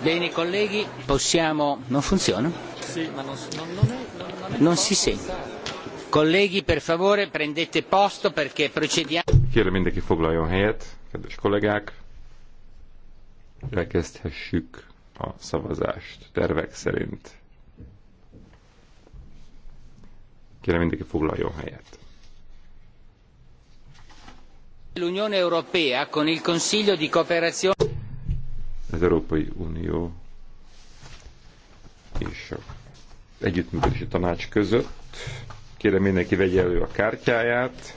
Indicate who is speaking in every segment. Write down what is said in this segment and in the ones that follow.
Speaker 1: Bene colleghi, possiamo... non funziona? Sì, ma non, non, non, è, non, non, è non si sente. Colleghi, per favore, prendete posto perché procediamo.
Speaker 2: Kérem mindenki foglaljon helyet, kedves kollégák. Elkezdhessük a szavazást tervek szerint. Kérem mindenki foglaljon helyet
Speaker 1: l'unione europea con il consiglio di cooperazione
Speaker 2: az Európai Unió és a együttműködési tanács között. Kérem mindenki vegye elő a kártyáját.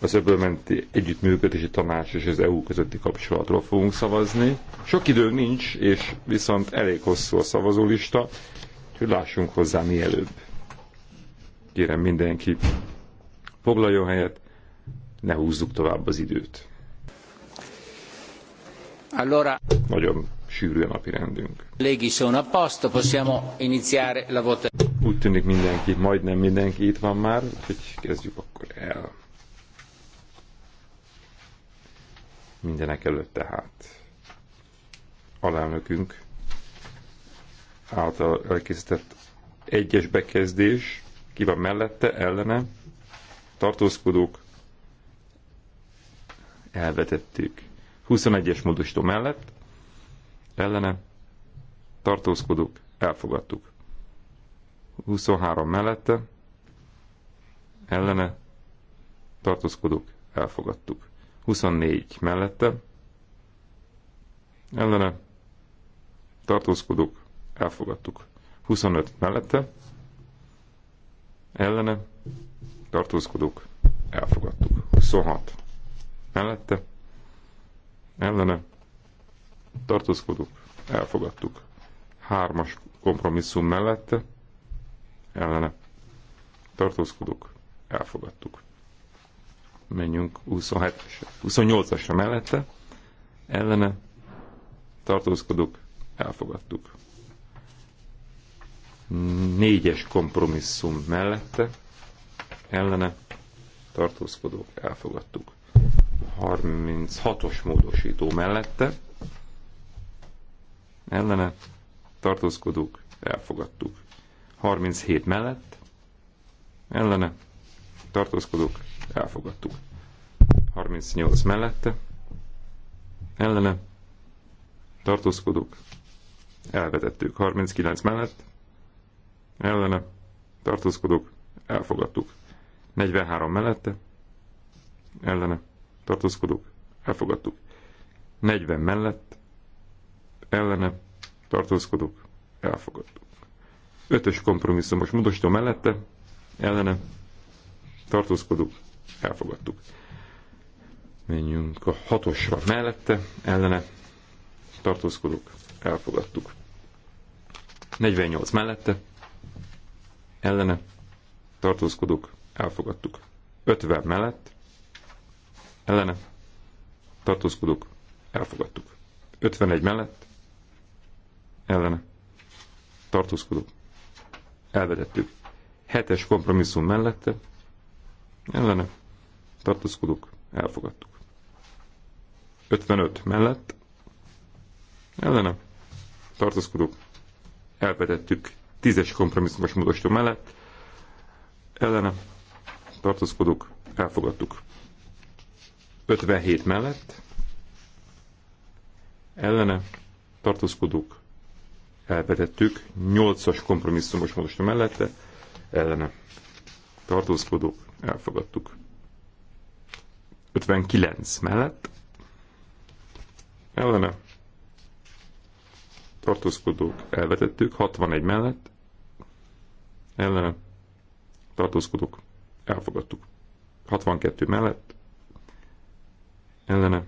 Speaker 2: Az öbölmenti együttműködési tanács és az EU közötti kapcsolatról fogunk szavazni. Sok idő nincs, és viszont elég hosszú a szavazólista, hogy lássunk hozzá mielőbb. Kérem mindenki, foglaljon helyet, ne húzzuk tovább az időt. Allora... Nagyon sűrű a napi rendünk.
Speaker 1: Légi a posto, possiamo iniziare la votazione.
Speaker 2: Úgy tűnik mindenki, majdnem mindenki itt van már, úgyhogy kezdjük akkor el. Mindenek előtt tehát alelnökünk által elkészített egyes bekezdés, ki van mellette, ellene, tartózkodók, elvetettük. 21-es módosító mellett ellene tartózkodók elfogadtuk. 23 mellette ellene tartózkodók elfogadtuk. 24 mellette ellene tartózkodók elfogadtuk. 25 mellette ellene tartózkodók elfogadtuk. 26 mellette ellene tartózkodunk, elfogadtuk. Hármas kompromisszum mellette ellene tartózkodunk, elfogadtuk. Menjünk 28-asra mellette ellene tartózkodunk, elfogadtuk. Négyes kompromisszum mellette ellene tartózkodók elfogadtuk. 36-os módosító mellette ellene tartózkodók elfogadtuk. 37 mellett ellene tartózkodók elfogadtuk. 38 mellette ellene tartózkodók elvetettük. 39 mellett ellene tartózkodók elfogadtuk. 43 mellette ellene tartózkodók, elfogadtuk. 40 mellett, ellene, tartózkodók, elfogadtuk. Ötös kompromisszumos módosító mellette, ellene, tartózkodók, elfogadtuk. Menjünk a hatosra mellette, ellene, tartózkodók, elfogadtuk. 48 mellette, ellene, tartózkodók, elfogadtuk. 50 mellett, ellene tartózkodók elfogadtuk. 51 mellett ellene tartózkodók elvetettük. 7-es kompromisszum mellette ellene tartózkodók elfogadtuk. 55 mellett ellene tartózkodók elvetettük. 10-es kompromisszumos módosító mellett ellene tartózkodók elfogadtuk. 57 mellett ellene tartózkodók elvetettük, 8-as kompromisszumos módosító mellette ellene tartózkodók elfogadtuk. 59 mellett ellene tartózkodók elvetettük, 61 mellett ellene tartózkodók elfogadtuk. 62 mellett ellene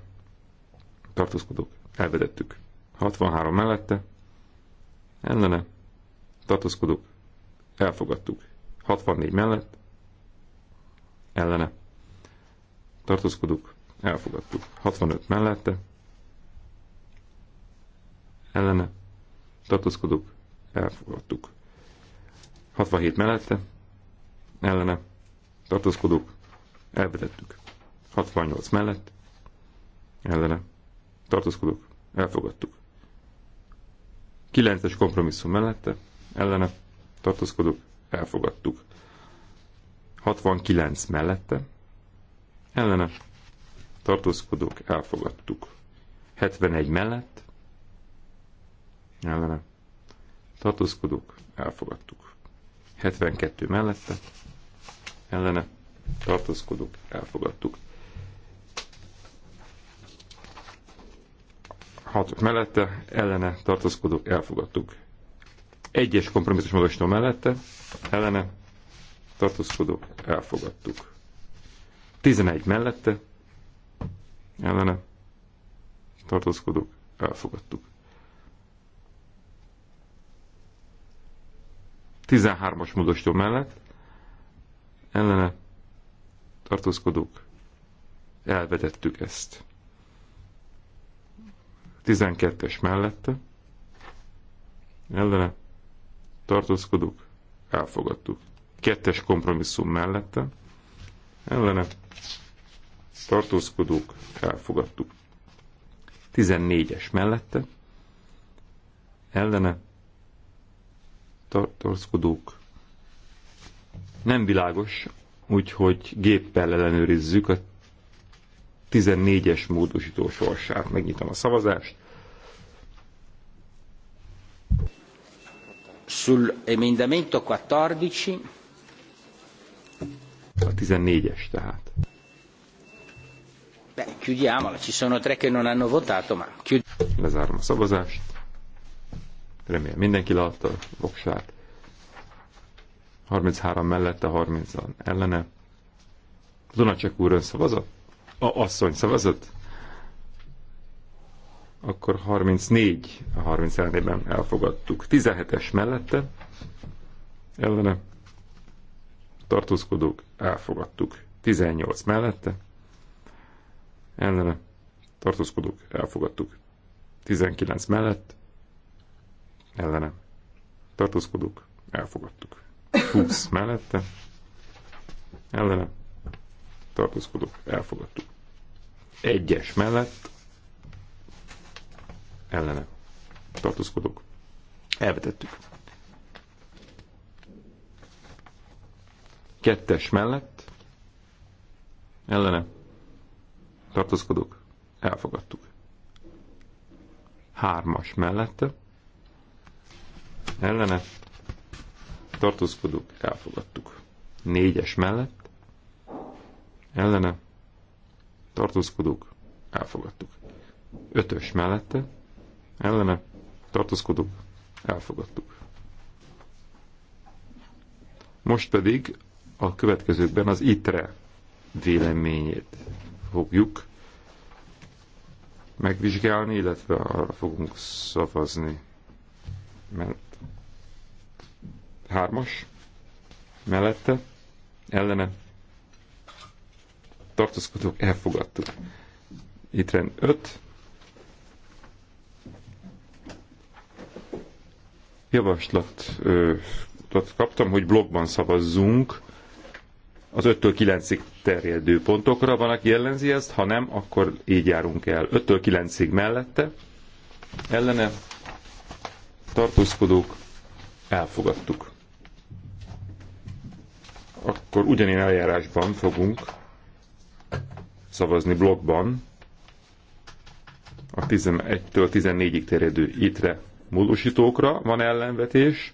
Speaker 2: tartózkodók elvedettük. 63 mellette ellene tartózkodók elfogadtuk. 64 mellett ellene tartózkodók elfogadtuk. 65 mellette ellene tartózkodók elfogadtuk. 67 mellette ellene tartózkodók elvedettük. 68 mellett ellene Tartózkodok. elfogadtuk. Kilences kompromisszum mellette ellene Tartózkodok. elfogadtuk. 69 mellette ellene Tartózkodok. elfogadtuk. 71 mellett ellene Tartózkodok. elfogadtuk. 72 mellette ellene tartózkodók elfogadtuk. 6 mellette, ellene tartózkodók elfogadtuk. Egyes kompromisszus mellette, ellene tartózkodók elfogadtuk. 11 mellette, ellene tartózkodók elfogadtuk. 13-as módosító mellett ellene tartózkodók elvedettük ezt. 12-es mellette, ellene tartózkodók elfogadtuk. Kettes kompromisszum mellette, ellene tartózkodók elfogadtuk. 14-es mellette, ellene tartózkodók nem világos, úgyhogy géppel ellenőrizzük a 14-es módosító sorsát. Megnyitom a szavazást.
Speaker 1: Sul emendamento 14.
Speaker 2: A 14-es tehát.
Speaker 1: Beh, chiudiamola, ci sono tre che non hanno votato, ma
Speaker 2: chiud... Lezárom a szavazást. Remélem mindenki látta a voksát. 33 mellette, 30 ellene. Donacsek úr ön szavazott? A asszony szavazott? Akkor 34 a 30 ellenében elfogadtuk. 17-es mellette ellene tartózkodók elfogadtuk. 18 mellette ellene tartózkodók elfogadtuk. 19 mellett ellene tartózkodók elfogadtuk. 20 mellette ellene tartózkodok, elfogadtuk. Egyes mellett ellene tartózkodok, elvetettük. Kettes mellett ellene tartózkodok, elfogadtuk. Hármas mellette ellene tartózkodok, elfogadtuk. Négyes mellett ellene tartózkodók elfogadtuk. Ötös mellette ellene tartózkodók elfogadtuk. Most pedig a következőkben az ITRE véleményét fogjuk megvizsgálni, illetve arra fogunk szavazni. Mert hármas mellette, ellene tartózkodók elfogadtuk. Itt rend 5. Javaslatot kaptam, hogy blogban szavazzunk az 5-től 9-ig terjedő pontokra. Van, aki jellemzi ezt, ha nem, akkor így járunk el. 5-től 9-ig mellette, ellene tartózkodók elfogadtuk. Akkor ugyanilyen eljárásban fogunk szavazni blokkban a 11-től 14-ig terjedő ITRE módosítókra. Van ellenvetés?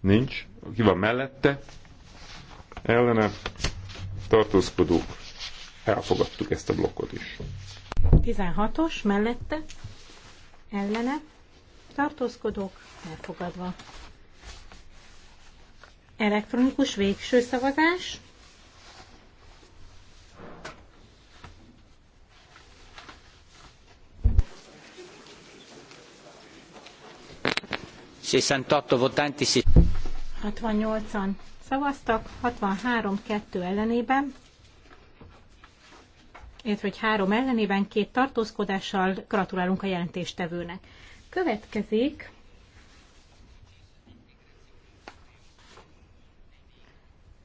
Speaker 2: Nincs. Ki van mellette? Ellene tartózkodók. Elfogadtuk ezt a blokkot is.
Speaker 3: 16-os mellette ellene tartózkodók elfogadva. Elektronikus végső szavazás.
Speaker 1: 68 votanti.
Speaker 3: 68-an szavaztak, 63-2 ellenében, illetve hogy három ellenében két tartózkodással gratulálunk a jelentéstevőnek. Következik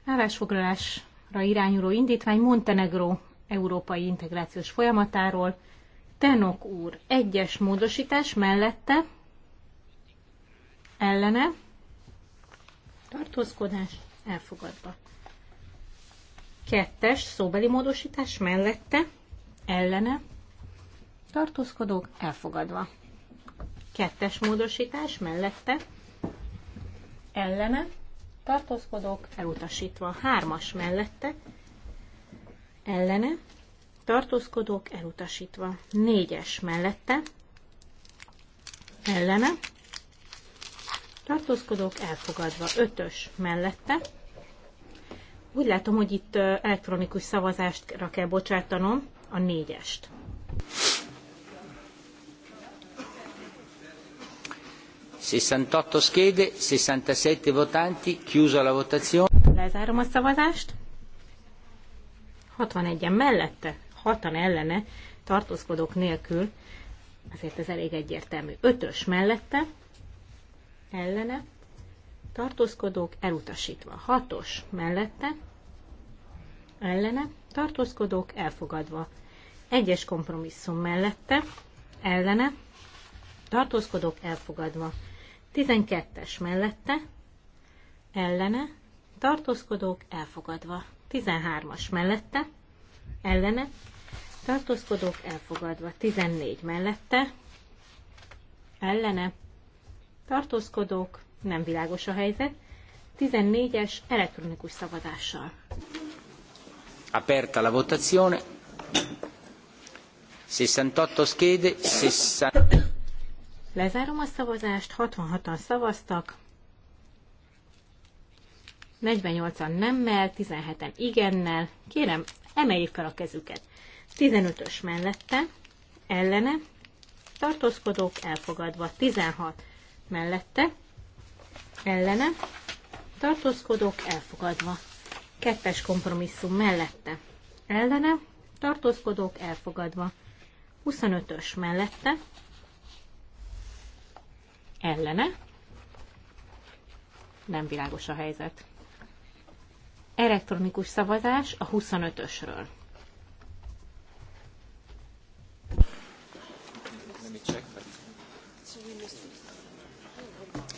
Speaker 3: állásfoglalásra irányuló indítvány Montenegro európai integrációs folyamatáról. Tenok úr, egyes módosítás mellette ellene, tartózkodás elfogadva. Kettes szóbeli módosítás mellette, ellene, tartózkodók elfogadva. Kettes módosítás mellette, ellene, tartózkodók elutasítva. Hármas mellette, ellene, tartózkodók elutasítva. Négyes mellette, ellene, tartózkodók elfogadva. Ötös mellette. Úgy látom, hogy itt elektronikus szavazástra kell bocsátanom a négyest.
Speaker 1: 67
Speaker 3: Lezárom a szavazást. 61-en mellette, 6-an ellene, tartózkodók nélkül, azért ez elég egyértelmű. 5-ös mellette, ellene, tartózkodók elutasítva. Hatos mellette, ellene, tartózkodók elfogadva. Egyes kompromisszum mellette, ellene, tartózkodók elfogadva. 12-es mellette, ellene, tartózkodók elfogadva. 13-as mellette, ellene, tartózkodók elfogadva. 14 mellette, ellene, tartózkodók, nem világos a helyzet. 14-es elektronikus szavazással.
Speaker 1: Aperta la votazione. 68 schede, 60...
Speaker 3: Lezárom a szavazást, 66-an szavaztak, 48-an nemmel, 17-en igennel. Kérem, emeljék fel a kezüket. 15-ös mellette, ellene, tartózkodók elfogadva, 16 mellette, ellene, tartózkodók elfogadva. Kettes kompromisszum mellette, ellene, tartózkodók elfogadva. 25-ös mellette, ellene, nem világos a helyzet. Elektronikus szavazás a 25-ösről.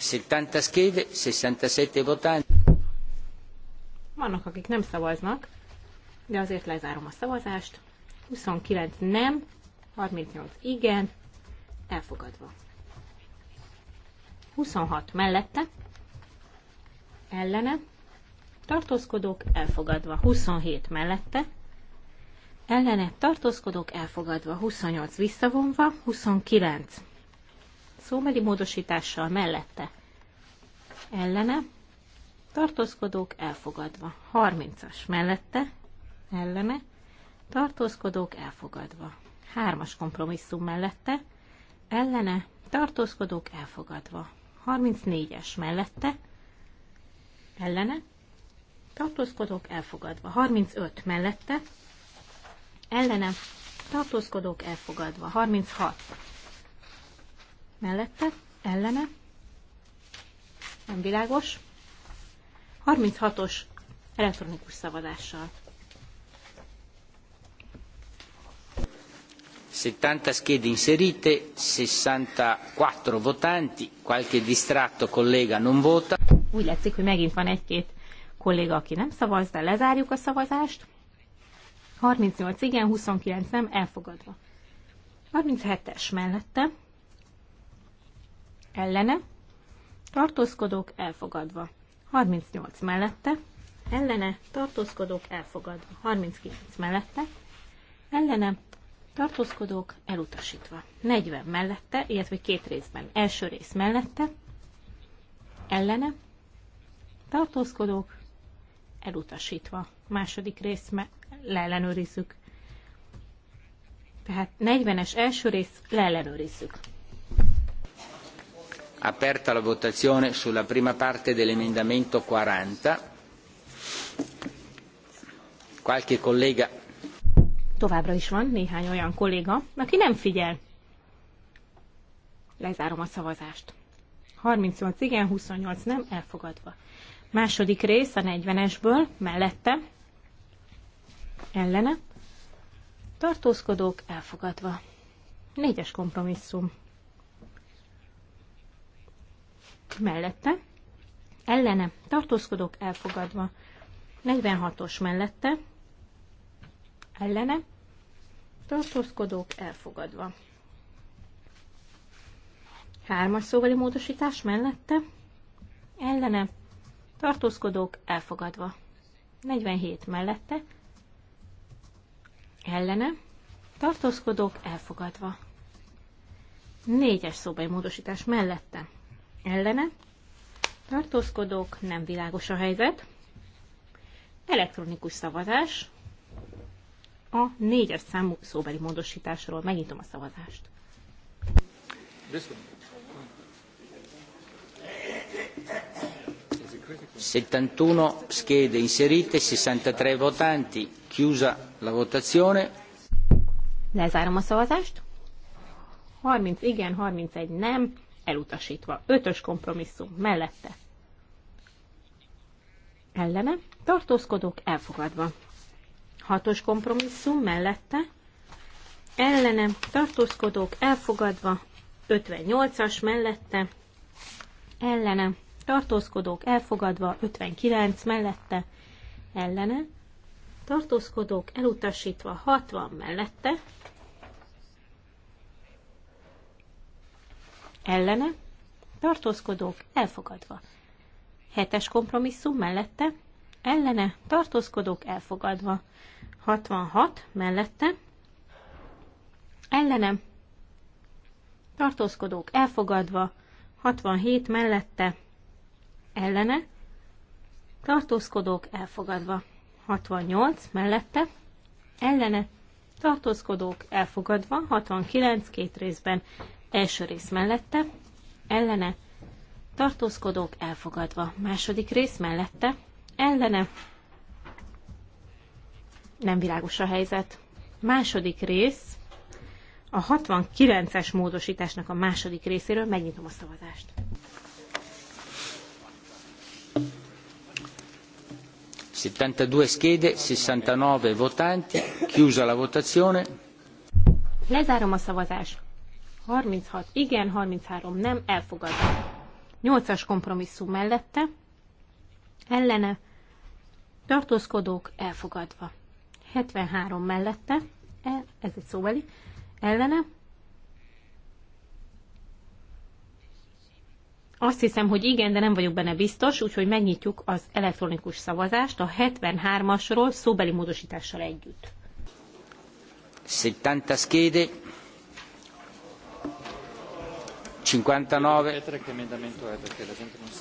Speaker 1: 70 schede, 67 votanti.
Speaker 3: Vannak, akik nem szavaznak, de azért lezárom a szavazást. 29 nem, 38 igen, elfogadva. 26 mellette, ellene, tartózkodók elfogadva, 27 mellette, ellene, tartózkodók elfogadva, 28 visszavonva, 29 szómeli módosítással mellette. Ellene. Tartózkodók elfogadva. 30-as mellette. Ellene. Tartózkodók elfogadva. 3-as kompromisszum mellette. Ellene. Tartózkodók elfogadva. 34-es mellette. Ellene. Tartózkodók elfogadva. 35 mellette. Ellene. Tartózkodók elfogadva. 36 mellette, ellene, nem világos, 36-os elektronikus szavazással.
Speaker 1: 70 schede inserite, 64 votanti, qualche distratto collega non vota.
Speaker 3: Úgy látszik, hogy megint van egy-két kolléga, aki nem szavaz, de lezárjuk a szavazást. 38 igen, 29 nem, elfogadva. 37-es mellette ellene, tartózkodók elfogadva. 38 mellette, ellene, tartózkodók elfogadva. 39 mellette, ellene, tartózkodók elutasítva. 40 mellette, illetve két részben. Első rész mellette, ellene, tartózkodók elutasítva. Második rész me- leellenőrizzük. Tehát 40-es első rész leellenőrizzük
Speaker 1: aperta la votazione sulla prima parte dell'emendamento 40. Qualche collega.
Speaker 3: Továbbra is van néhány olyan kolléga, aki nem figyel. Lezárom a szavazást. 38 igen, 28 nem, elfogadva. Második rész a 40-esből, mellette, ellene, tartózkodók elfogadva. Négyes kompromisszum mellette, ellene, tartózkodok elfogadva. 46-os mellette, ellene, tartózkodók elfogadva. Hármas szóvali módosítás mellette, ellene, tartózkodók elfogadva. 47 mellette, ellene, tartózkodók elfogadva. Négyes szóbeli módosítás mellette, ellene, tartózkodók, nem világos a helyzet, elektronikus szavazás, a négyes számú szóbeli módosításról megnyitom a szavazást.
Speaker 1: Settantuno schede inserite, 63 votanti, chiusa la votazione.
Speaker 3: Lezárom a szavazást. 30 igen, 31 nem elutasítva. Ötös kompromisszum mellette. Ellene, tartózkodók elfogadva. Hatos kompromisszum mellette. Ellene, tartózkodók elfogadva. 58-as mellette. Ellene, tartózkodók elfogadva. 59 mellette. Ellene, tartózkodók elutasítva. 60 mellette ellene, tartózkodók elfogadva. Hetes kompromisszum mellette, ellene, tartózkodók elfogadva. 66 mellette, ellene, tartózkodók elfogadva. 67 mellette, ellene, tartózkodók elfogadva. 68 mellette, ellene, tartózkodók elfogadva, 69 két részben. Első rész mellette, ellene, tartózkodók elfogadva. Második rész mellette, ellene, nem világos a helyzet. Második rész, a 69-es módosításnak a második részéről megnyitom a szavazást.
Speaker 1: 69
Speaker 3: Lezárom a szavazást. 36 igen, 33 nem, elfogadva. 8-as kompromisszum mellette, ellene, tartózkodók, elfogadva. 73 mellette, e, ez egy szóbeli, ellene. Azt hiszem, hogy igen, de nem vagyok benne biztos, úgyhogy megnyitjuk az elektronikus szavazást a 73-asról szóbeli módosítással együtt.
Speaker 1: 70 schede. 59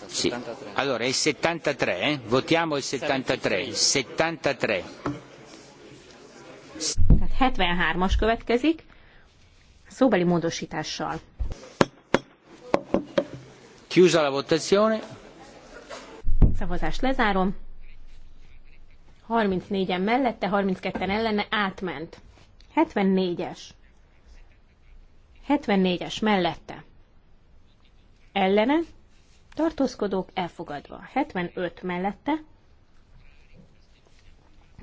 Speaker 1: sì. allora il 73 eh? votiamo il 73 73
Speaker 3: 73-as következik szóbeli módosítással
Speaker 1: chiusa la votazione
Speaker 3: szavazást lezárom 34-en mellette 32-en ellene átment 74-es 74-es mellette ellene, tartózkodók elfogadva. 75 mellette,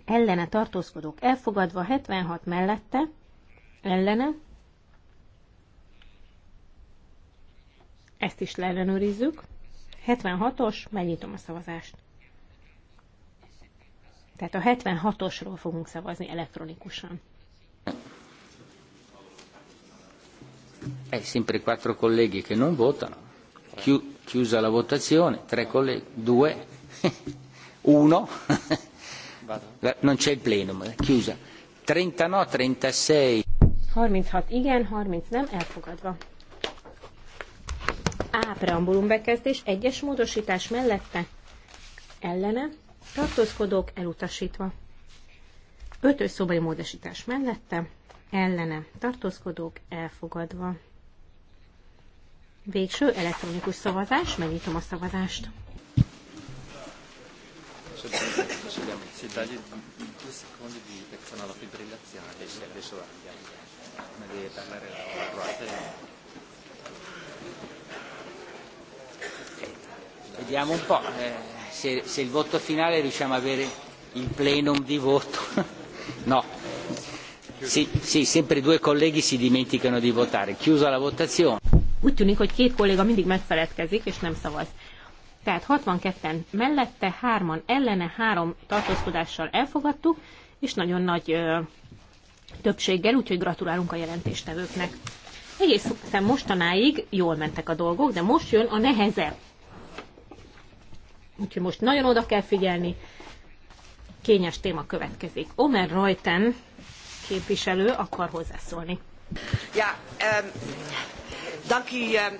Speaker 3: ellene tartózkodók elfogadva, 76 mellette, ellene, ezt is leellenőrizzük, 76-os, megnyitom a szavazást. Tehát a 76-osról fogunk szavazni elektronikusan.
Speaker 1: È sempre quattro colleghi che non votano. Chi, chiusa la votazione, tre colleghi, due, uno, non c'è il plenum, eh, chiusa. 30 no, 36.
Speaker 3: 36 igen, 30 nem, elfogadva. A. Preambulum bekezdés, egyes módosítás mellette, ellene, tartózkodók elutasítva. Ötös szobai módosítás mellette, ellene, tartózkodók elfogadva. Végső elektronikus szavazás, megnyitom a szavazást.
Speaker 1: Vediamo un po' eh, se, se il voto finale riusciamo ad avere il plenum di voto. No. Sì, sì, sempre due colleghi si dimenticano di votare. Chiusa la votazione
Speaker 3: úgy tűnik, hogy két kolléga mindig megfeledkezik, és nem szavaz. Tehát 62-en mellette, hárman ellene, három tartózkodással elfogadtuk, és nagyon nagy ö, többséggel, úgyhogy gratulálunk a jelentéstevőknek. Egészen mostanáig jól mentek a dolgok, de most jön a neheze. Úgyhogy most nagyon oda kell figyelni. Kényes téma következik. Omer Reuten képviselő akar hozzászólni.
Speaker 2: Ja, um
Speaker 4: Ehm,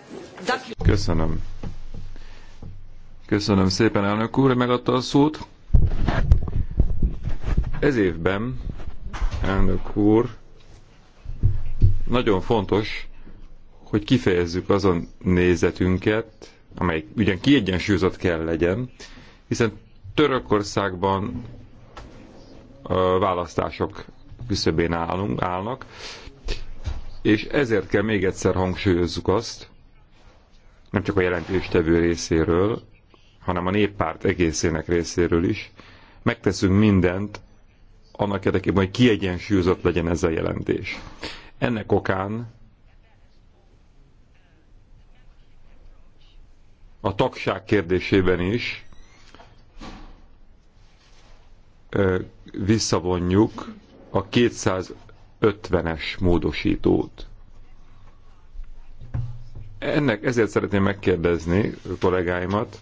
Speaker 2: Köszönöm. Köszönöm szépen, elnök úr, megadta a szót. Ez évben, elnök úr, nagyon fontos, hogy kifejezzük azon nézetünket, amely ugyan kiegyensúlyozott kell legyen, hiszen Törökországban a választások küszöbén állunk, állnak, és ezért kell még egyszer hangsúlyozzuk azt, nem csak a jelentéstevő részéről, hanem a néppárt egészének részéről is, megteszünk mindent annak érdekében, hogy kiegyensúlyozott legyen ez a jelentés. Ennek okán a tagság kérdésében is visszavonjuk a 200 50-es módosítót. Ennek ezért szeretném megkérdezni a kollégáimat,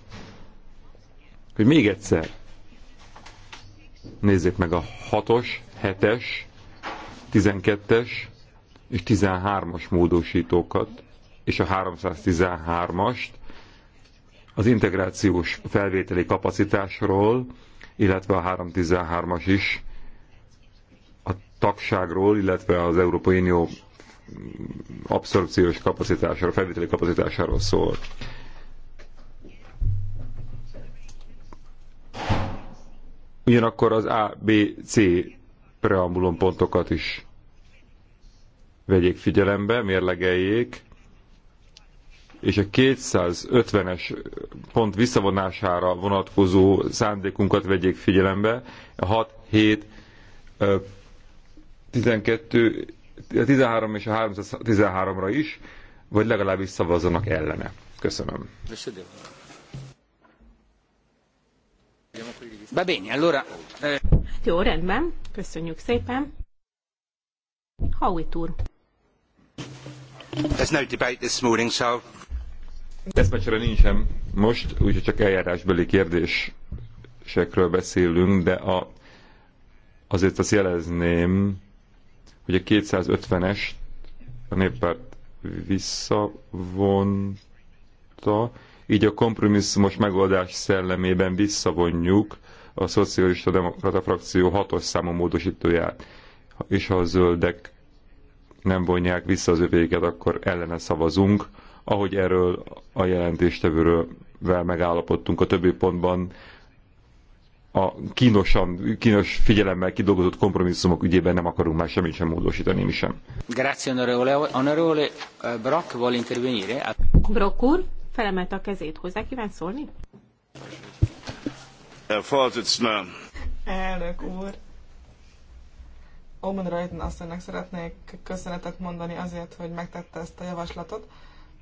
Speaker 2: hogy még egyszer nézzék meg a 6-os, 7-es, 12-es és 13-as módosítókat, és a 313-ast az integrációs felvételi kapacitásról, illetve a 313-as is tagságról, illetve az Európai Unió abszorpciós kapacitásáról, felvételi kapacitásáról szól. Ugyanakkor az A, B, C preambulum pontokat is vegyék figyelembe, mérlegeljék, és a 250-es pont visszavonására vonatkozó szándékunkat vegyék figyelembe, a 6-7 12, a 13 és a 313-ra is, vagy legalábbis szavazzanak ellene. Köszönöm. Va bene, allora... Eh.
Speaker 1: Hát jó,
Speaker 3: rendben. Köszönjük szépen. Howitt úr.
Speaker 2: There's no debate this morning, so... meccsere nincsen most, úgyhogy csak eljárásbeli kérdésekről beszélünk, de a, azért azt jelezném, hogy a 250-es a néppárt visszavonta, így a kompromisszumos megoldás szellemében visszavonjuk a szocialista demokrata frakció hatos számú módosítóját, és ha a zöldek nem vonják vissza az övéket, akkor ellene szavazunk, ahogy erről a jelentéstevőről megállapodtunk a többi pontban, a kínosan, kínos figyelemmel kidolgozott kompromisszumok ügyében nem akarunk már semmit sem módosítani, mi sem.
Speaker 1: Grazie, onorevole. Onorevole eh, Brock vuole intervenire.
Speaker 3: Brock úr, felemelte a kezét. Hozzá
Speaker 4: kíván szólni? Elnök úr, Omen Reuten asszonynak szeretnék köszönetet mondani azért, hogy megtette ezt a javaslatot,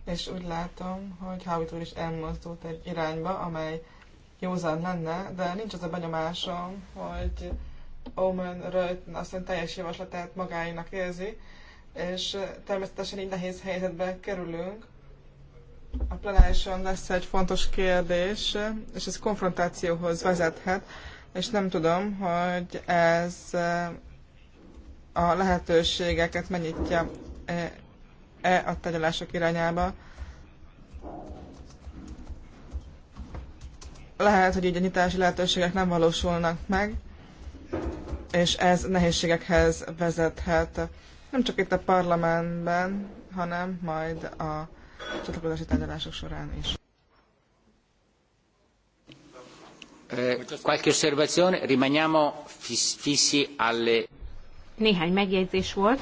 Speaker 4: és úgy látom, hogy Hávit úr is elmozdult egy irányba, amely józan lenne, de nincs az a benyomásom, hogy Omen azt aztán teljes javaslatát magáinak érzi, és természetesen így nehéz helyzetbe kerülünk. A plenárison lesz egy fontos kérdés, és ez konfrontációhoz vezethet, és nem tudom, hogy ez eh, a lehetőségeket mennyitja -e eh, a tegyelások irányába. lehet, hogy így a nyitási lehetőségek nem valósulnak meg, és ez nehézségekhez vezethet. Nem csak itt a parlamentben, hanem majd a csatlakozási tárgyalások során is.
Speaker 1: Eh, qualche osservazione, rimaniamo fissi alle...
Speaker 3: Néhány megjegyzés volt,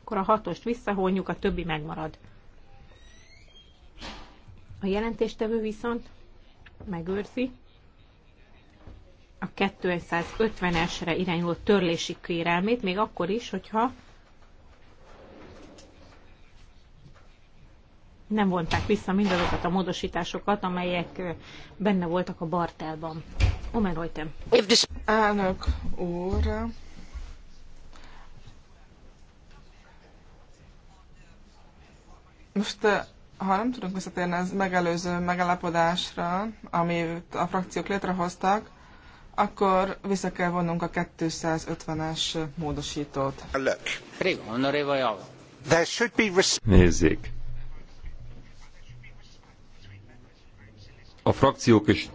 Speaker 3: akkor a hatost visszahonjuk, a többi megmarad. A jelentéstevő viszont megőrzi. A 250-esre irányuló törlési kérelmét, még akkor is, hogyha nem vonták vissza mindazokat a módosításokat, amelyek benne voltak a Bartelban. Omen Reutem.
Speaker 4: Elnök úr, most ha nem tudunk visszatérni az megelőző megalapodásra, amit a frakciók létrehoztak, akkor vissza kell vonnunk a 250-es módosítót.
Speaker 2: Nézzék. A frakciók és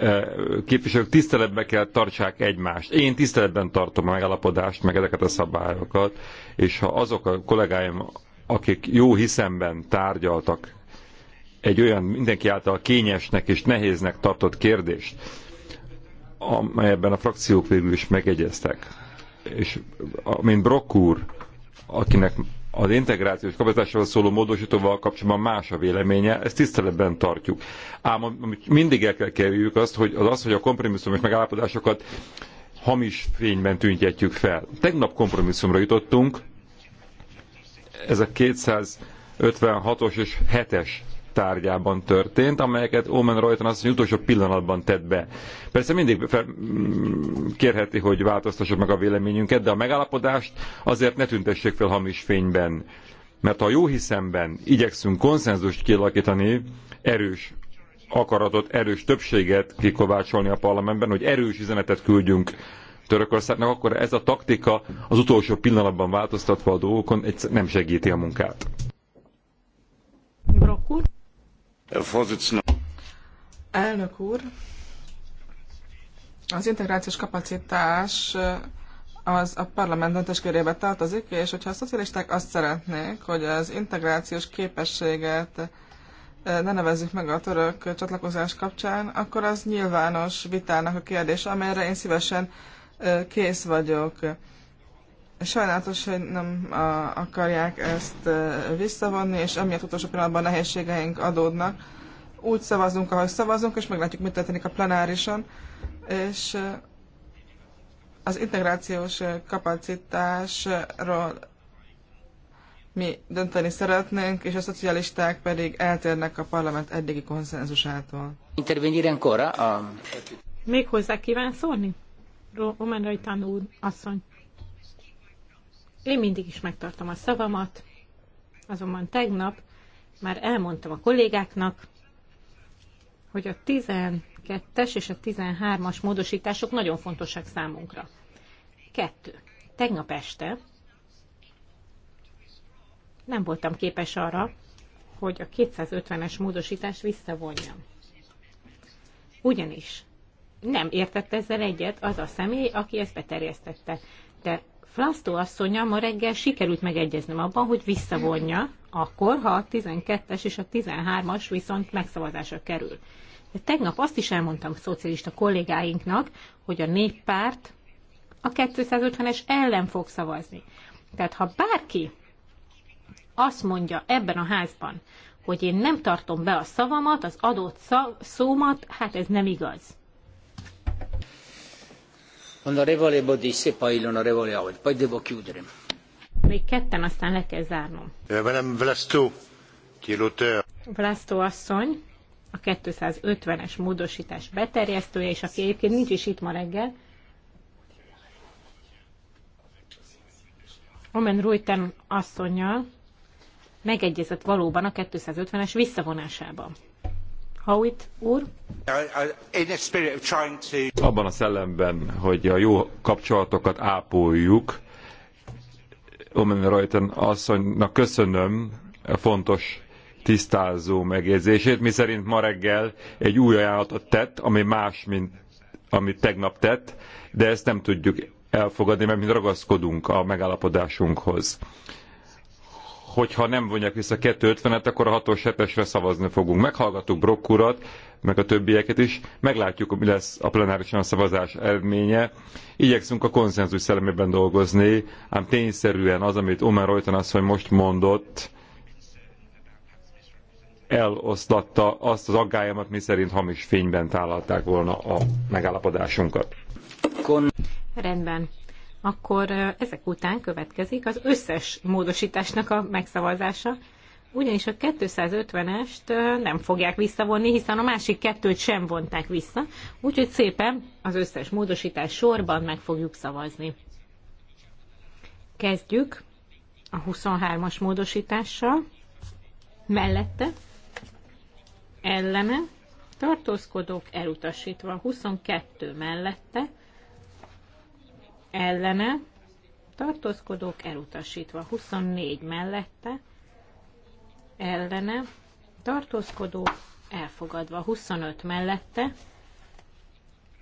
Speaker 2: eh, képviselők tiszteletben kell tartsák egymást. Én tiszteletben tartom a megalapodást, meg ezeket a szabályokat, és ha azok a kollégáim, akik jó hiszemben tárgyaltak egy olyan mindenki által kényesnek és nehéznek tartott kérdést, amelyben a frakciók végül is megegyeztek. És mint Brock úr, akinek az integrációs kapacitásról szóló módosítóval kapcsolatban más a véleménye, ezt tiszteletben tartjuk. Ám amit mindig el kell kerüljük azt, hogy az, az hogy a kompromisszumos megállapodásokat hamis fényben tüntetjük fel. Tegnap kompromisszumra jutottunk, ez a 256-os és 7-es tárgyában történt, amelyeket Omen Reuten azt mondja, utolsó pillanatban tett be. Persze mindig fel, mm, kérheti, hogy változtassuk meg a véleményünket, de a megállapodást azért ne tüntessék fel hamis fényben. Mert ha jó hiszemben igyekszünk konszenzust kialakítani, erős akaratot, erős többséget kikovácsolni a parlamentben, hogy erős üzenetet küldjünk Törökországnak, akkor ez a taktika az utolsó pillanatban változtatva a dolgokon nem segíti a munkát. Brock úr.
Speaker 4: Elnök úr, az integrációs kapacitás az a parlament körébe tartozik, és hogyha a szocialisták azt szeretnék, hogy az integrációs képességet ne nevezzük meg a török csatlakozás kapcsán, akkor az nyilvános vitának a kérdése, amelyre én szívesen kész vagyok. Sajnálatos, hogy nem akarják ezt visszavonni, és amiatt utolsó pillanatban nehézségeink adódnak. Úgy szavazunk, ahogy szavazunk, és meglátjuk, mit történik a plenárison. És az integrációs kapacitásról mi dönteni szeretnénk, és a szocialisták pedig eltérnek a parlament eddigi konszenzusától. Még hozzá kíván szólni?
Speaker 3: Roman Rajtán úr, asszony. Én mindig is megtartom a szavamat, azonban tegnap már elmondtam a kollégáknak, hogy a 12-es és a 13-as módosítások nagyon fontosak számunkra. Kettő. Tegnap este nem voltam képes arra, hogy a 250-es módosítást visszavonjam. Ugyanis nem értett ezzel egyet az a személy, aki ezt beterjesztette. De Flasztó asszonya ma reggel sikerült megegyeznem abban, hogy visszavonja, akkor, ha a 12-es és a 13-as viszont megszavazásra kerül. De tegnap azt is elmondtam a szocialista kollégáinknak, hogy a néppárt a 250-es ellen fog szavazni. Tehát ha bárki azt mondja ebben a házban, hogy én nem tartom be a szavamat, az adott szav, szómat, hát ez nem igaz.
Speaker 1: Onorevole Bodisse, poi l'onorevole Howard, poi devo chiudere.
Speaker 3: Még ketten, aztán le kell zárnom.
Speaker 5: Eh, Madame Vlasto, qui l'auteur.
Speaker 3: Vlasto asszony, a 250-es módosítás beterjesztője, és aki egyébként nincs is itt ma reggel, Omen Ruiten asszonynal megegyezett valóban a 250-es visszavonásában. Howitt úr?
Speaker 2: Uh, uh, Abban a szellemben, hogy a jó kapcsolatokat ápoljuk, Omen Reuten asszonynak köszönöm a fontos tisztázó megjegyzését, miszerint ma reggel egy új ajánlatot tett, ami más, mint amit tegnap tett, de ezt nem tudjuk elfogadni, mert mi ragaszkodunk a megállapodásunkhoz hogyha nem vonják vissza 250-et, akkor a 6-os 7-esre szavazni fogunk. Meghallgattuk Brock urat, meg a többieket is, meglátjuk, mi lesz a plenárisan szavazás eredménye. Igyekszünk a konszenzus szellemében dolgozni, ám tényszerűen az, amit Omer azt, hogy most mondott, eloszlatta azt az aggályomat, szerint hamis fényben tálalták volna a megállapodásunkat. Kon.
Speaker 3: Rendben akkor ezek után következik az összes módosításnak a megszavazása, ugyanis a 250-est nem fogják visszavonni, hiszen a másik kettőt sem vonták vissza, úgyhogy szépen az összes módosítás sorban meg fogjuk szavazni. Kezdjük a 23-as módosítással, mellette, ellene, tartózkodók elutasítva, 22 mellette, ellene, tartózkodók elutasítva. 24 mellette, ellene, tartózkodók elfogadva. 25 mellette,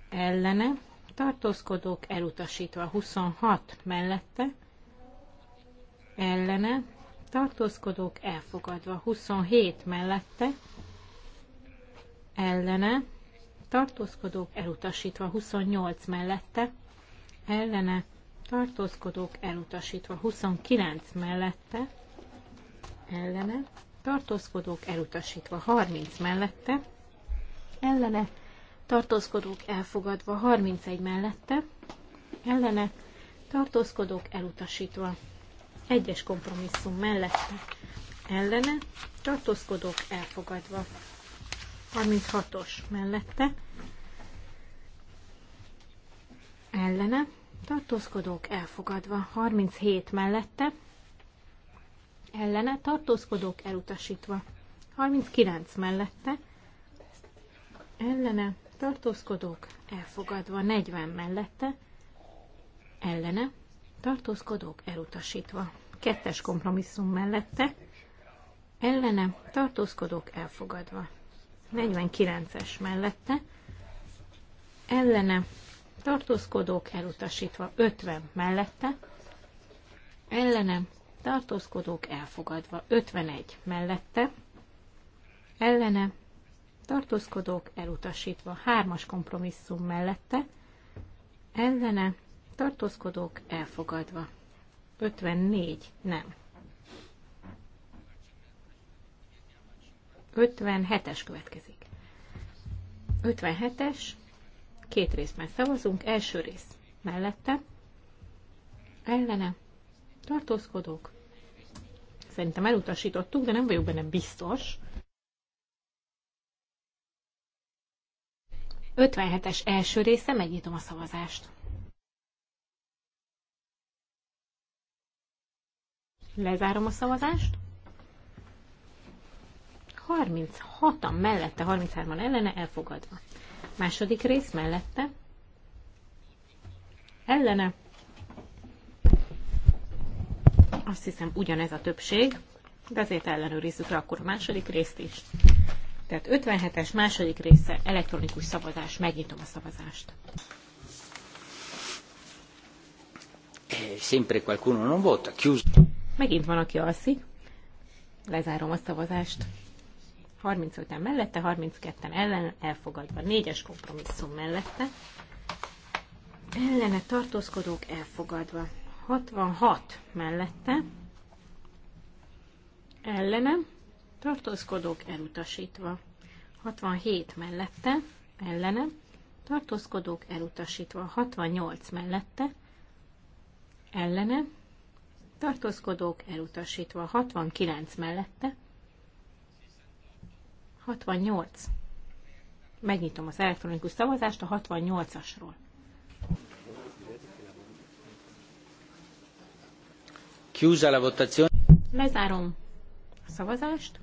Speaker 3: ellene, tartózkodók elutasítva. 26 mellette, ellene, tartózkodók elfogadva. 27 mellette, ellene, tartózkodók elutasítva. 28 mellette, ellene, ellene tartózkodók elutasítva 29 mellette ellene tartózkodók elutasítva 30 mellette ellene tartózkodók elfogadva 31 mellette ellene tartózkodók elutasítva egyes kompromisszum mellette ellene tartózkodók elfogadva 36-os mellette ellene, tartózkodók elfogadva, 37 mellette, ellene, tartózkodók elutasítva, 39 mellette, ellene, tartózkodók elfogadva, 40 mellette, ellene, tartózkodók elutasítva, kettes kompromisszum mellette, ellene, tartózkodók elfogadva, 49-es mellette, ellene, tartózkodók elutasítva 50 mellette, ellenem tartózkodók elfogadva 51 mellette, ellene tartózkodók elutasítva 3-as kompromisszum mellette, ellene tartózkodók elfogadva 54 nem. 57-es következik. 57-es Két részben szavazunk. Első rész mellette. Ellene. Tartózkodók. Szerintem elutasítottuk, de nem vagyok benne biztos. 57-es első része, megnyitom a szavazást. Lezárom a szavazást. 36-an mellette, 33-an ellene elfogadva. Második rész mellette. Ellene. Azt hiszem ugyanez a többség, de azért ellenőrizzük rá akkor a második részt is. Tehát 57-es második része elektronikus szavazás. Megnyitom a szavazást.
Speaker 1: Eh, sempre qualcuno non vota. Chiuso.
Speaker 3: Megint van, aki alszik. Lezárom a szavazást. 35-en mellette, 32-en ellen, elfogadva. négyes kompromisszum mellette, ellene tartózkodók elfogadva. 66 mellette, ellene, tartózkodók elutasítva. 67 mellette, ellene, tartózkodók elutasítva. 68 mellette, ellene, tartózkodók elutasítva. 69 mellette, 68. Megnyitom az elektronikus szavazást a 68-asról.
Speaker 1: Chiusa la votazione.
Speaker 3: Lezárom a szavazást.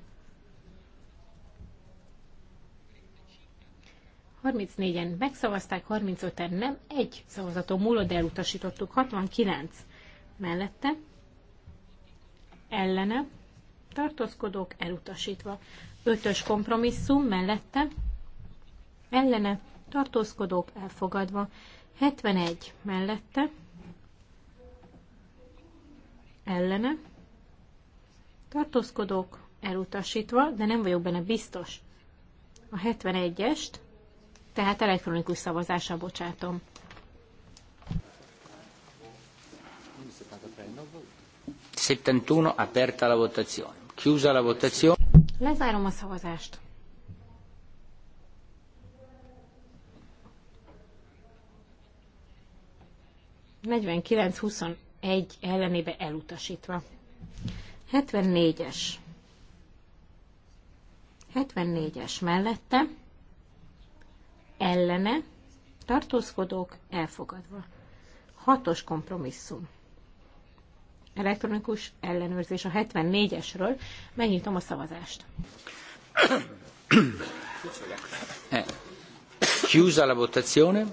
Speaker 3: 34-en megszavazták, 35-en nem. Egy szavazaton múlott elutasítottuk. 69 mellette. Ellene. Tartózkodók elutasítva. Ötös kompromisszum mellette ellene tartózkodók elfogadva. 71 mellette ellene tartózkodók elutasítva, de nem vagyok benne biztos. A 71-est, tehát elektronikus szavazásra bocsátom.
Speaker 1: Settantuno aperta la votazione. Chiusa la votazione.
Speaker 3: Lezárom a szavazást. egy ellenébe elutasítva. 74-es. 74-es mellette ellene tartózkodók elfogadva. Hatos kompromisszum elektronikus ellenőrzés a 74-esről. Megnyitom a szavazást.
Speaker 1: Chiusa la votazione.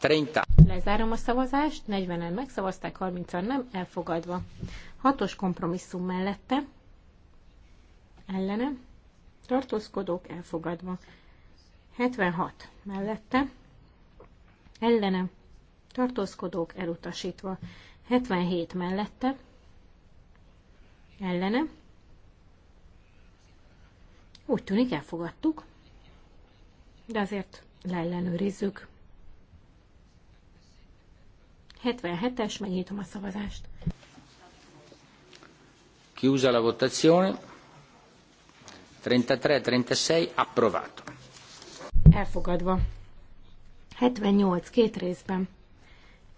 Speaker 1: 30.
Speaker 3: Lezárom a szavazást, 40-en megszavazták, 30-an nem, elfogadva. Hatos kompromisszum mellette, ellene, tartózkodók elfogadva. 76 mellette, ellene, tartózkodók elutasítva. 77 mellette, ellene. Úgy tűnik, elfogadtuk, de azért leellenőrizzük. 77-es, megnyitom a szavazást.
Speaker 1: Chiusa la votazione. 33-36 approvato.
Speaker 3: Elfogadva. 78 két részben.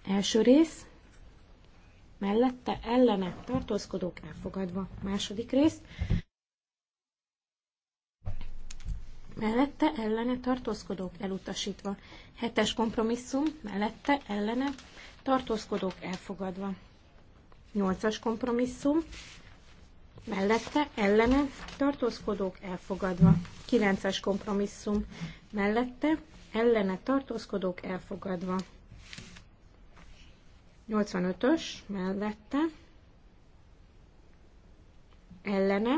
Speaker 3: Első rész mellette ellene tartózkodók elfogadva. Második rész. Mellette ellene tartózkodók elutasítva. Hetes kompromisszum. Mellette ellene tartózkodók elfogadva. Nyolcas kompromisszum. Mellette ellene tartózkodók elfogadva. Kilences kompromisszum. Mellette ellene tartózkodók elfogadva. 85-ös mellette, ellene,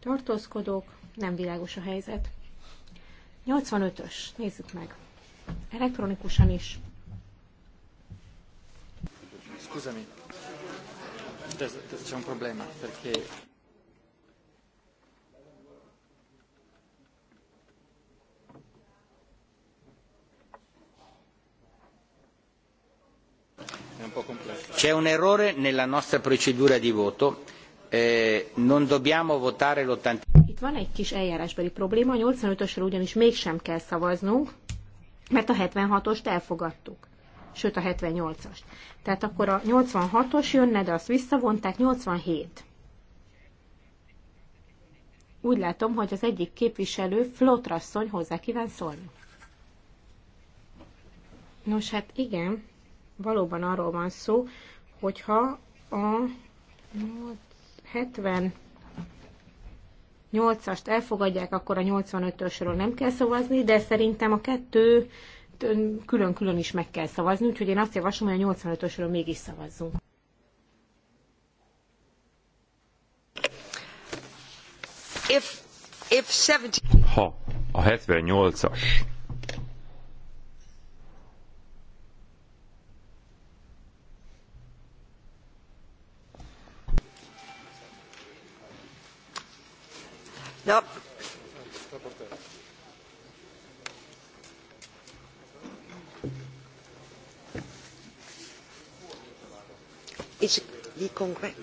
Speaker 3: tartózkodók, nem világos a helyzet. 85-ös, nézzük meg. Elektronikusan is.
Speaker 2: Scusami, c'è un problema perché
Speaker 1: C'è un errore nella nostra procedura di voto. Eh, non dobbiamo votare l'80.
Speaker 3: Itt van egy kis eljárásbeli probléma, a 85-ösről ugyanis mégsem kell szavaznunk, mert a 76-ost elfogadtuk. Sőt, a 78-ast. Tehát akkor a 86-os jönne, de azt visszavonták, 87. Úgy látom, hogy az egyik képviselő, Flotrasszony hozzá kíván szólni. Nos, hát igen, valóban arról van szó, hogyha a 70 8-ast elfogadják, akkor a 85-ösről nem kell szavazni, de szerintem a kettő külön-külön is meg kell szavazni, úgyhogy én azt javaslom, hogy a 85-ösről mégis szavazzunk.
Speaker 6: If, if 70... Ha
Speaker 2: a 78-as
Speaker 5: Ja.
Speaker 6: It's the Congress.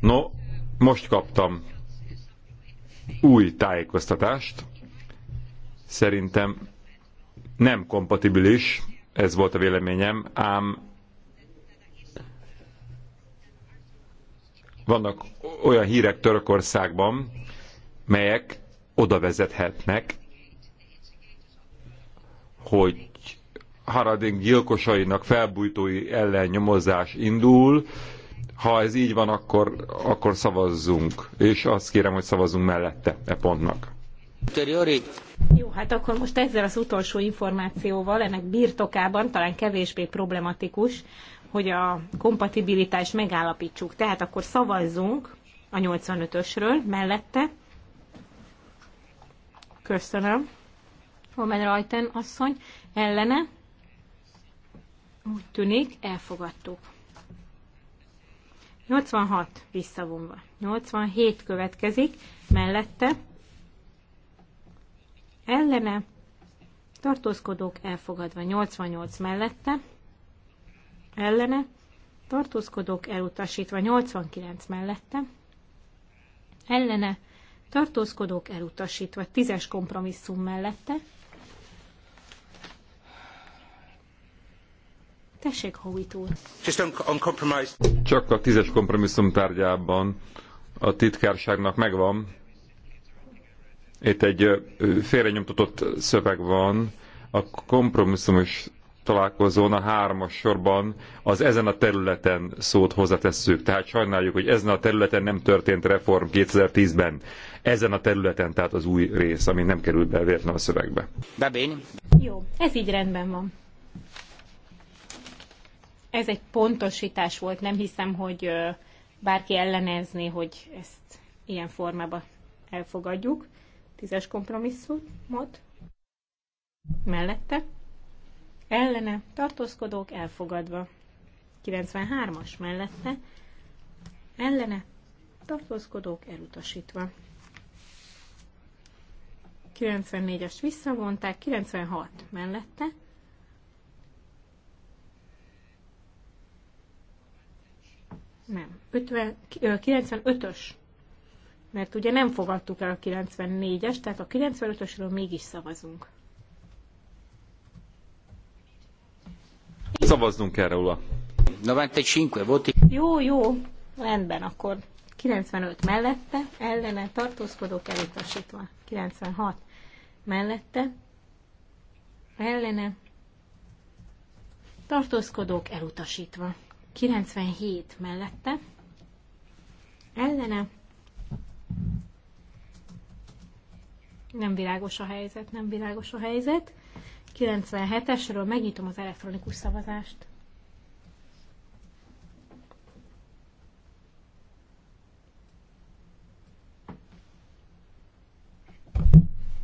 Speaker 2: No, most kaptam új tájékoztatást. Szerintem nem kompatibilis, ez volt a véleményem, ám vannak olyan hírek Törökországban, melyek oda vezethetnek, hogy Haradin gyilkosainak felbújtói ellen nyomozás indul, ha ez így van, akkor, akkor szavazzunk, és azt kérem, hogy szavazzunk mellette e pontnak.
Speaker 3: Jó, hát akkor most ezzel az utolsó információval, ennek birtokában talán kevésbé problematikus, hogy a kompatibilitást megállapítsuk. Tehát akkor szavazzunk a 85-ösről mellette. Köszönöm. Homen Rajten asszony ellene. Úgy tűnik, elfogadtuk. 86 visszavonva. 87 következik, mellette ellene tartózkodók elfogadva. 88 mellette ellene tartózkodók elutasítva. 89 mellette ellene tartózkodók elutasítva. 10-es kompromisszum mellette Tessék, úr.
Speaker 2: Csak a tízes kompromisszum tárgyában a titkárságnak megvan. Itt egy félrenyomtatott szöveg van. A kompromisszumos találkozón a hármas sorban az ezen a területen szót hozzatesszük. Tehát sajnáljuk, hogy ezen a területen nem történt reform 2010-ben. Ezen a területen, tehát az új rész, ami nem került be véletlenül a szövegbe.
Speaker 1: Bebény.
Speaker 3: Jó, ez így rendben van. Ez egy pontosítás volt, nem hiszem, hogy bárki ellenezné, hogy ezt ilyen formában elfogadjuk. Tízes kompromisszumot mellette. Ellene tartózkodók elfogadva. 93-as mellette. Ellene tartózkodók elutasítva. 94-est visszavonták, 96 mellette Nem. 50, 95-ös. Mert ugye nem fogadtuk el a 94-es, tehát a 95-ösről mégis szavazunk.
Speaker 1: Szavaznunk kell róla. 95 volt.
Speaker 3: Jó, jó. Rendben, akkor 95 mellette, ellene tartózkodók elutasítva. 96 mellette, ellene tartózkodók elutasítva. 97 mellette, ellene. Nem világos a helyzet, nem világos a helyzet. 97-esről megnyitom az elektronikus szavazást.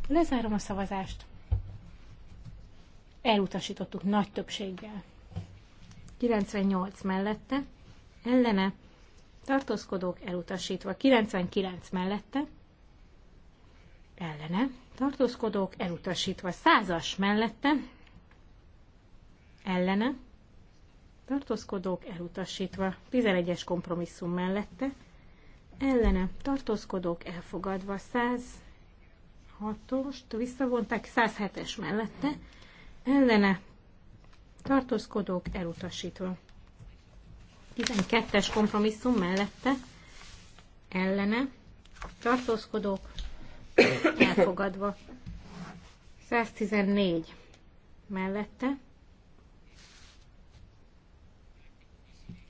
Speaker 3: Lezárom a szavazást. Elutasítottuk nagy többséggel. 98 mellette, ellene, tartózkodók elutasítva, 99 mellette, ellene, tartózkodók elutasítva, 100-as mellette, ellene, tartózkodók elutasítva, 11-es kompromisszum mellette, ellene, tartózkodók elfogadva, 106-ost visszavonták, 107-es mellette, ellene, tartózkodók elutasítva. 12-es kompromisszum mellette ellene tartózkodók elfogadva. 114 mellette.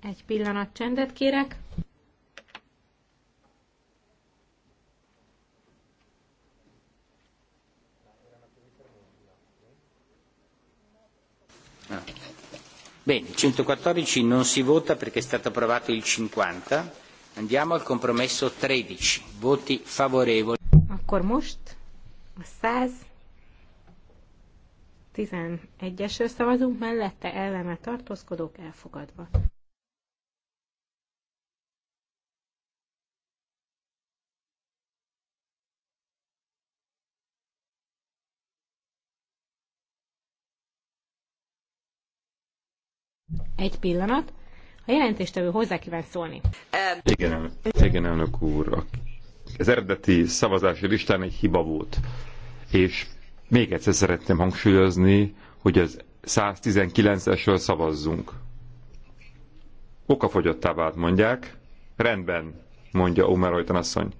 Speaker 3: Egy pillanat csendet kérek.
Speaker 1: Bene, 114 non si vota perché è stato approvato il 50. Andiamo al compromesso 13. Voti favorevoli. Akkor most
Speaker 3: a 111-esről szavazunk, mellette ellene tartózkodók elfogadva. Egy pillanat. A jelentéstevő hozzá kíván szólni. Igen, igen
Speaker 2: elnök úr. Az eredeti szavazási listán egy hiba volt. És még egyszer szeretném hangsúlyozni, hogy az 119-esről szavazzunk. Okafogyottá vált, mondják. Rendben, mondja Omer Hajtan asszony.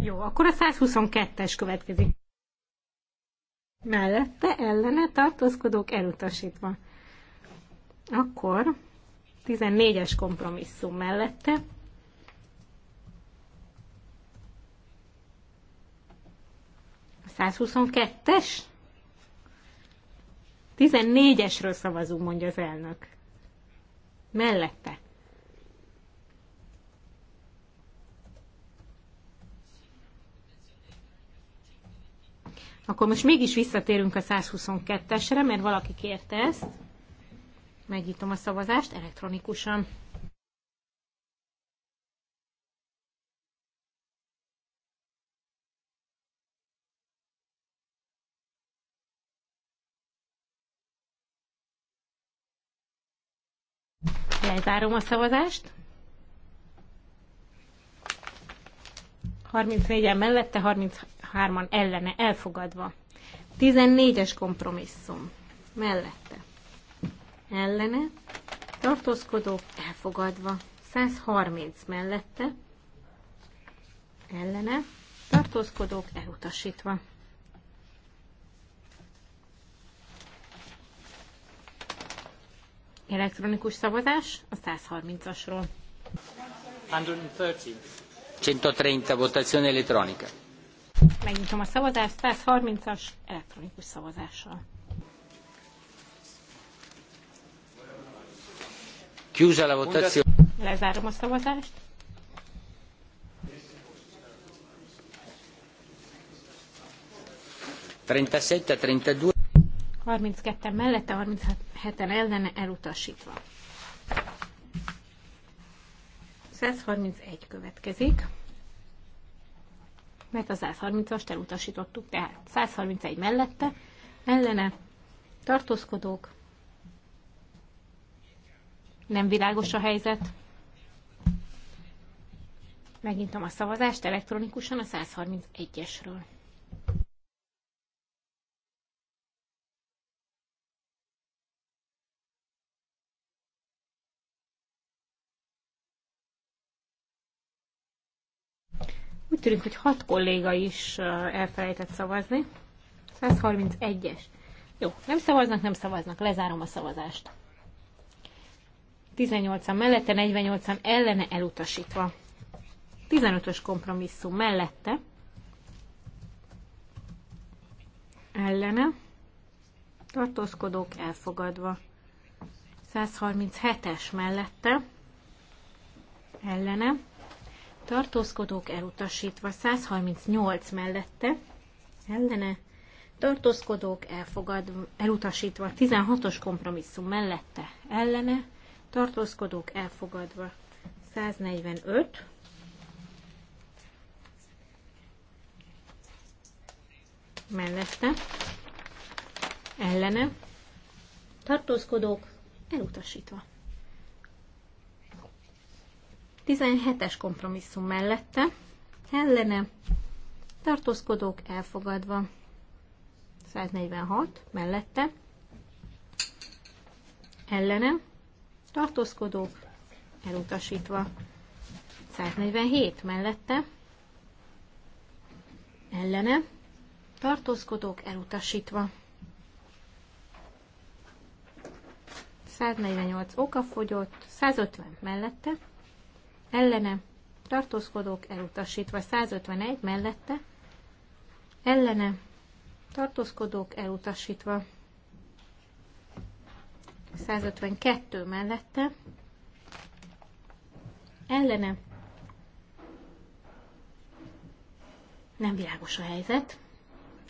Speaker 3: Jó, akkor a 122-es következik mellette ellene tartózkodók elutasítva. Akkor 14-es kompromisszum mellette a 122-es 14-esről szavazunk, mondja az elnök. Mellette. Akkor most mégis visszatérünk a 122-esre, mert valaki kérte ezt. Megnyitom a szavazást elektronikusan. Lezárom a szavazást. 34-en mellette, 30 hárman ellene elfogadva. 14-es kompromisszum mellette. Ellene Tartózkodó elfogadva. 130 mellette ellene tartózkodók elutasítva. Elektronikus szavazás a 130-asról.
Speaker 1: 130. 130 votazione elettronica.
Speaker 3: Megnyitom a szavazást 130-as elektronikus szavazással.
Speaker 1: Chiusa la votazione.
Speaker 3: Lezárom a szavazást.
Speaker 1: Trentasette,
Speaker 3: mellette, 37-en ellene elutasítva. 131 következik mert a 130-ast elutasítottuk, tehát 131 mellette, ellene tartózkodók, nem világos a helyzet. Megintom a szavazást elektronikusan a 131-esről. Úgy tűnik, hogy hat kolléga is elfelejtett szavazni. 131-es. Jó, nem szavaznak, nem szavaznak. Lezárom a szavazást. 18-an mellette, 48-an ellene elutasítva. 15-ös kompromisszum mellette. Ellene. Tartózkodók elfogadva. 137-es mellette. Ellene tartózkodók elutasítva, 138 mellette, ellene, tartózkodók elfogadva elutasítva, 16-os kompromisszum mellette, ellene, tartózkodók elfogadva, 145, mellette, ellene, tartózkodók elutasítva. 17-es kompromisszum mellette, ellene, tartózkodók elfogadva. 146 mellette, ellene, tartózkodók elutasítva. 147 mellette, ellene, tartózkodók elutasítva. 148 okafogyott, 150 mellette, ellene, tartózkodók elutasítva 151 mellette, ellene, tartózkodók elutasítva 152 mellette, ellene, nem világos a helyzet.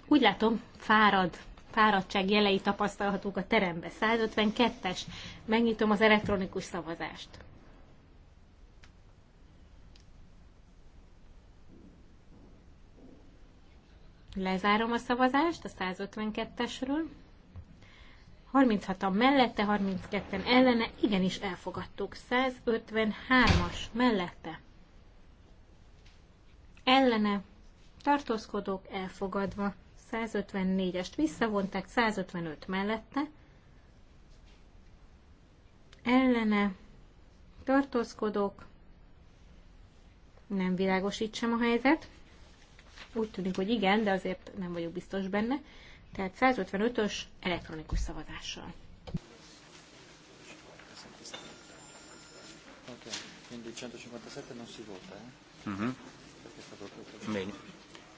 Speaker 3: Úgy látom, fárad, fáradtság jelei tapasztalhatók a terembe. 152-es, megnyitom az elektronikus szavazást. Lezárom a szavazást a 152-esről. 36-an mellette, 32-en ellene, igenis elfogadtuk. 153-as mellette. Ellene, tartózkodók elfogadva. 154-est visszavonták, 155 mellette. Ellene, tartózkodók, nem világos itt sem a helyzet. Úgy tűnik, hogy igen, de azért nem vagyok biztos benne. Tehát 155-ös elektronikus szavazással.
Speaker 1: Eh? Mhm.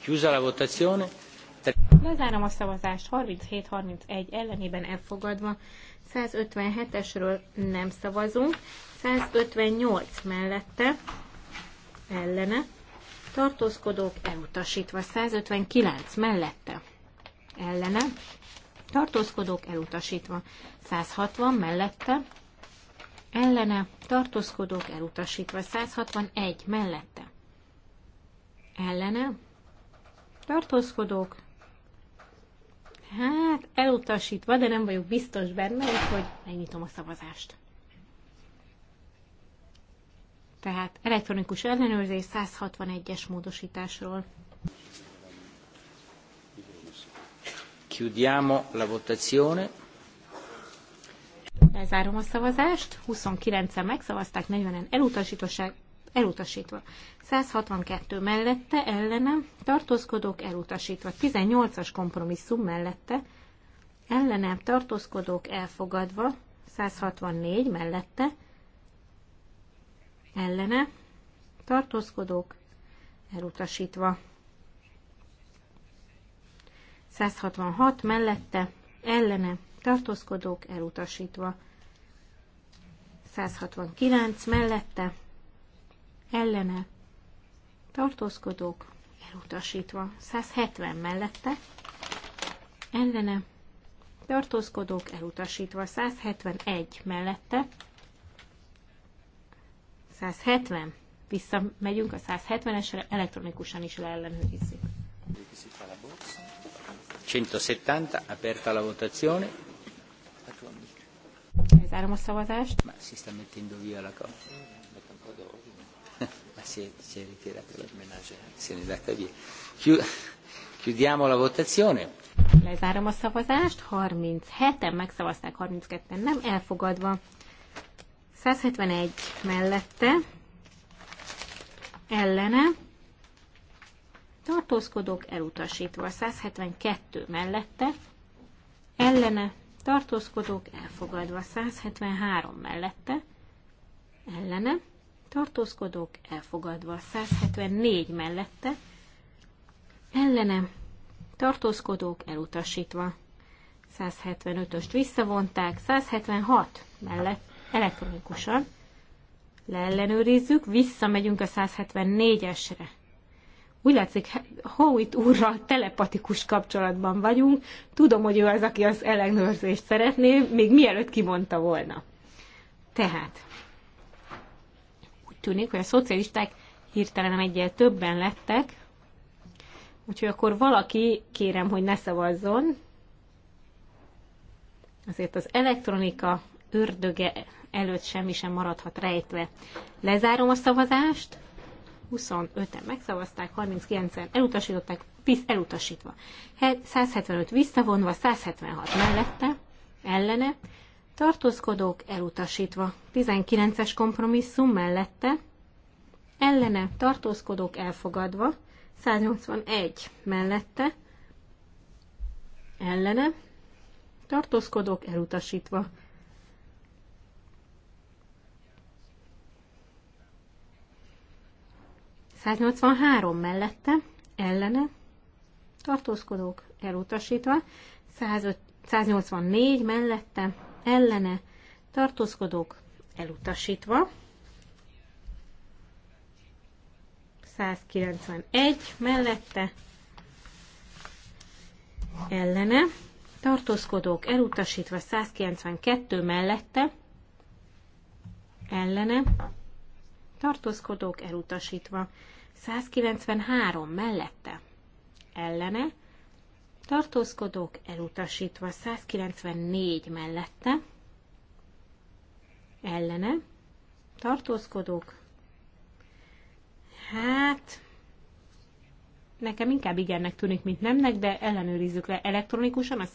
Speaker 1: Chiusa la votazione.
Speaker 3: Lezárom a szavazást 37-31 ellenében elfogadva. 157-esről nem szavazunk. 158 mellette ellene tartózkodók elutasítva 159 mellette ellene, tartózkodók elutasítva 160 mellette ellene, tartózkodók elutasítva 161 mellette ellene, tartózkodók hát elutasítva, de nem vagyok biztos benne, hogy megnyitom a szavazást. Tehát elektronikus ellenőrzés 161-es módosításról.
Speaker 1: Chiudiamo la votazione.
Speaker 3: Lezárom a szavazást. 29-en megszavazták, 40-en elutasítva. 162 mellette, ellenem, tartózkodók elutasítva. 18-as kompromisszum mellette, ellenem, tartózkodók elfogadva. 164 mellette, ellene, tartózkodók elutasítva. 166 mellette, ellene, tartózkodók elutasítva. 169 mellette, ellene, tartózkodók elutasítva. 170 mellette, ellene, tartózkodók elutasítva. 171 mellette, 170. Visszamegyünk a 170-esre, elektronikusan is leellenőrizzük.
Speaker 1: 170, aperta la votazione.
Speaker 3: Lezárom a szavazást.
Speaker 1: Ma si sta mettendo via la cosa. Ma si è, si è ritirato la Si è andata via. Chiudiamo la votazione.
Speaker 3: Lezárom a szavazást, 37-en megszavazták, 32-en nem, elfogadva. 171 mellette, ellene, tartózkodok elutasítva. 172 mellette, ellene, tartózkodok elfogadva. 173 mellette, ellene, tartózkodok elfogadva. 174 mellette, ellene, tartózkodók elutasítva. 175-öst visszavonták, 176 mellett elektronikusan. Leellenőrizzük, visszamegyünk a 174-esre. Úgy látszik, Howitt úrral telepatikus kapcsolatban vagyunk. Tudom, hogy ő az, aki az ellenőrzést szeretné, még mielőtt kimondta volna. Tehát, úgy tűnik, hogy a szocialisták hirtelen egyel többen lettek, úgyhogy akkor valaki, kérem, hogy ne szavazzon. Azért az elektronika ördöge előtt semmi sem maradhat rejtve. Lezárom a szavazást. 25-en megszavazták, 39-en elutasították, PISZ elutasítva. 175 visszavonva, 176 mellette, ellene, tartózkodók elutasítva. 19-es kompromisszum mellette, ellene, tartózkodók elfogadva, 181 mellette, ellene, tartózkodók elutasítva. 183 mellette, ellene, tartózkodók elutasítva, 184 mellette, ellene, tartózkodók elutasítva, 191 mellette, ellene, tartózkodók elutasítva 192 mellette, ellene, tartózkodók elutasítva. 193 mellette ellene, tartózkodók elutasítva. 194 mellette ellene, tartózkodók. Hát, nekem inkább igennek tűnik, mint nemnek, de ellenőrizzük le elektronikusan a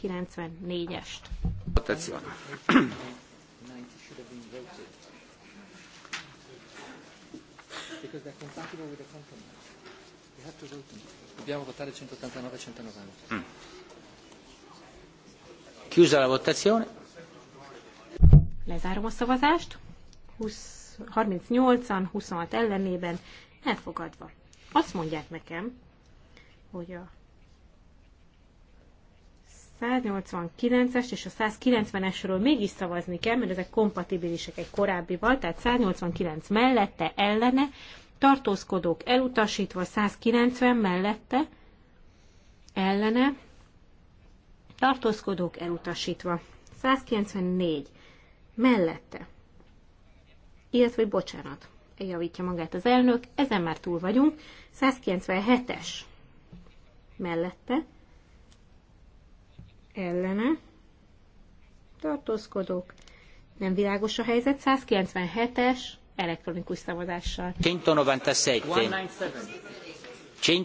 Speaker 3: 194-est.
Speaker 4: because they're compatible with the We have to vote them.
Speaker 1: Dobbiamo votare 189 e 190. Mm. Chiusa la votazione.
Speaker 3: Lezárom a szavazást. 20, 38-an, 26 ellenében elfogadva. Azt mondják nekem, hogy a 189-es és a 190-esről mégis szavazni kell, mert ezek kompatibilisek egy korábbival, tehát 189 mellette, ellene, tartózkodók elutasítva 190 mellette, ellene, tartózkodók elutasítva 194 mellette, illetve, bocsánat, javítja magát az elnök, ezen már túl vagyunk, 197-es mellette, ellene tartózkodok. nem világos a helyzet, 197-es elektronikus szavazással.
Speaker 1: 197.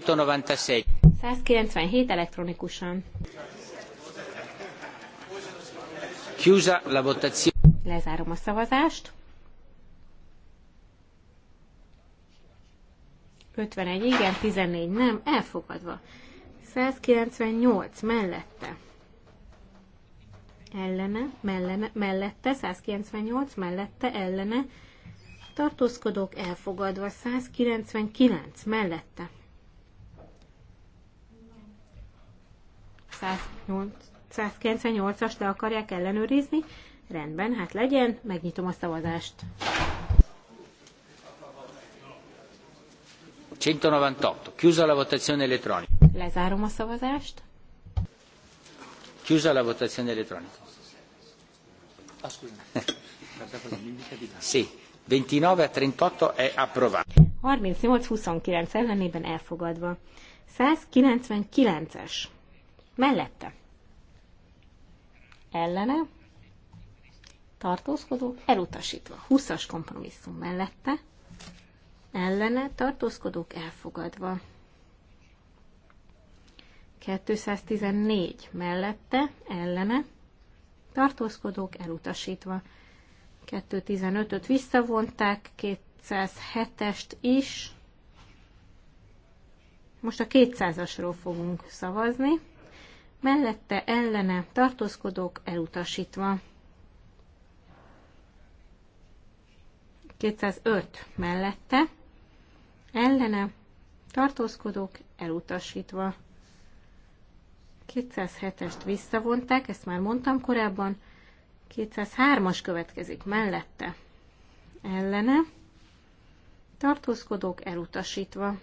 Speaker 1: 197.
Speaker 3: 197 elektronikusan. Lezárom a szavazást. 51 igen, 14 nem, elfogadva. 198 mellette ellene, mellene, mellette, 198 mellette, ellene, tartózkodók elfogadva, 199 mellette. 198-as le akarják ellenőrizni? Rendben, hát legyen, megnyitom a szavazást.
Speaker 1: 198. Chiusa la votazione elettronica.
Speaker 3: Lezárom a szavazást.
Speaker 1: Chiusa la votazione elettronica. Ah, sì, 29 38 è approvato.
Speaker 3: 38-29 ellenében elfogadva. 199-es. Mellette. Ellene. Tartózkodók elutasítva. 20-as kompromisszum mellette. Ellene. Tartózkodók elfogadva. 214 mellette, ellene, tartózkodók elutasítva. 215-öt visszavonták, 207-est is. Most a 200-asról fogunk szavazni. Mellette ellene tartózkodók elutasítva. 205 mellette ellene tartózkodók elutasítva. 207-est visszavonták, ezt már mondtam korábban. 203-as következik mellette. Ellene. Tartózkodók elutasítva.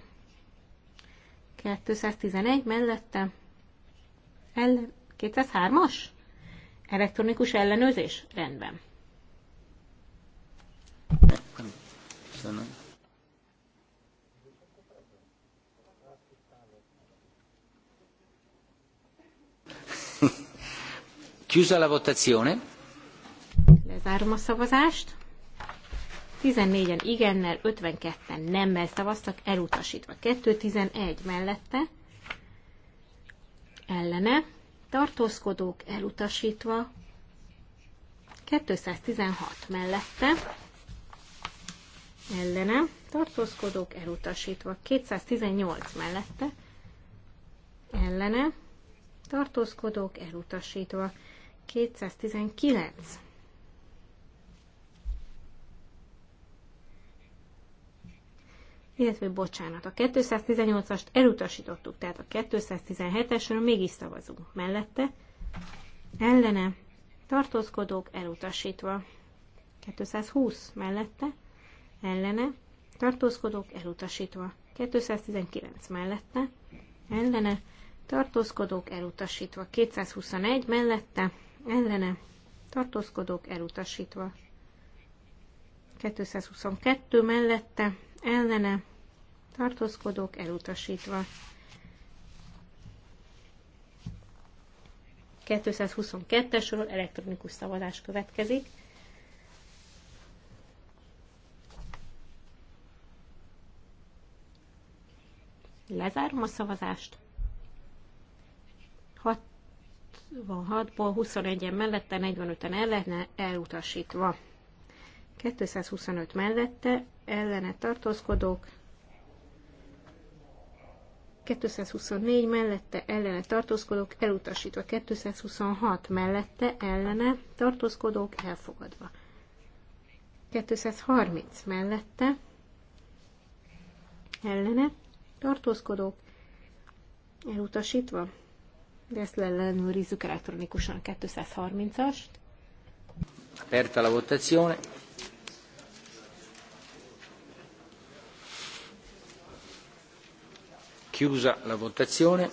Speaker 3: 211 mellette. Ellen... 203-as? Elektronikus ellenőrzés? Rendben. Köszönöm.
Speaker 1: Chiusa la votazione.
Speaker 3: Lezárom a szavazást. 14-en igennel, 52-en nemmel szavaztak, elutasítva. 2-11 mellette, ellene, tartózkodók elutasítva, 216 mellette, ellene, tartózkodók elutasítva, 218 mellette, ellene, tartózkodók elutasítva, 219. Illetve, bocsánat, a 218-ast elutasítottuk, tehát a 217-esről mégis szavazunk. Mellette, ellene, tartózkodók elutasítva. 220 mellette, ellene, tartózkodók elutasítva. 219 mellette, ellene, tartózkodók elutasítva. 221 mellette, ellene tartózkodók elutasítva. 222 mellette ellene tartózkodók elutasítva. 222-es sorol elektronikus szavazás következik. Lezárom a szavazást. 6 26-ból 21-en mellette, 45-en ellene elutasítva. 225 mellette ellene tartózkodók, 224 mellette ellene tartózkodók elutasítva, 226 mellette ellene tartózkodók elfogadva, 230 mellette ellene tartózkodók elutasítva, de ezt ellenőrizzük elektronikusan a 230-ast.
Speaker 1: Aperta la votazione. Chiusa la votazione.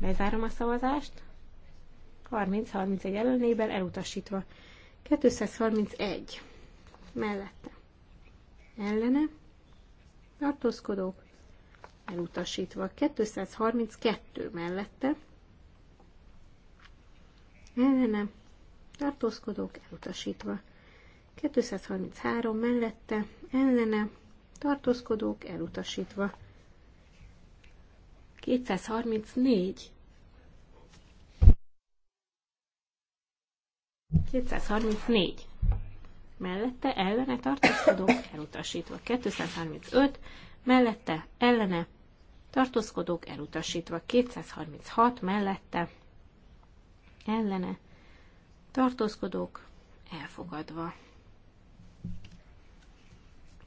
Speaker 3: Lezárom a szavazást. 30-31 ellenében elutasítva. 231 mellette. Ellene tartózkodók elutasítva. 232 mellette, ellenem, tartózkodók elutasítva. 233 mellette, ellene, tartózkodók elutasítva. 234 234 mellette ellene tartózkodók elutasítva. 235 mellette ellene tartózkodók elutasítva 236 mellette ellene tartózkodók elfogadva.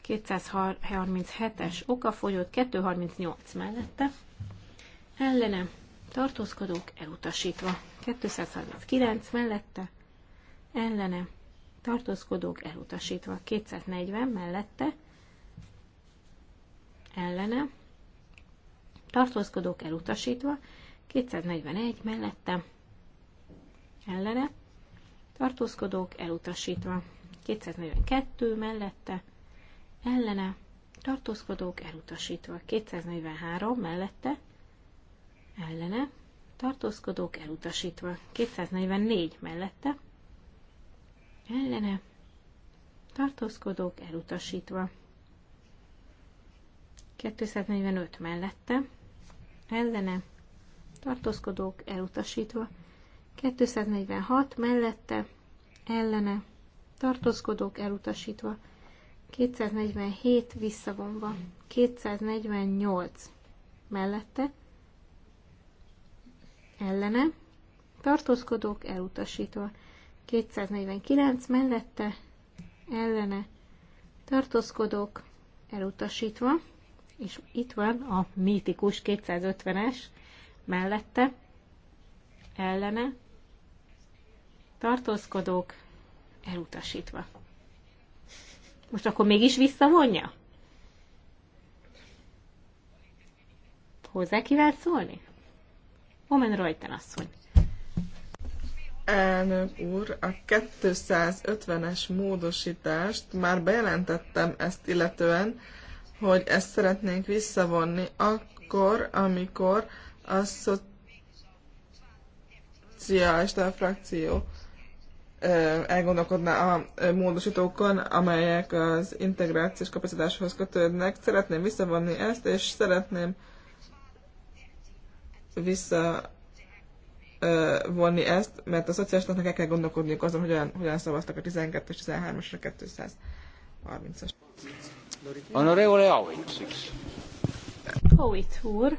Speaker 3: 237-es oka folyott 238 mellette ellene tartózkodók elutasítva 239 mellette ellene tartózkodók elutasítva 240 mellette ellene tartózkodók elutasítva, 241 mellette ellene, tartózkodók elutasítva, 242 mellette ellene, tartózkodók elutasítva, 243 mellette ellene, tartózkodók elutasítva, 244 mellette ellene, tartózkodók elutasítva, 245 mellette ellene, tartózkodók elutasítva, 246 mellette, ellene, tartózkodók elutasítva, 247 visszavonva, 248 mellette, ellene, tartózkodók elutasítva, 249 mellette, ellene, tartózkodók elutasítva, és itt van a mítikus 250-es mellette, ellene, tartózkodók, elutasítva. Most akkor mégis visszavonja? Hozzá kíván szólni? Omen Reuten asszony.
Speaker 4: Elnök úr, a 250-es módosítást már bejelentettem ezt illetően, hogy ezt szeretnénk visszavonni akkor, amikor a szociális frakció elgondolkodna a módosítókon, amelyek az integrációs kapacitáshoz kötődnek. Szeretném visszavonni ezt, és szeretném visszavonni ezt, mert a szociálisnak el kell gondolkodniuk azon, hogyan, hogyan szavaztak a 12-es, 13-asra, 230-as. Onorevole Howitt. Howitt úr.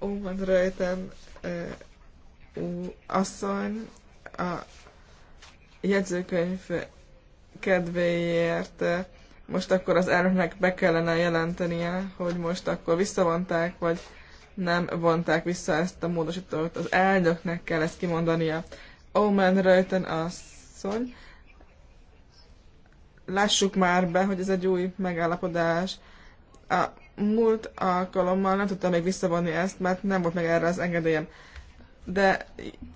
Speaker 4: Owen Reuten asszony a jegyzőkönyv kedvéért most akkor az elnöknek be kellene jelentenie, hogy most akkor visszavonták, vagy nem vonták vissza ezt a módosítót. Az elnöknek kell ezt kimondania. Omen Reuten asszony lássuk már be, hogy ez egy új megállapodás. A múlt alkalommal nem tudtam még visszavonni ezt, mert nem volt meg erre az engedélyem. De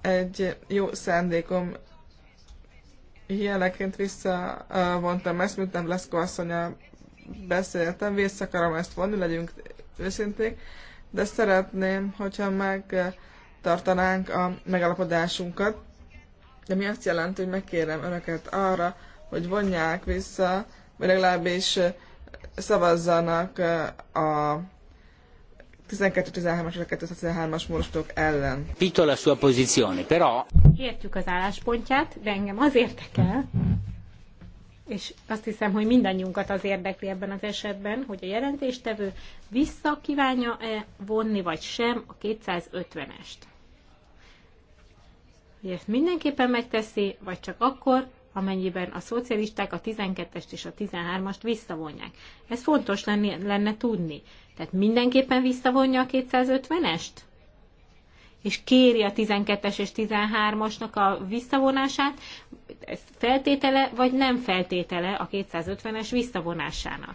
Speaker 4: egy jó szándékom hieleként visszavontam ezt, miután Leszko asszonya beszéltem, vissza akarom ezt vonni, legyünk őszinték, de szeretném, hogyha megtartanánk a megállapodásunkat, de mi azt jelenti, hogy megkérem önöket arra, hogy vonják vissza, vagy legalábbis szavazzanak a 12-13-as vagy 213-as módosítók ellen.
Speaker 1: la sua posizione, però...
Speaker 4: Értjük
Speaker 3: az álláspontját, de engem az érdekel, és azt hiszem, hogy mindannyiunkat az érdekli ebben az esetben, hogy a jelentéstevő vissza kívánja-e vonni, vagy sem a 250-est. Hogy ezt mindenképpen megteszi, vagy csak akkor, amennyiben a szocialisták a 12-est és a 13-ast visszavonják. Ez fontos lenni, lenne tudni. Tehát mindenképpen visszavonja a 250-est? És kéri a 12-es és 13-asnak a visszavonását? Ez feltétele vagy nem feltétele a 250-es visszavonásának?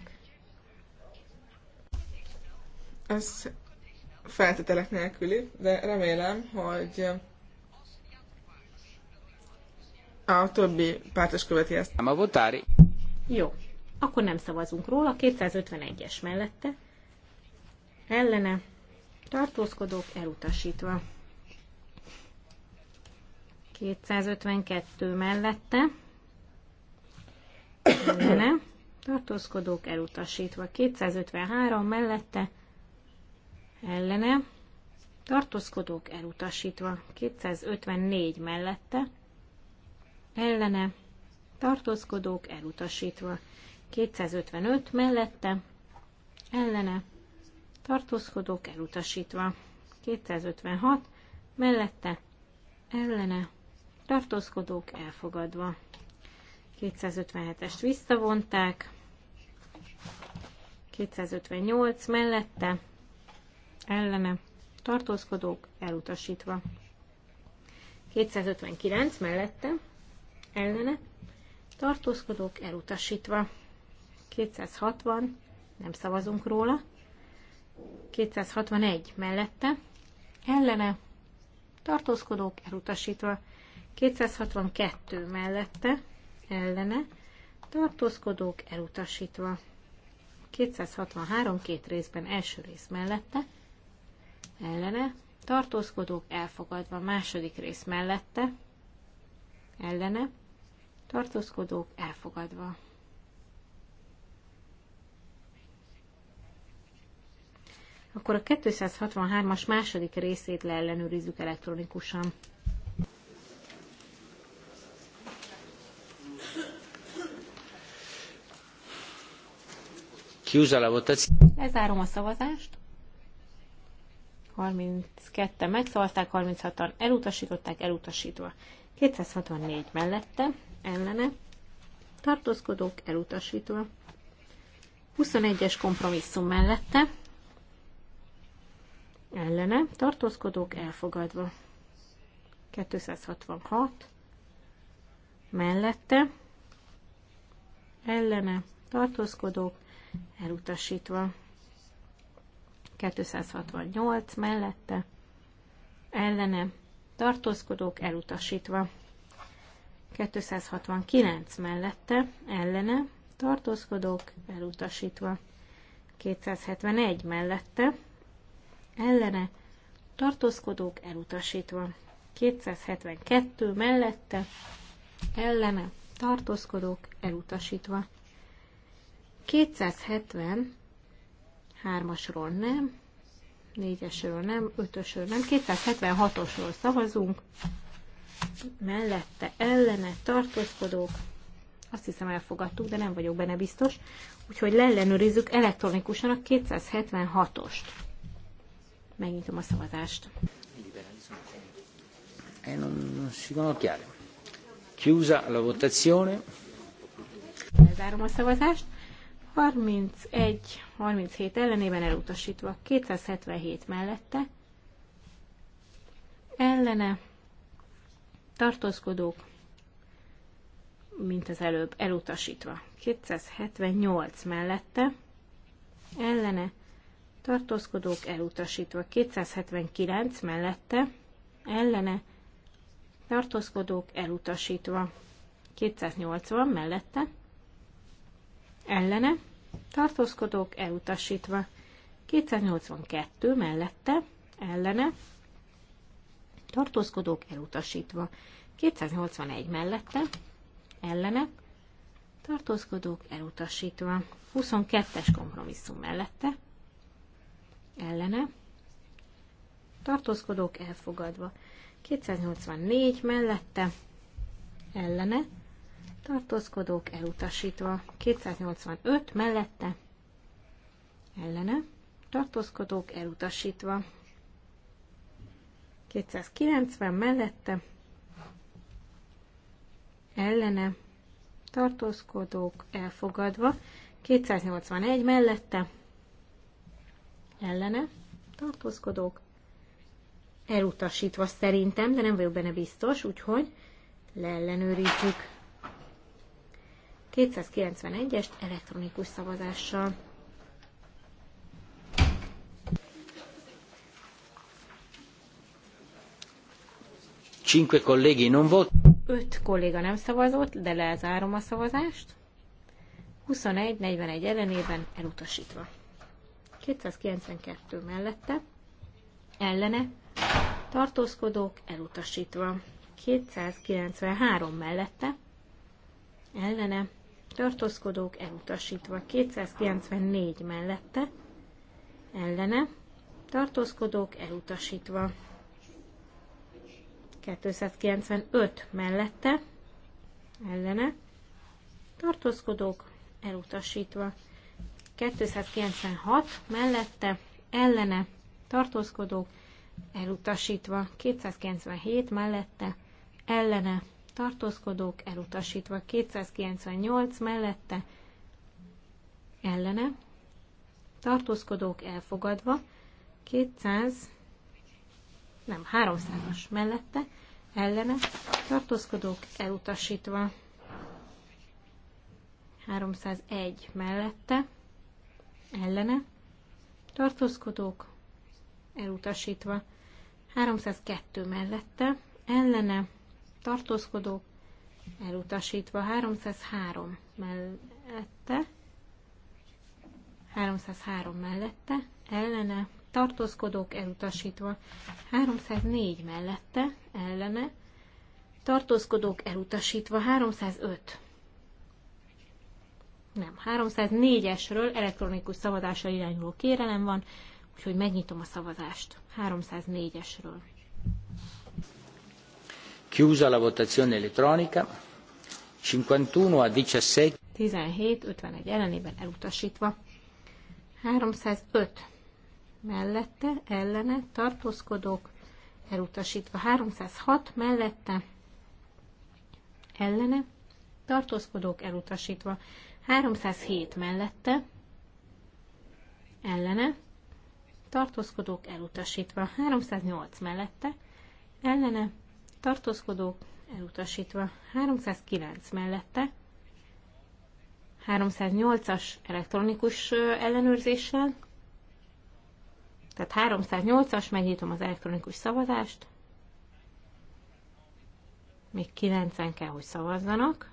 Speaker 4: Ez feltételek nélküli, de remélem, hogy a többi párt is követi ezt. Nem a votári.
Speaker 3: Jó, akkor nem szavazunk róla. 251-es mellette. Ellene. Tartózkodók elutasítva. 252 mellette. Ellene. Tartózkodók elutasítva. 253 mellette. Ellene. Tartózkodók elutasítva. 254 mellette ellene, tartózkodók elutasítva. 255 mellette, ellene, tartózkodók elutasítva. 256 mellette, ellene, tartózkodók elfogadva. 257-est visszavonták, 258 mellette, ellene, tartózkodók elutasítva. 259 mellette, ellene, tartózkodók elutasítva. 260, nem szavazunk róla. 261 mellette, ellene, tartózkodók elutasítva. 262 mellette, ellene, tartózkodók elutasítva. 263 két részben első rész mellette, ellene, tartózkodók elfogadva második rész mellette, ellene, tartózkodók elfogadva. Akkor a 263-as második részét leellenőrizzük elektronikusan. Lezárom a szavazást. 32-en megszavazták, 36-an elutasították, elutasítva. 264 mellette, ellene, tartózkodók elutasítva. 21-es kompromisszum mellette, ellene, tartózkodók elfogadva. 266 mellette, ellene, tartózkodók elutasítva. 268 mellette, ellene, tartózkodók elutasítva. 269 mellette, ellene, tartózkodók elutasítva. 271 mellette, ellene, tartózkodók elutasítva. 272 mellette, ellene, tartózkodók elutasítva. 270 3-asról nem, 4-esről nem, 5-ösről nem, 276-osról szavazunk mellette ellene tartózkodók, azt hiszem elfogadtuk, de nem vagyok benne biztos, úgyhogy leellenőrizzük elektronikusan a 276-ost. Megnyitom a szavazást.
Speaker 1: E non si sono chiare. Chiusa la votazione.
Speaker 3: Lezárom a szavazást. 31-37 ellenében elutasítva, 277 mellette, ellene tartózkodók, mint az előbb, elutasítva. 278 mellette, ellene, tartózkodók elutasítva. 279 mellette, ellene, tartózkodók elutasítva. 280 mellette, ellene, tartózkodók elutasítva. 282 mellette, ellene, tartózkodók elutasítva. 281 mellette, ellene, tartózkodók elutasítva. 22-es kompromisszum mellette, ellene, tartózkodók elfogadva. 284 mellette, ellene, tartózkodók elutasítva. 285 mellette, ellene, tartózkodók elutasítva. 290 mellette ellene tartózkodók elfogadva, 281 mellette ellene tartózkodók elutasítva szerintem, de nem vagyok benne biztos, úgyhogy leellenőrizzük. 291-est elektronikus szavazással.
Speaker 1: Cinque colleghi non vot.
Speaker 3: Öt kolléga nem szavazott, de lezárom a szavazást. 21-41 ellenében elutasítva. 292 mellette, ellene, tartózkodók elutasítva. 293 mellette, ellene, tartózkodók elutasítva. 294 mellette, ellene, tartózkodók elutasítva. 295 mellette, ellene, tartózkodók elutasítva. 296 mellette, ellene, tartózkodók elutasítva. 297 mellette, ellene, tartózkodók elutasítva. 298 mellette, ellene, tartózkodók elfogadva. 200 nem, 300 mellette, ellene, tartózkodók elutasítva. 301 mellette, ellene, tartózkodók elutasítva. 302 mellette, ellene, tartózkodók elutasítva. 303 mellette, 303 mellette, ellene, tartózkodók elutasítva. 304 mellette, ellene, tartózkodók elutasítva. 305. Nem, 304-esről elektronikus szavazásra irányuló kérelem van, úgyhogy megnyitom a szavazást. 304-esről.
Speaker 1: Chiusa la votazione elettronica. 51 a 17.
Speaker 3: 17, 51 ellenében elutasítva. 305 mellette, ellene, tartózkodók, elutasítva 306 mellette, ellene, tartózkodók, elutasítva 307 mellette, ellene, tartózkodók, elutasítva 308 mellette, ellene, tartózkodók, elutasítva 309 mellette, 308-as elektronikus ellenőrzéssel, tehát 308-as, megnyitom az elektronikus szavazást. Még 90 kell, hogy szavazzanak.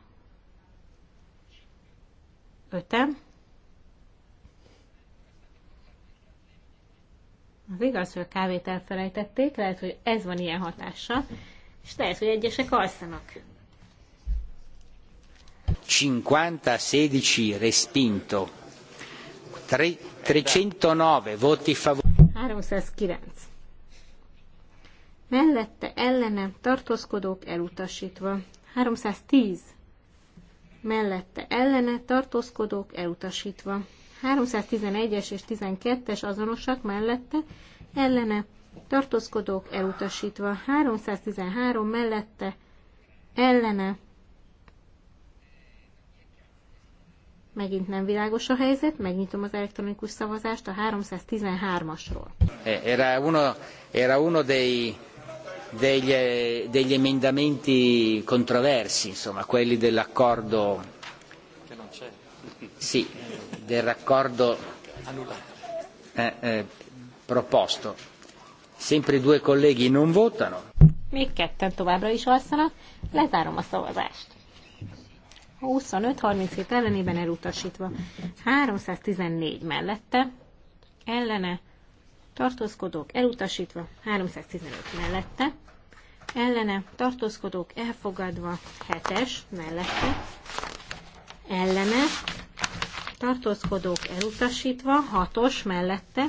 Speaker 3: 5 -en. Az igaz, hogy a kávét elfelejtették, lehet, hogy ez van ilyen hatása, és lehet, hogy egyesek alszanak.
Speaker 1: 50-16 respinto. 3, 309 voti favor.
Speaker 3: 309. Mellette ellene tartózkodók elutasítva. 310. Mellette ellene tartózkodók elutasítva. 311-es és 12-es azonosak mellette ellene tartózkodók elutasítva. 313 mellette ellene Megint nem világos a helyzet, megnyitom az elektronikus szavazást a 313-asról.
Speaker 1: Eh, era uno, era uno dei, degli, degli emendamenti controversi, insomma, quelli dell'accordo... Che non c'è. Sì, raccordo eh, eh, proposto. Sempre due colleghi non votano.
Speaker 3: Még ketten továbbra is alszanak, lezárom a szavazást. 25-37 ellenében elutasítva. 314 mellette, ellene, tartózkodók elutasítva, 315 mellette, ellene, tartózkodók elfogadva, 7-es mellette, ellene, tartózkodók elutasítva, 6-os mellette,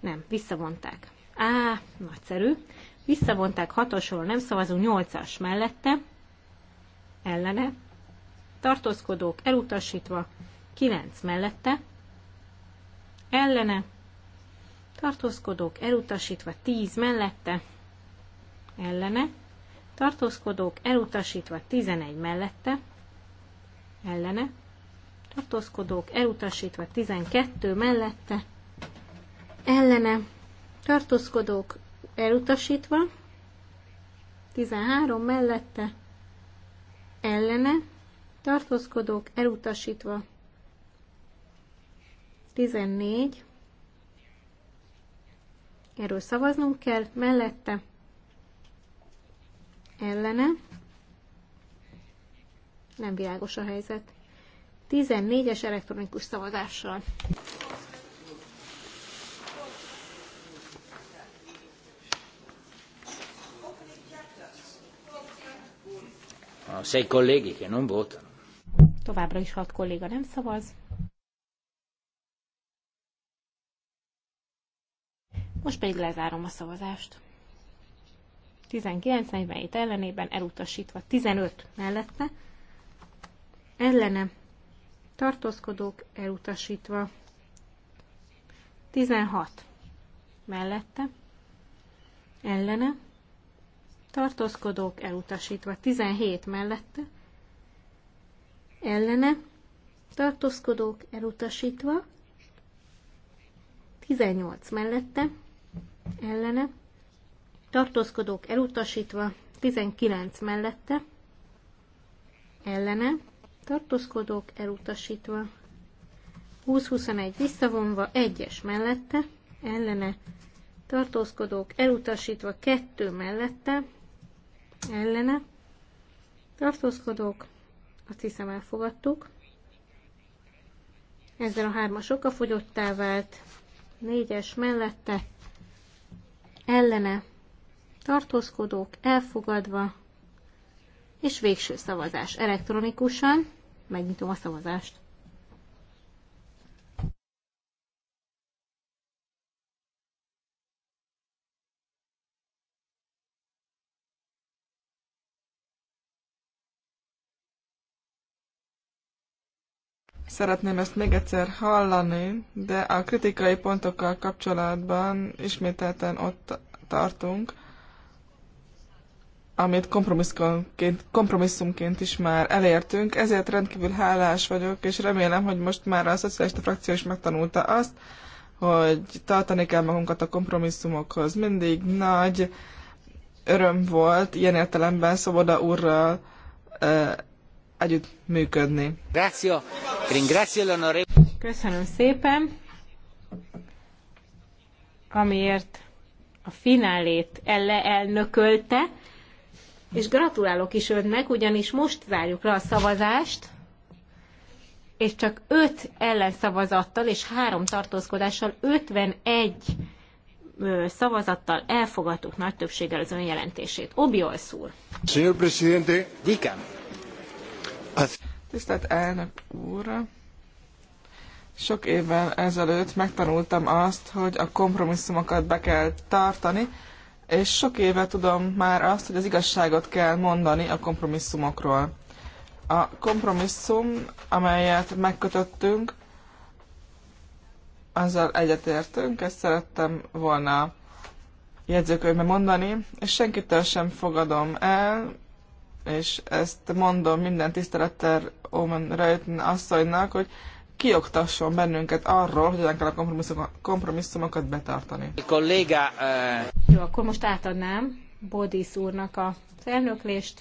Speaker 3: nem, visszavonták. Á, nagyszerű. Visszavonták 6-osról, nem szavazunk 8-as mellette, ellene, tartózkodók elutasítva, 9 mellette, ellene, tartózkodók elutasítva, 10 mellette, ellene, tartózkodók elutasítva, 11 mellette, ellene, tartózkodók elutasítva, 12 mellette, ellene, tartózkodók elutasítva, 13 mellette, ellene, tartózkodók elutasítva. 14. Erről szavaznunk kell, mellette ellene. Nem világos a helyzet. 14-es elektronikus szavazással.
Speaker 1: Ah, sei colleghi che non votano.
Speaker 3: Továbbra is hat kolléga nem szavaz. Most pedig lezárom a szavazást. 1947 ellenében elutasítva 15 mellette, ellene tartózkodók elutasítva 16 mellette, ellene tartózkodók elutasítva 17 mellette, ellene, tartózkodók elutasítva, 18 mellette, ellene, tartózkodók elutasítva, 19 mellette, ellene, tartózkodók elutasítva, 20-21 visszavonva, 1-es mellette, ellene, tartózkodók elutasítva, 2 mellette, ellene, tartózkodók azt hiszem elfogadtuk. Ezzel a hármas okafogyottá vált. Négyes mellette ellene tartózkodók elfogadva, és végső szavazás elektronikusan. Megnyitom a szavazást.
Speaker 4: szeretném ezt még egyszer hallani, de a kritikai pontokkal kapcsolatban ismételten ott tartunk, amit kompromisszumként, is már elértünk, ezért rendkívül hálás vagyok, és remélem, hogy most már a szocialista frakció is megtanulta azt, hogy tartani kell magunkat a kompromisszumokhoz. Mindig nagy öröm volt ilyen értelemben Szoboda úrral eh, együttműködni. működni.
Speaker 3: Köszönöm szépen, amiért a finálét elle elnökölte, és gratulálok is önnek, ugyanis most zárjuk le a szavazást, és csak öt ellenszavazattal és három tartózkodással 51 szavazattal elfogadtuk nagy többséggel az
Speaker 4: önjelentését. Obiolszúr.
Speaker 5: Señor Presidente. Dikám.
Speaker 4: Tisztelt elnök úr! Sok évvel ezelőtt megtanultam azt, hogy a kompromisszumokat be kell tartani, és sok éve tudom már azt, hogy az igazságot kell mondani a kompromisszumokról. A kompromisszum, amelyet megkötöttünk, azzal egyetértünk, ezt szerettem volna jegyzőkönyvben mondani, és senkitől sem fogadom el, és ezt mondom minden tisztelettel Omen Reutn asszonynak, hogy kioktasson bennünket arról, hogy kell a kompromisszumokat betartani.
Speaker 1: Kolléga,
Speaker 3: uh... Jó, akkor most átadnám Bodis úrnak a felnöklést.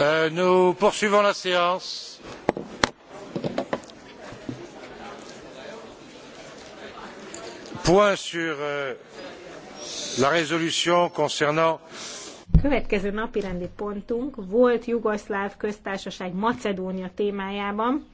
Speaker 5: Euh, nous poursuivons la séance. Point sur euh, la résolution concernant
Speaker 3: Következő napirendi pontunk volt Jugoszláv köztársaság Macedónia témájában.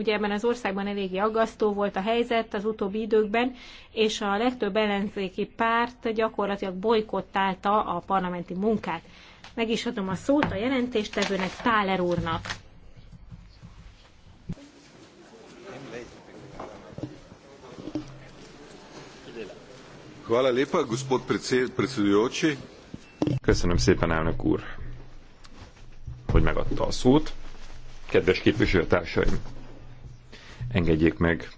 Speaker 3: Ugye ebben az országban eléggé aggasztó volt a helyzet az utóbbi időkben, és a legtöbb ellenzéki párt gyakorlatilag bolykottálta a parlamenti munkát. Meg is adom a szót a jelentéstevőnek, Táler úrnak.
Speaker 2: Köszönöm szépen, elnök úr, hogy megadta a szót. Kedves képviselőtársaim! Engedjék meg,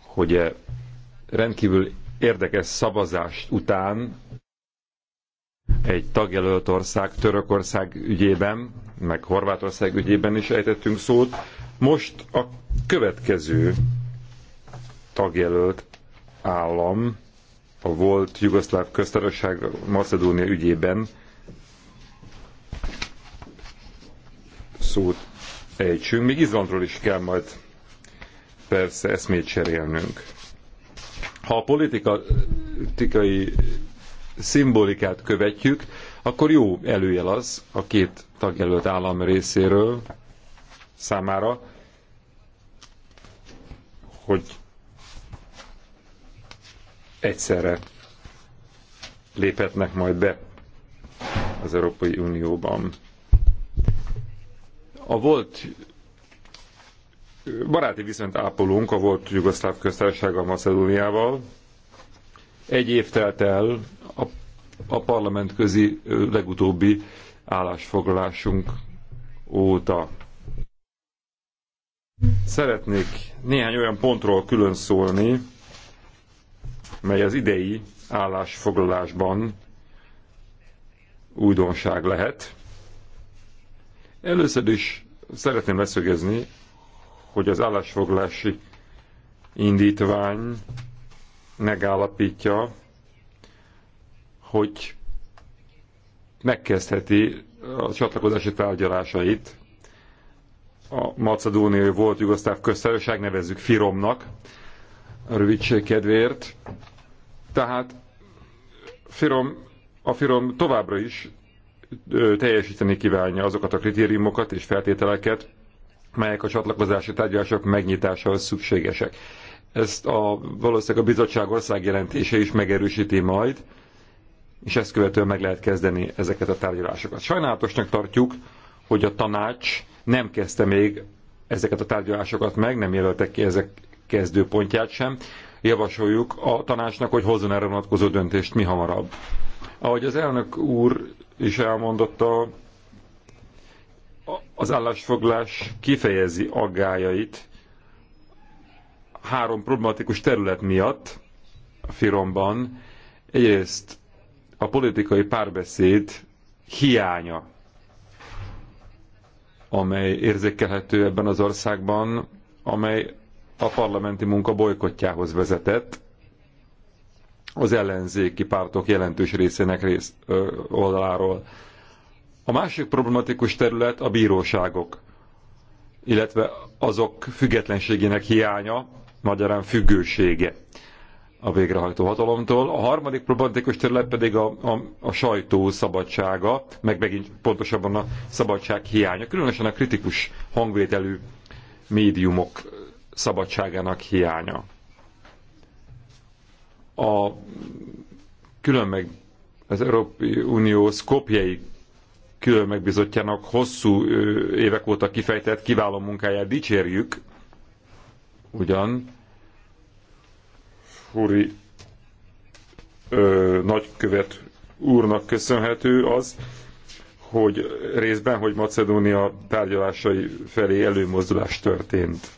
Speaker 2: hogy e rendkívül érdekes szavazást után egy tagjelölt ország, Törökország ügyében, meg Horvátország ügyében is ejtettünk szót. Most a következő tagjelölt állam, a volt Jugoszláv köztársaság Macedónia ügyében szót ejtsünk. Még Izlandról is kell majd persze eszmét cserélnünk. Ha a politikai szimbolikát követjük, akkor jó előjel az a két tagjelölt állam részéről számára, hogy egyszerre léphetnek majd be az Európai Unióban. A volt baráti viszont ápolunk a volt Jugoszláv köztársasággal, Macedóniával. Egy év telt el a, a parlament közi legutóbbi állásfoglalásunk óta. Szeretnék néhány olyan pontról külön szólni, mely az idei állásfoglalásban újdonság lehet. Először is szeretném leszögezni, hogy az állásfoglási indítvány megállapítja, hogy megkezdheti a csatlakozási tárgyalásait a macedóniai volt jugoszláv köztársaság, nevezzük Firomnak, a rövidség kedvéért. Tehát Firom, a Firom továbbra is teljesíteni kívánja azokat a kritériumokat és feltételeket, melyek a csatlakozási tárgyalások megnyitásához szükségesek. Ezt a, valószínűleg a bizottság országjelentése is megerősíti majd, és ezt követően meg lehet kezdeni ezeket a tárgyalásokat. Sajnálatosnak tartjuk, hogy a tanács nem kezdte még ezeket a tárgyalásokat meg, nem jelöltek ki ezek kezdőpontját sem. Javasoljuk a tanácsnak, hogy hozzon erre vonatkozó döntést mi hamarabb. Ahogy az elnök úr is elmondotta, az állásfoglás kifejezi aggájait három problematikus terület miatt a Firomban. Egyrészt a politikai párbeszéd hiánya, amely érzékelhető ebben az országban, amely a parlamenti munka bolykottjához vezetett, az ellenzéki pártok jelentős részének rész, ö, oldaláról. A másik problematikus terület a bíróságok, illetve azok függetlenségének hiánya, magyarán függősége a végrehajtó hatalomtól. A harmadik problematikus terület pedig a, a, a sajtó szabadsága, meg megint pontosabban a szabadság hiánya, különösen a kritikus hangvételű médiumok szabadságának hiánya a külön meg az Európai Unió szkopjai külön megbizottjának hosszú évek óta kifejtett kiváló munkáját dicsérjük, ugyan Furi ö, nagykövet úrnak köszönhető az, hogy részben, hogy Macedónia tárgyalásai felé előmozdulás történt.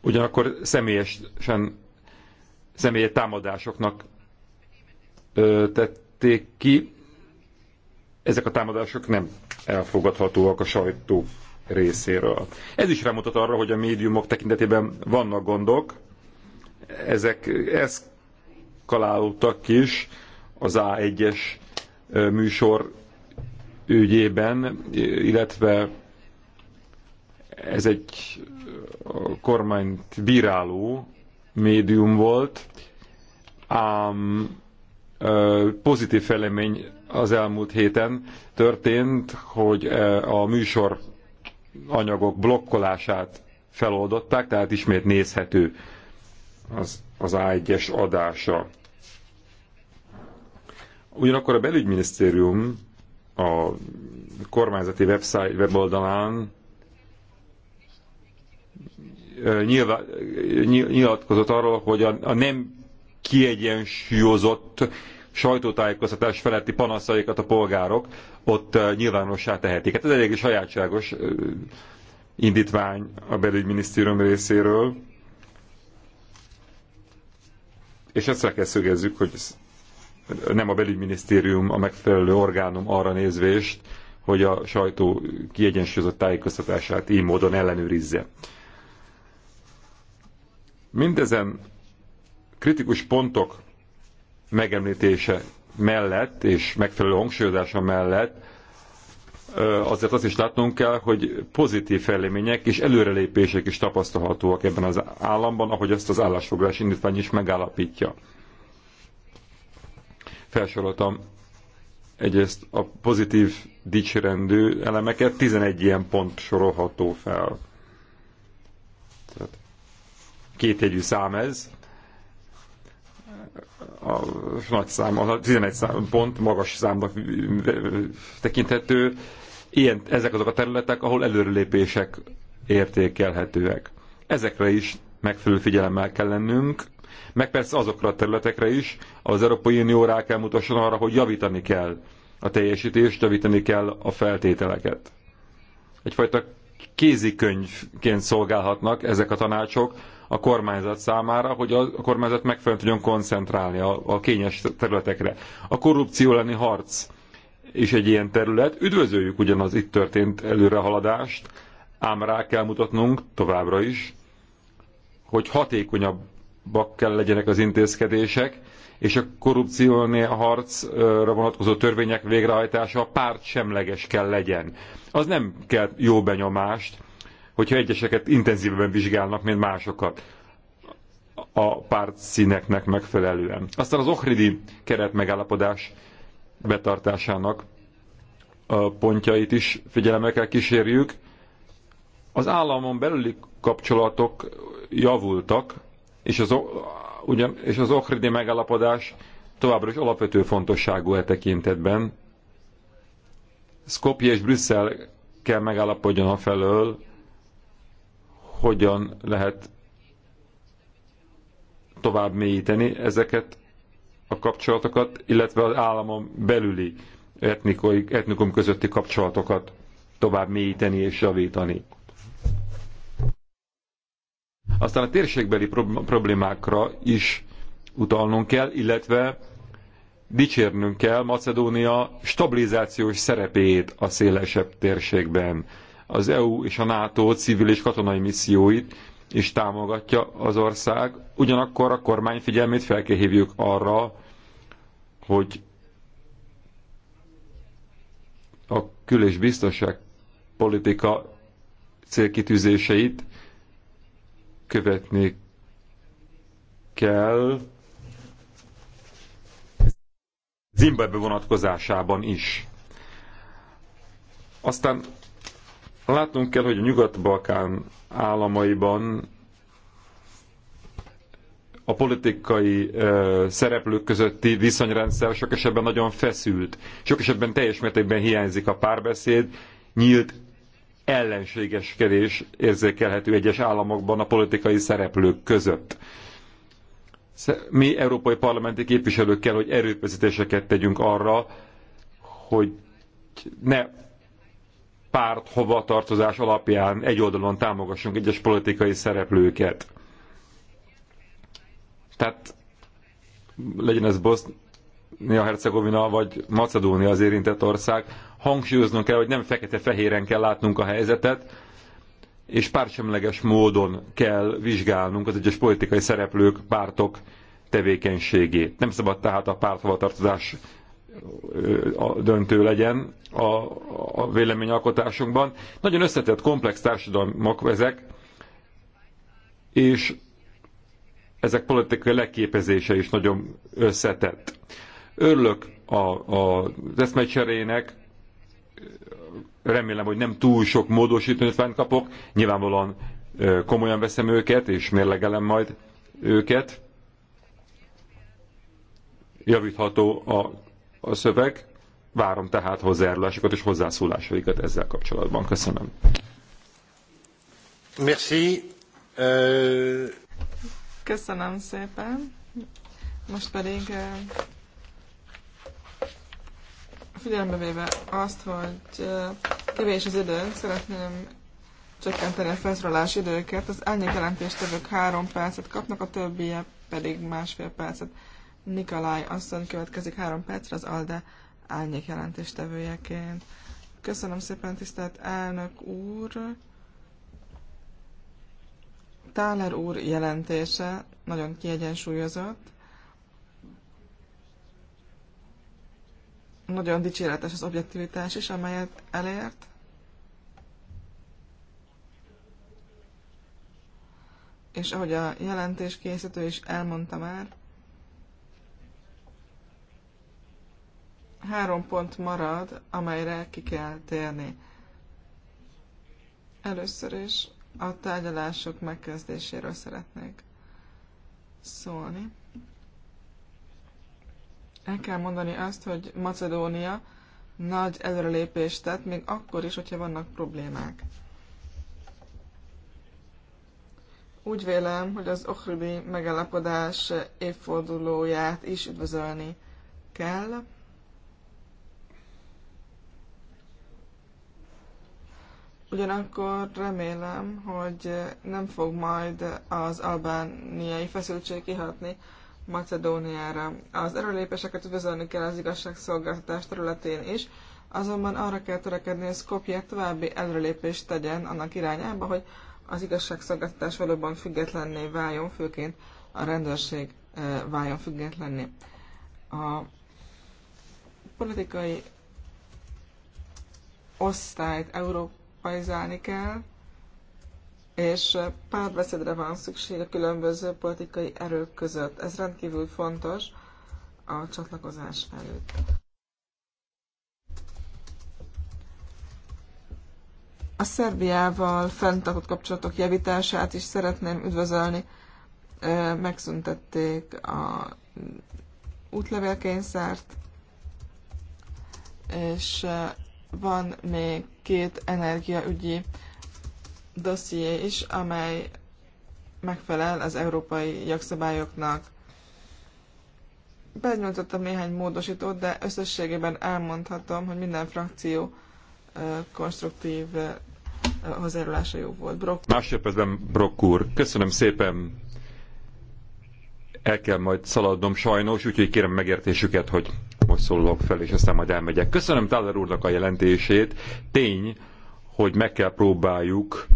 Speaker 2: Ugyanakkor személyesen személyi támadásoknak tették ki. Ezek a támadások nem elfogadhatóak a sajtó részéről. Ez is rámutat arra, hogy a médiumok tekintetében vannak gondok. Ezek eszkalálódtak is az A1-es műsor ügyében, illetve ez egy kormányt bíráló médium volt, ám pozitív felemény az elmúlt héten történt, hogy a műsor anyagok blokkolását feloldották, tehát ismét nézhető az, az A1-es adása. Ugyanakkor a belügyminisztérium a kormányzati website weboldalán nyilatkozott arról, hogy a, a nem kiegyensúlyozott sajtótájékoztatás feletti panaszaikat a polgárok ott nyilvánossá tehetik. Hát ez eléggé sajátságos indítvány a belügyminisztérium részéről. És ezt kell szögezzük, hogy nem a belügyminisztérium a megfelelő orgánum arra nézvést, hogy a sajtó kiegyensúlyozott tájékoztatását így módon ellenőrizze. Mindezen kritikus pontok megemlítése mellett és megfelelő hangsúlyozása mellett azért azt is látnunk kell, hogy pozitív fejlemények és előrelépések is tapasztalhatóak ebben az államban, ahogy ezt az állásfoglalás indítvány is megállapítja. Felsoroltam egyrészt a pozitív dicsérendő elemeket, 11 ilyen pont sorolható fel. Tehát kétjegyű szám ez. A nagy szám, a 11 szám pont magas számnak tekinthető. Ilyen, ezek azok a területek, ahol előrelépések értékelhetőek. Ezekre is megfelelő figyelemmel kell lennünk, meg persze azokra a területekre is, az Európai Unió rá kell mutasson arra, hogy javítani kell a teljesítést, javítani kell a feltételeket. Egyfajta kézikönyvként szolgálhatnak ezek a tanácsok, a kormányzat számára, hogy a kormányzat megfelelően tudjon koncentrálni a, a kényes területekre. A korrupció elleni harc is egy ilyen terület. Üdvözöljük ugyanaz itt történt előrehaladást, ám rá kell mutatnunk továbbra is, hogy hatékonyabbak kell legyenek az intézkedések, és a korrupciónél harcra vonatkozó törvények végrehajtása pártsemleges kell legyen. Az nem kell jó benyomást, hogyha egyeseket intenzívebben vizsgálnak, mint másokat a párt színeknek megfelelően. Aztán az Ohridi keret megállapodás betartásának pontjait is figyelemmel kell kísérjük. Az államon belüli kapcsolatok javultak, és az, ugyan, és az Ohridi megállapodás továbbra is alapvető fontosságú e tekintetben. Skopje és Brüsszel kell megállapodjon a felől, hogyan lehet tovább mélyíteni ezeket a kapcsolatokat, illetve az államon belüli etnikai, etnikum közötti kapcsolatokat tovább mélyíteni és javítani. Aztán a térségbeli problémákra is utalnunk kell, illetve dicsérnünk kell Macedónia stabilizációs szerepét a szélesebb térségben az EU és a NATO civil és katonai misszióit is támogatja az ország. Ugyanakkor a kormány figyelmét fel kell hívjuk arra, hogy a kül- és biztonságpolitika célkitűzéseit követni kell Zimbabwe vonatkozásában is. Aztán Látnunk kell, hogy a Nyugat-Balkán államaiban a politikai uh, szereplők közötti viszonyrendszer sok esetben nagyon feszült. Sok esetben teljes mértékben hiányzik a párbeszéd, nyílt ellenségeskedés érzékelhető egyes államokban a politikai szereplők között. Mi európai parlamenti képviselők kell, hogy erőfeszítéseket tegyünk arra, hogy ne párt hovatartozás alapján egyoldalon támogassunk egyes politikai szereplőket. Tehát legyen ez Bosznia-Hercegovina vagy Macedónia az érintett ország, hangsúlyoznunk kell, hogy nem fekete-fehéren kell látnunk a helyzetet, és pársemleges módon kell vizsgálnunk az egyes politikai szereplők, pártok tevékenységét. Nem szabad tehát a párthovatartozás a döntő legyen a, a véleményalkotásunkban. Nagyon összetett, komplex társadalmak ezek, és ezek politikai leképezése is nagyon összetett. Örülök a, a, az eszmecserének, remélem, hogy nem túl sok módosítőnyitványt kapok, nyilvánvalóan komolyan veszem őket, és mérlegelem majd őket. Javítható a a szöveg. Várom tehát hozzájárulásokat és hozzászólásaikat ezzel kapcsolatban. Köszönöm.
Speaker 5: Merci. Uh...
Speaker 4: Köszönöm szépen. Most pedig uh, figyelembe véve azt, hogy uh, kevés az idő, szeretném csökkenteni a felszólalás időket. Az elnyék jelentéstevők három percet kapnak, a többiek pedig másfél percet. Nikolaj asszony következik három percre az ALDE álnyék jelentéstevőjeként. Köszönöm szépen, tisztelt elnök úr! Táler úr jelentése nagyon kiegyensúlyozott. Nagyon dicséretes az objektivitás is, amelyet elért. És ahogy a jelentés készítő is elmondta már, három pont marad, amelyre ki kell térni. Először is a tárgyalások megkezdéséről szeretnék szólni. El kell mondani azt, hogy Macedónia nagy előrelépést tett, még akkor is, hogyha vannak problémák. Úgy vélem, hogy az Ohridi megállapodás évfordulóját is üdvözölni kell. Ugyanakkor remélem, hogy nem fog majd az albániai feszültség kihatni Macedóniára. Az erőlépéseket üdvözölni kell az igazságszolgáltatás területén is, azonban arra kell törekedni, hogy Skopje további előrelépést tegyen annak irányába, hogy az igazságszolgáltatás valóban függetlenné váljon, főként a rendőrség eh, váljon függetlenné. A politikai osztályt Európa pajzálni kell, és párbeszédre van szükség a különböző politikai erők között. Ez rendkívül fontos a csatlakozás előtt. A Szerbiával fenntartott kapcsolatok javítását is szeretném üdvözölni. Megszüntették a útlevélkényszert, és van még két energiaügyi dosszié is, amely megfelel az európai jogszabályoknak. Benyújtottam néhány módosítót, de összességében elmondhatom, hogy minden frakció konstruktív hozzájárulása jó volt. Brock.
Speaker 2: Másodpercben Brock úr, köszönöm szépen. El kell majd szaladnom sajnos, úgyhogy kérem megértésüket, hogy szólok fel, és aztán majd elmegyek. Köszönöm Táler úrnak a jelentését. Tény, hogy meg kell próbáljuk,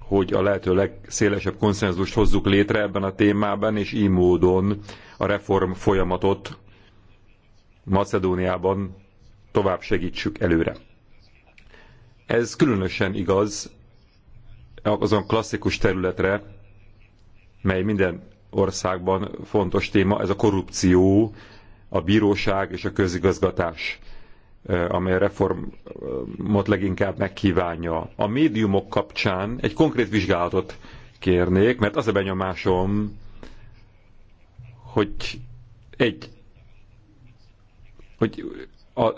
Speaker 2: hogy a lehető legszélesebb konszenzust hozzuk létre ebben a témában, és így módon a reform folyamatot Macedóniában tovább segítsük előre. Ez különösen igaz azon klasszikus területre, mely minden országban fontos téma, ez a korrupció, a bíróság és a közigazgatás, amely a reformot leginkább megkívánja. A médiumok kapcsán egy konkrét vizsgálatot kérnék, mert az a benyomásom, hogy egy, hogy a,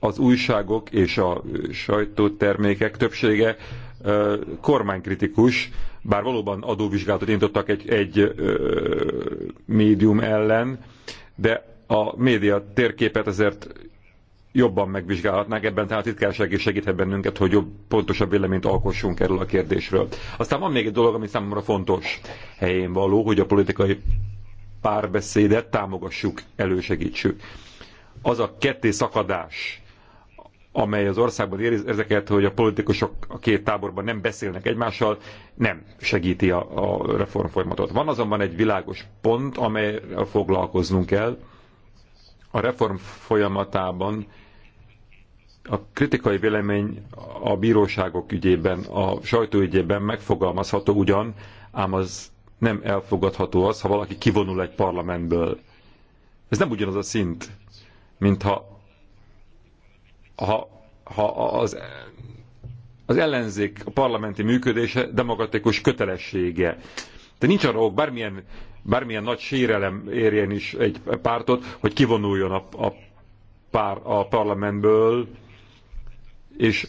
Speaker 2: az újságok és a sajtótermékek többsége kormánykritikus, bár valóban adóvizsgálatot indítottak egy, egy ö, médium ellen, de a média térképet ezért jobban megvizsgálhatnánk ebben, tehát itt kell segíthet bennünket, hogy jobb, pontosabb véleményt alkossunk erről a kérdésről. Aztán van még egy dolog, ami számomra fontos helyén való, hogy a politikai párbeszédet támogassuk, elősegítsük. Az a ketté szakadás, amely az országban ér ezeket, hogy a politikusok a két táborban nem beszélnek egymással, nem segíti a, a reformfolyamatot. Van azonban egy világos pont, amelyre foglalkoznunk kell, a reform folyamatában a kritikai vélemény a bíróságok ügyében, a sajtó ügyében megfogalmazható ugyan, ám az nem elfogadható az, ha valaki kivonul egy parlamentből. Ez nem ugyanaz a szint, mint ha, ha, ha az, az ellenzék parlamenti működése demokratikus kötelessége. De nincs arra ok, bármilyen bármilyen nagy sérelem érjen is egy pártot, hogy kivonuljon a, a, pár, a parlamentből, és,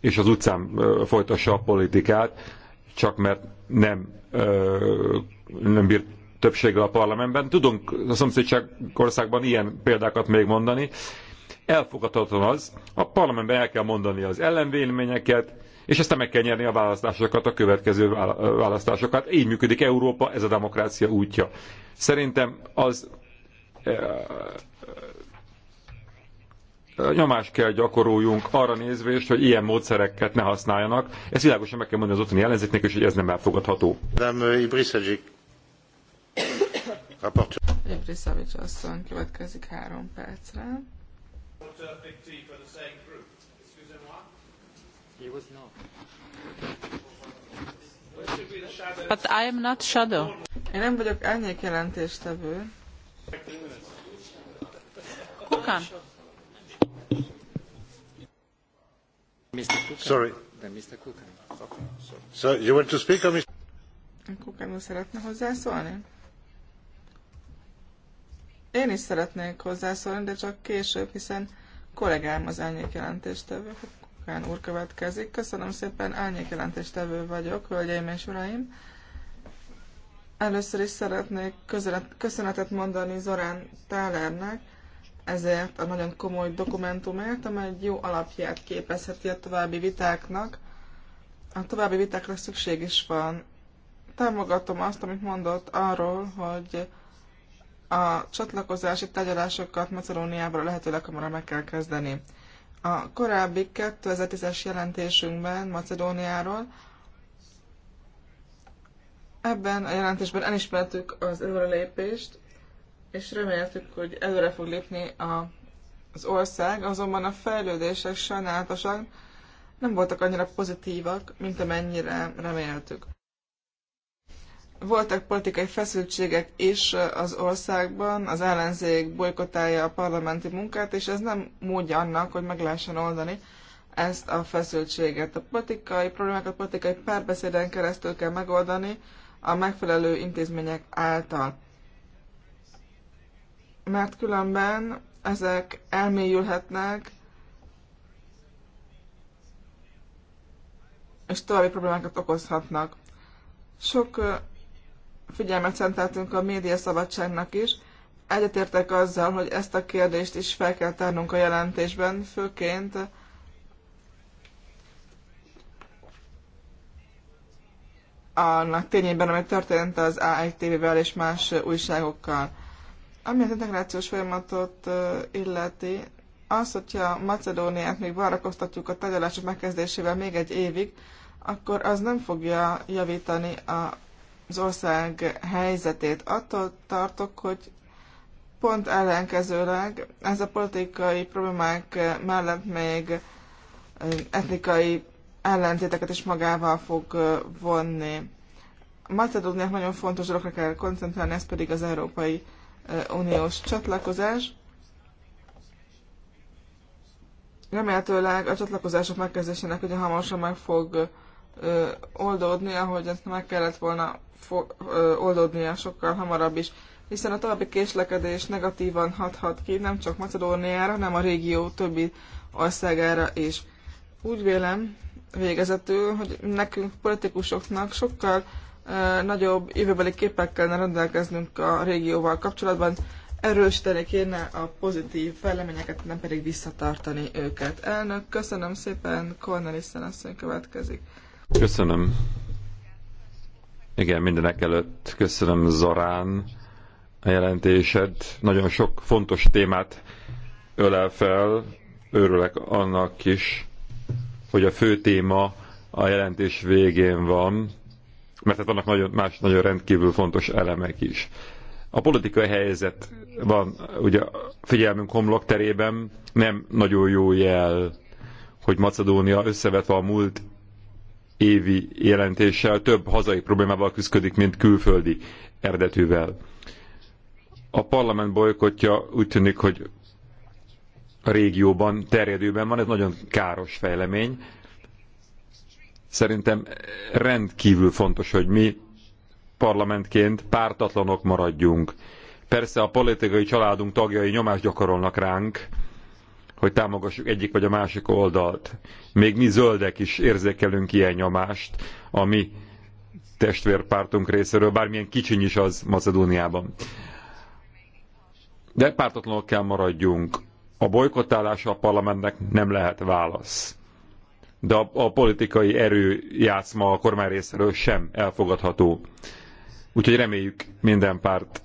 Speaker 2: és az utcán folytassa a politikát, csak mert nem, nem bírt többséggel a parlamentben. Tudunk a szomszédságországban országban ilyen példákat még mondani. Elfogadhatatlan az, a parlamentben el kell mondani az ellenvéleményeket, és aztán meg kell nyerni a választásokat, a következő választásokat. Így működik Európa, ez a demokrácia útja. Szerintem az eh, eh, nyomást kell gyakoroljunk arra nézvést, hogy ilyen módszereket ne használjanak. Ezt világosan meg kell mondani az otthoni ellenzéknek, és hogy ez nem elfogadható. Madame Ibrisadzsik. Raportőr.
Speaker 4: asszony következik három percre.
Speaker 5: He was not. But I am
Speaker 4: not shadow. Én nem vagyok árnyék jelentéstevő.
Speaker 5: Kukan. Sorry. Then Mr. Kukan. So you want to speak, on Mr.
Speaker 4: Kukan úr szeretne hozzászólni? Én is szeretnék hozzászólni, de csak később, hiszen kollégám az árnyék jelentéstevő. Kán úr következik. Köszönöm szépen, árnyék jelentéstevő vagyok, hölgyeim és uraim. Először is szeretnék köszönetet mondani Zorán Tálernek ezért a nagyon komoly dokumentumért, amely egy jó alapját képezheti a további vitáknak. A további vitákra szükség is van. Támogatom azt, amit mondott arról, hogy a csatlakozási tárgyalásokat Macedóniával lehetőleg hamarabb meg kell kezdeni. A korábbi 2010-es jelentésünkben Macedóniáról ebben a jelentésben elismertük az előrelépést, és reméltük, hogy előre fog lépni a, az ország, azonban a fejlődések sajnálatosan nem voltak annyira pozitívak, mint amennyire reméltük voltak politikai feszültségek is az országban, az ellenzék bolykotálja a parlamenti munkát, és ez nem módja annak, hogy meg lehessen oldani ezt a feszültséget. A politikai problémákat politikai párbeszéden keresztül kell megoldani a megfelelő intézmények által. Mert különben ezek elmélyülhetnek, és további problémákat okozhatnak. Sok figyelmet szenteltünk a médiaszabadságnak is. Egyetértek azzal, hogy ezt a kérdést is fel kell tárnunk a jelentésben, főként annak tényében, ami történt az a vel és más újságokkal. Ami az integrációs folyamatot illeti, az, hogyha Macedóniát még várakoztatjuk a tárgyalások megkezdésével még egy évig, akkor az nem fogja javítani a az ország helyzetét. Attól tartok, hogy pont ellenkezőleg ez a politikai problémák mellett még etnikai ellentéteket is magával fog vonni. Macedóniának nagyon fontos dologra kell koncentrálni, ez pedig az Európai Uniós csatlakozás. Remélhetőleg a csatlakozások megkezdésének ugye hamarosan meg fog oldódni, ahogy ezt meg kellett volna oldódnia sokkal hamarabb is, hiszen a további késlekedés negatívan hathat ki nem csak Macedóniára, hanem a régió többi országára is. Úgy vélem végezetül, hogy nekünk politikusoknak sokkal e, nagyobb jövőbeli képekkel kellene rendelkeznünk a régióval kapcsolatban, erősíteni kéne a pozitív fejleményeket, nem pedig visszatartani őket. Elnök, köszönöm szépen, Cornelis Szenasszony következik.
Speaker 2: Köszönöm. Igen, mindenek előtt köszönöm Zorán a jelentésed. Nagyon sok fontos témát ölel fel. Örülök annak is, hogy a fő téma a jelentés végén van, mert hát vannak nagyon, más nagyon rendkívül fontos elemek is. A politikai helyzet van, ugye figyelmünk homlok terében nem nagyon jó jel, hogy Macedónia összevetve a múlt évi jelentéssel több hazai problémával küzdik, mint külföldi eredetűvel. A parlament bolykotja úgy tűnik, hogy a régióban terjedőben van, ez nagyon káros fejlemény. Szerintem rendkívül fontos, hogy mi parlamentként pártatlanok maradjunk. Persze a politikai családunk tagjai nyomást gyakorolnak ránk, hogy támogassuk egyik vagy a másik oldalt. Még mi zöldek is érzékelünk ilyen nyomást, ami testvérpártunk részéről, bármilyen kicsiny is az Macedóniában. De pártatlanok kell maradjunk. A bolykottálása a parlamentnek nem lehet válasz. De a, a politikai erő játszma a kormány részéről sem elfogadható. Úgyhogy reméljük minden párt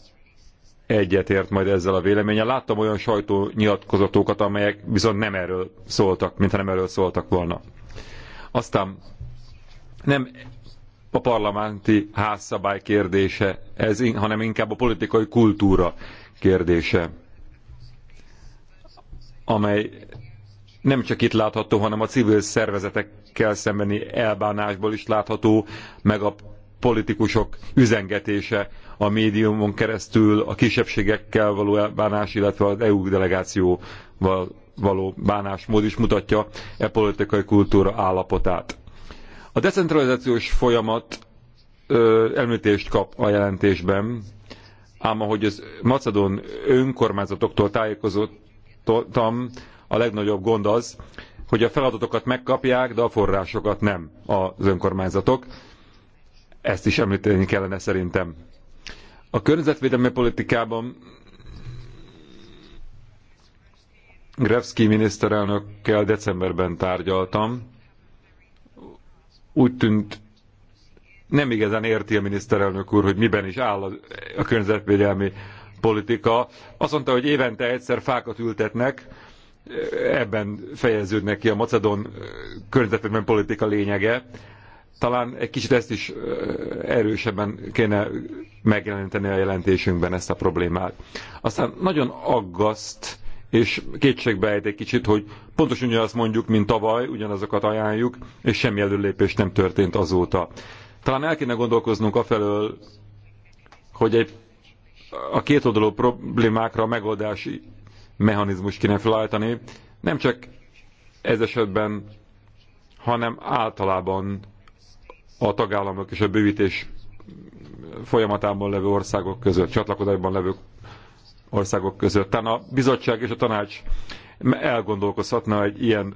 Speaker 2: egyetért majd ezzel a véleménnyel. Láttam olyan sajtónyilatkozatokat, amelyek viszont nem erről szóltak, mintha nem erről szóltak volna. Aztán nem a parlamenti házszabály kérdése, ez, hanem inkább a politikai kultúra kérdése, amely nem csak itt látható, hanem a civil szervezetekkel szembeni elbánásból is látható, meg a politikusok üzengetése a médiumon keresztül, a kisebbségekkel való bánás, illetve az EU delegációval való bánásmód is mutatja e politikai kultúra állapotát. A decentralizációs folyamat ö, kap a jelentésben, ám ahogy az macedón önkormányzatoktól tájékozottam, a legnagyobb gond az, hogy a feladatokat megkapják, de a forrásokat nem az önkormányzatok ezt is említeni kellene szerintem. A környezetvédelmi politikában Grevski miniszterelnökkel decemberben tárgyaltam. Úgy tűnt, nem igazán érti a miniszterelnök úr, hogy miben is áll a, a környezetvédelmi politika. Azt mondta, hogy évente egyszer fákat ültetnek, ebben fejeződnek ki a macedon környezetvédelmi politika lényege talán egy kicsit ezt is erősebben kéne megjeleníteni a jelentésünkben ezt a problémát. Aztán nagyon aggaszt, és kétségbe ejt egy kicsit, hogy pontosan ugyanazt mondjuk, mint tavaly, ugyanazokat ajánljuk, és semmi előlépés nem történt azóta. Talán el kéne gondolkoznunk afelől, hogy egy, a oldalú problémákra a megoldási mechanizmus kéne felállítani, nem csak ez esetben, hanem általában a tagállamok és a bővítés folyamatában levő országok között, csatlakozásban levő országok között. Tehát a bizottság és a tanács elgondolkozhatna egy ilyen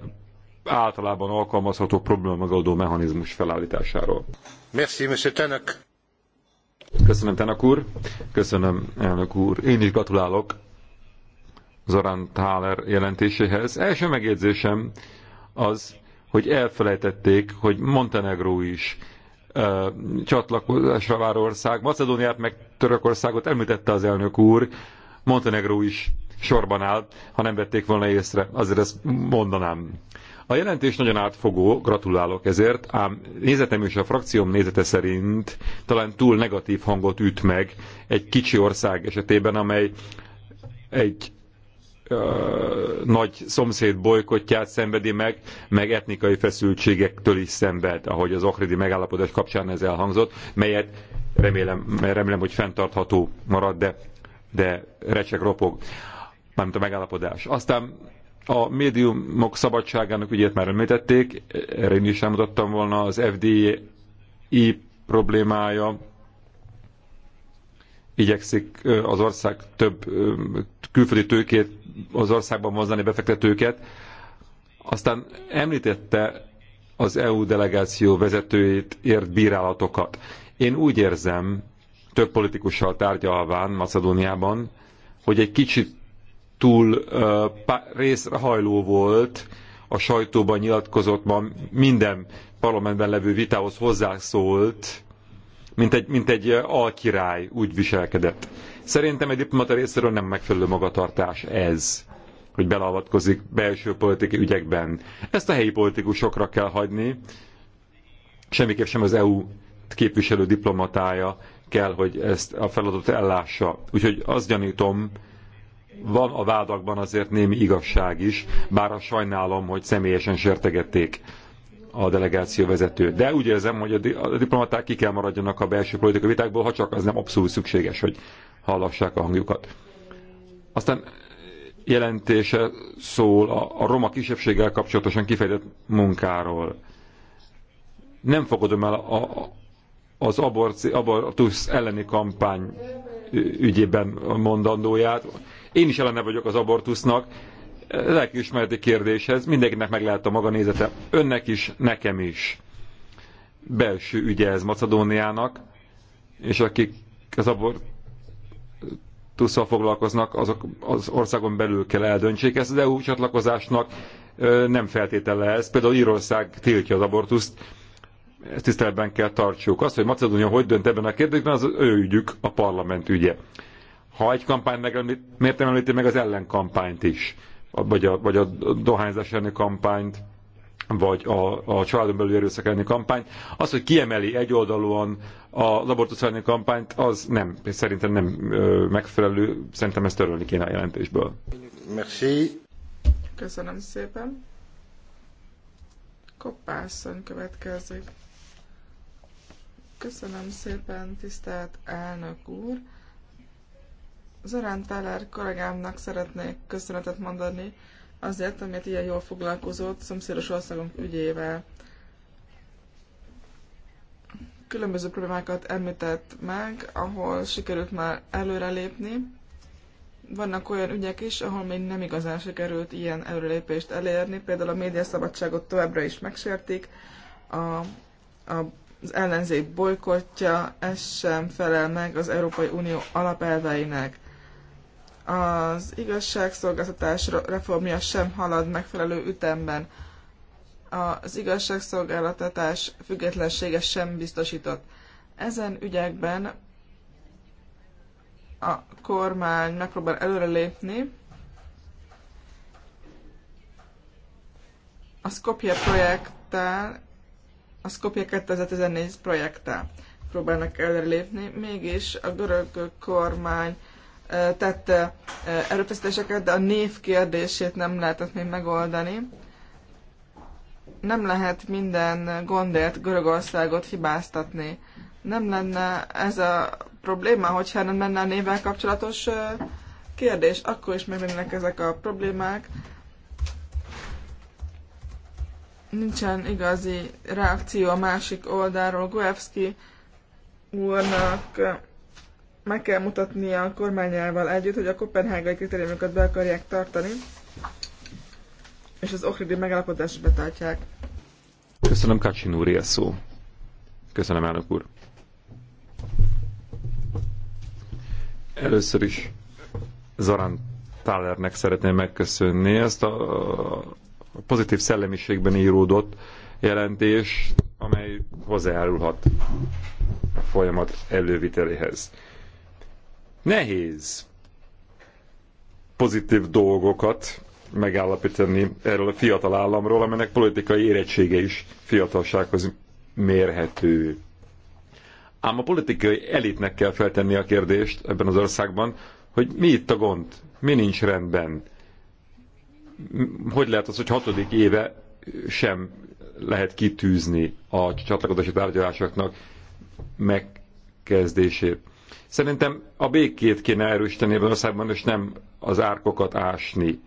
Speaker 2: általában alkalmazható probléma megoldó mechanizmus felállításáról.
Speaker 5: Merci, monsieur Tenek.
Speaker 2: Köszönöm, Tenek úr. Köszönöm, elnök úr. Én is gratulálok Zoran Thaler jelentéséhez. Első megjegyzésem az, hogy elfelejtették, hogy Montenegró is csatlakozásra váró ország. Macedóniát meg Törökországot említette az elnök úr, Montenegró is sorban áll, ha nem vették volna észre, azért ezt mondanám. A jelentés nagyon átfogó, gratulálok ezért, ám nézetem és a frakcióm nézete szerint talán túl negatív hangot üt meg egy kicsi ország esetében, amely egy nagy szomszéd bolykotját szenvedi meg, meg etnikai feszültségektől is szenved, ahogy az okridi megállapodás kapcsán ez elhangzott, melyet remélem, remélem hogy fenntartható marad, de, de recsek ropog, mármint a megállapodás. Aztán a médiumok szabadságának ügyét már említették, erre én is elmutattam volna, az FDI problémája, igyekszik az ország több külföldi tőkét, az országban mozdani befektetőket. Aztán említette az EU delegáció vezetőjét ért bírálatokat. Én úgy érzem, több politikussal tárgyalván Macedóniában, hogy egy kicsit túl uh, részrehajló volt a sajtóban nyilatkozott, ma minden parlamentben levő vitához hozzászólt, mint egy, mint egy alkirály úgy viselkedett. Szerintem egy diplomata részéről nem megfelelő magatartás ez, hogy belavatkozik belső politikai ügyekben. Ezt a helyi politikusokra kell hagyni, semmiképp sem az EU képviselő diplomatája kell, hogy ezt a feladatot ellássa. Úgyhogy azt gyanítom, van a vádakban azért némi igazság is, bár a sajnálom, hogy személyesen sértegették a delegáció vezető. De úgy érzem, hogy a diplomaták ki kell maradjanak a belső politikai vitákból, ha csak az nem abszolút szükséges, hogy hallassák a hangjukat. Aztán jelentése szól a, a roma kisebbséggel kapcsolatosan kifejtett munkáról. Nem fogadom el a, a, az aborci, abortusz elleni kampány ügyében mondandóját. Én is ellene vagyok az abortusznak, lelkiismereti kérdéshez, mindenkinek meg lehet a maga nézete, önnek is, nekem is. Belső ügye ez Macedóniának, és akik az abortussal foglalkoznak, azok az országon belül kell eldöntsék ezt az EU csatlakozásnak, nem feltétele ez. Például Írország tiltja az abortuszt, ezt tiszteletben kell tartsuk. Azt, hogy Macedónia hogy dönt ebben a kérdésben, az ő ügyük, a parlament ügye. Ha egy kampány meg, miért nem említi meg az ellenkampányt is? vagy a, vagy a dohányzás elleni kampányt, vagy a, a családon belül erőszak elleni kampányt. Az, hogy kiemeli egyoldalúan a abortusz elleni kampányt, az nem, szerintem nem megfelelő, szerintem ezt törölni kéne a jelentésből. Merci.
Speaker 4: Köszönöm szépen. Koppászon következik. Köszönöm szépen, tisztelt elnök úr. Zorán Teller kollégámnak szeretnék köszönetet mondani azért, amit ilyen jól foglalkozott szomszédos országunk ügyével. Különböző problémákat említett meg, ahol sikerült már előrelépni. Vannak olyan ügyek is, ahol még nem igazán sikerült ilyen előrelépést elérni, például a médiaszabadságot továbbra is megsértik, a, a az ellenzék bolykotja, ez sem felel meg az Európai Unió alapelveinek. Az igazságszolgáltatás reformja sem halad megfelelő ütemben. Az igazságszolgáltatás függetlensége sem biztosított. Ezen ügyekben a kormány megpróbál előrelépni, a Skopje projekttel, a Skopje 2014 projekttel próbálnak előrelépni, mégis a görög kormány tett erőfeszítéseket, de a név kérdését nem lehetett még megoldani. Nem lehet minden gondért Görögországot hibáztatni. Nem lenne ez a probléma, hogyha nem lenne a névvel kapcsolatos kérdés, akkor is megvennének ezek a problémák. Nincsen igazi reakció a másik oldalról. Guevski úrnak meg kell mutatnia a kormányával együtt, hogy a kopenhágai kritériumokat be akarják tartani, és az ohridi megállapodást betartják.
Speaker 2: Köszönöm Kacsin úr, a szó. Köszönöm, elnök úr. Először is Zarán Tálernek szeretném megköszönni ezt a pozitív szellemiségben íródott jelentés, amely hozzájárulhat a folyamat előviteléhez. Nehéz pozitív dolgokat megállapítani erről a fiatal államról, amelynek politikai érettsége is fiatalsághoz mérhető. Ám a politikai elitnek kell feltenni a kérdést ebben az országban, hogy mi itt a gond, mi nincs rendben. Hogy lehet az, hogy hatodik éve sem lehet kitűzni a csatlakozási tárgyalásoknak megkezdését. Szerintem a békét kéne erősíteni ebben országban, és nem az árkokat ásni.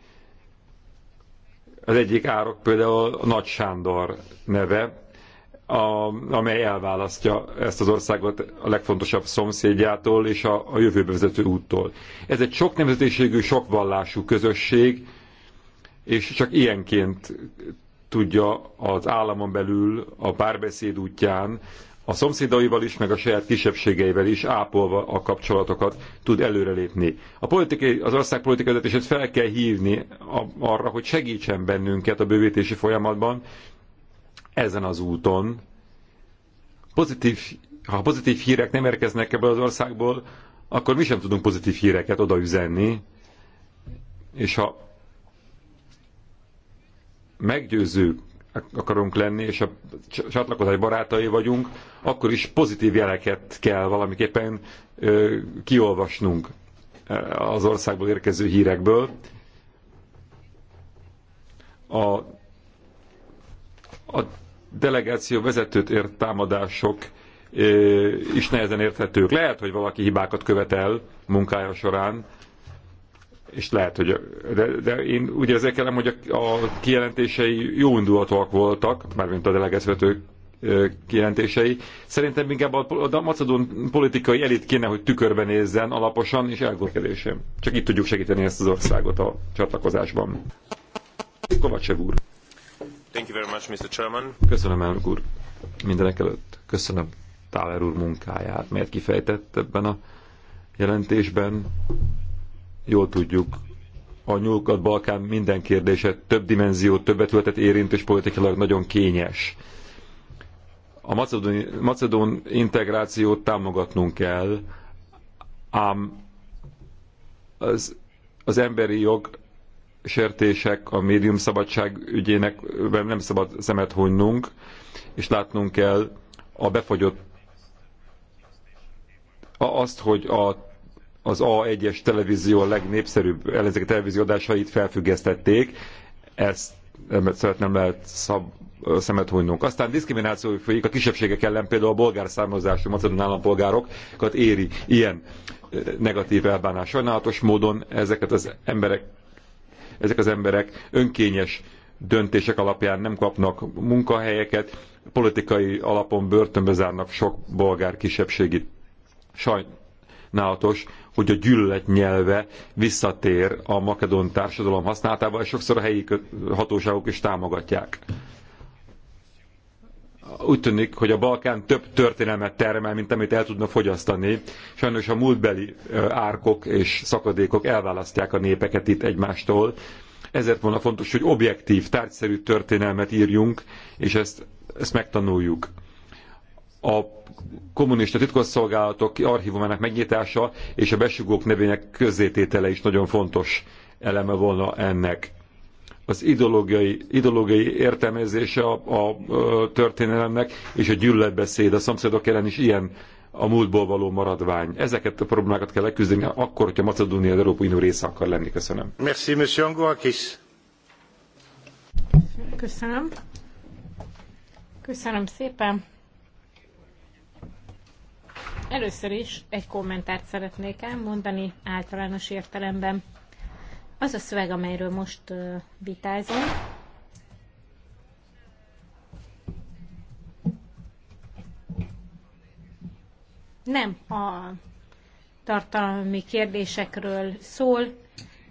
Speaker 2: Az egyik árok például a Nagy Sándor neve, a, amely elválasztja ezt az országot a legfontosabb szomszédjától és a, a jövőbe vezető úttól. Ez egy sok nemzetiségű, sok vallású közösség, és csak ilyenként tudja az államon belül a párbeszéd útján a szomszédaival is, meg a saját kisebbségeivel is ápolva a kapcsolatokat tud előrelépni. A politikai, az ország politikai vezetését fel kell hívni arra, hogy segítsen bennünket a bővítési folyamatban, ezen az úton. Pozitív, ha pozitív hírek nem érkeznek ebből az országból, akkor mi sem tudunk pozitív híreket odaüzenni, és ha meggyőzzük akarunk lenni, és a csatlakozás barátai vagyunk, akkor is pozitív jeleket kell valamiképpen ö, kiolvasnunk az országból érkező hírekből. A, a delegáció vezetőt ért támadások ö, is nehezen érthetők. Lehet, hogy valaki hibákat követel munkája során, és lehet, hogy de, de én úgy érzékelem, hogy a, a kijelentései jó indulatúak voltak, mármint a delegezvető kijelentései. Szerintem inkább a, a macedón politikai elit kéne, hogy tükörben nézzen alaposan és elgondolkodésem. Csak itt tudjuk segíteni ezt az országot a csatlakozásban. Kovacsev úr. Thank you very much, Mr. Chairman. Köszönöm, elnök úr. Mindenek előtt köszönöm Táler úr munkáját, mert kifejtett ebben a jelentésben Jól tudjuk, a Nyugat-Balkán minden kérdése több dimenzió, több betületet érint, és politikailag nagyon kényes. A macedón, macedón integrációt támogatnunk kell, ám az, az emberi jog sértések, a médium szabadság ügyének nem szabad szemet hunynunk, és látnunk kell a befagyott azt, hogy a az A1-es televízió a legnépszerűbb ellenzéki adásait felfüggesztették. Ezt szeretném lehet szab, szemet hunynunk. Aztán diszkrimináció folyik a kisebbségek ellen, például a bolgár származású macedon állampolgárokat éri ilyen negatív elbánás. Sajnálatos módon ezeket az emberek, ezek az emberek önkényes döntések alapján nem kapnak munkahelyeket, politikai alapon börtönbe zárnak sok bolgár kisebbségi. Sajnálatos, hogy a gyűlölet nyelve visszatér a makedon társadalom használatába, és sokszor a helyi hatóságok is támogatják. Úgy tűnik, hogy a Balkán több történelmet termel, mint amit el tudna fogyasztani. Sajnos a múltbeli árkok és szakadékok elválasztják a népeket itt egymástól. Ezért volna fontos, hogy objektív, tárgyszerű történelmet írjunk, és ezt, ezt megtanuljuk. A kommunista titkosszolgálatok archívumának megnyitása és a besugók nevének közzététele is nagyon fontos eleme volna ennek. Az ideológiai, ideológiai értelmezése a, a, a történelemnek és a gyűlöletbeszéd a szomszédok ellen is ilyen a múltból való maradvány. Ezeket a problémákat kell leküzdeni akkor, hogyha Macedónia az Európai Unió része akar lenni. Köszönöm.
Speaker 5: Merci, monsieur Angolakis.
Speaker 3: Köszönöm. Köszönöm szépen. Először is egy kommentárt szeretnék elmondani általános értelemben. Az a szöveg, amelyről most vitázom. nem a tartalmi kérdésekről szól.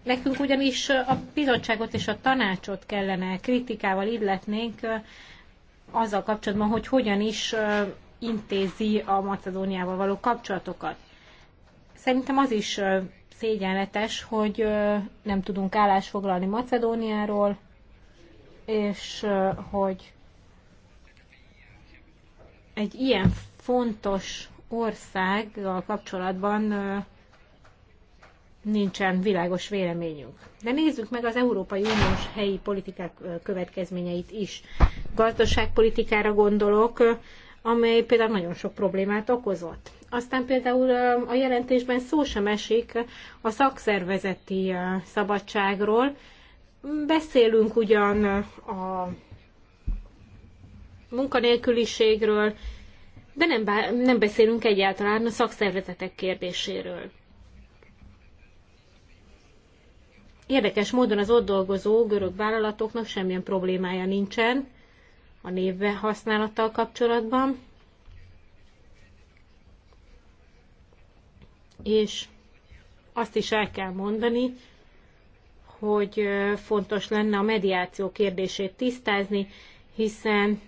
Speaker 3: Nekünk ugyanis a bizottságot és a tanácsot kellene kritikával illetnénk azzal kapcsolatban, hogy hogyan is intézi a Macedóniával való kapcsolatokat. Szerintem az is szégyenletes, hogy nem tudunk állást foglalni Macedóniáról, és hogy egy ilyen fontos országgal kapcsolatban nincsen világos véleményünk. De nézzük meg az Európai Uniós helyi politikák következményeit is. Gazdaságpolitikára gondolok, amely például nagyon sok problémát okozott. Aztán például a jelentésben szó sem esik a szakszervezeti szabadságról. Beszélünk ugyan a munkanélküliségről, de nem, bá- nem beszélünk egyáltalán a szakszervezetek kérdéséről. Érdekes módon az ott dolgozó görög vállalatoknak semmilyen problémája nincsen, a névve használattal kapcsolatban. És azt is el kell mondani, hogy fontos lenne a mediáció kérdését tisztázni, hiszen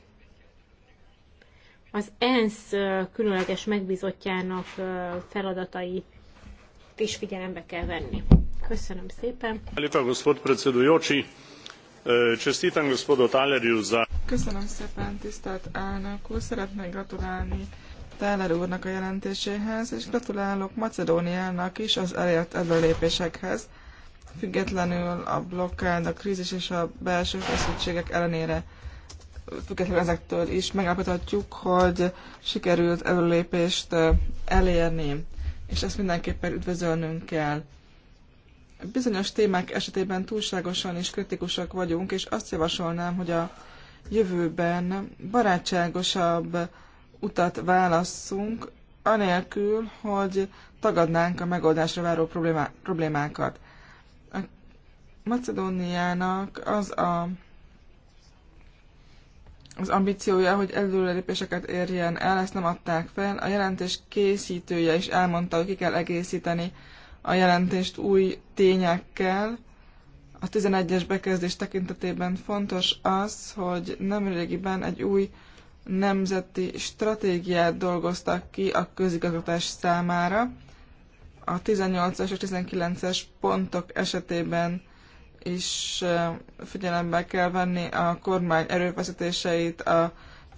Speaker 3: az ENSZ különleges megbizotjának feladatai is figyelembe kell venni. Köszönöm szépen
Speaker 5: za...
Speaker 4: Köszönöm szépen, tisztelt elnök úr! Szeretnék gratulálni Táler úrnak a jelentéséhez, és gratulálok Macedóniának is az elért előlépésekhez, függetlenül a blokkád, a krízis és a belső feszültségek ellenére függetlenül ezektől is megállapíthatjuk, hogy sikerült előlépést elérni, és ezt mindenképpen üdvözölnünk kell. Bizonyos témák esetében túlságosan is kritikusak vagyunk, és azt javasolnám, hogy a jövőben barátságosabb utat válasszunk, anélkül, hogy tagadnánk a megoldásra váró problémá- problémákat. A Macedóniának az a az ambíciója, hogy előrelépéseket érjen el, ezt nem adták fel. A jelentés készítője is elmondta, hogy ki kell egészíteni a jelentést új tényekkel. A 11-es bekezdés tekintetében fontos az, hogy nemrégiben egy új nemzeti stratégiát dolgoztak ki a közigazgatás számára. A 18-as és 19-es pontok esetében is figyelembe kell venni a kormány erőfeszítéseit a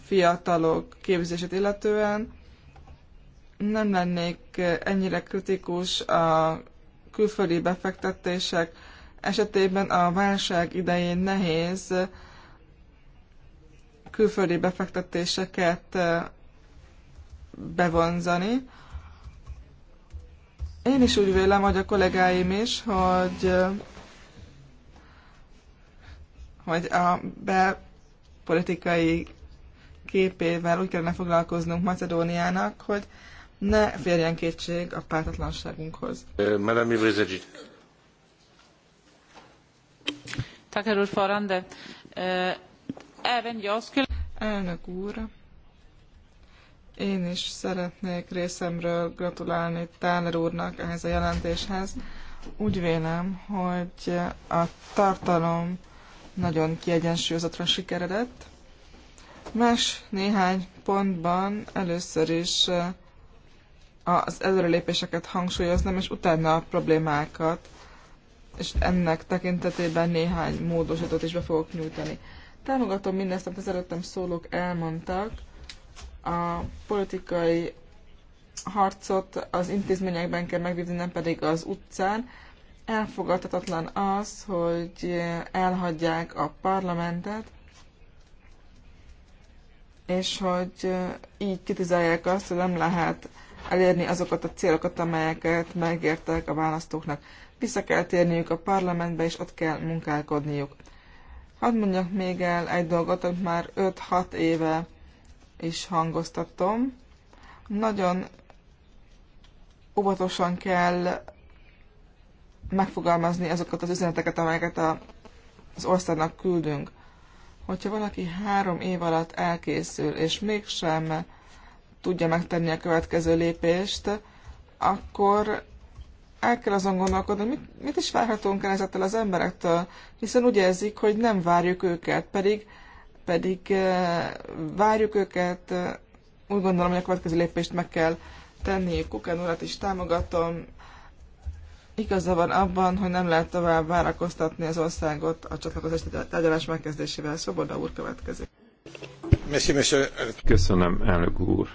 Speaker 4: fiatalok képzését illetően, nem lennék eh, ennyire kritikus a külföldi befektetések esetében a válság idején nehéz eh, külföldi befektetéseket eh, bevonzani. Én is úgy vélem, hogy a kollégáim is, hogy, hogy a belpolitikai képével úgy kellene foglalkoznunk Macedóniának, hogy ne férjen kétség a pártatlanságunkhoz.
Speaker 5: Madame Ivrizegi.
Speaker 4: Tack, herr ordförande. Även jag skulle... Elnök úr, én is szeretnék részemről gratulálni Táler úrnak ehhez a jelentéshez. Úgy vélem, hogy a tartalom nagyon kiegyensúlyozatra sikeredett. Más néhány pontban először is az előrelépéseket hangsúlyoznom, és utána a problémákat, és ennek tekintetében néhány módosítót is be fogok nyújtani. Támogatom mindezt, amit az előttem szólók elmondtak. A politikai harcot az intézményekben kell megvívni, nem pedig az utcán. Elfogadhatatlan az, hogy elhagyják a parlamentet, és hogy így kritizálják azt, hogy nem lehet elérni azokat a célokat, amelyeket megértek a választóknak. Vissza kell térniük a parlamentbe, és ott kell munkálkodniuk. Hadd mondjak még el egy dolgot, amit már 5-6 éve is hangoztatom. Nagyon óvatosan kell megfogalmazni azokat az üzeneteket, amelyeket a, az országnak küldünk. Hogyha valaki három év alatt elkészül, és mégsem tudja megtenni a következő lépést, akkor el kell azon gondolkodni, mit, mit is várhatunk el ezettel az emberektől, hiszen úgy érzik, hogy nem várjuk őket, pedig, pedig eh, várjuk őket, eh, úgy gondolom, hogy a következő lépést meg kell tenni. Kuken urat is támogatom. Igaza van abban, hogy nem lehet tovább várakoztatni az országot a csatlakozási tárgyalás megkezdésével. Szoboda úr következik.
Speaker 2: Köszönöm, elnök úr.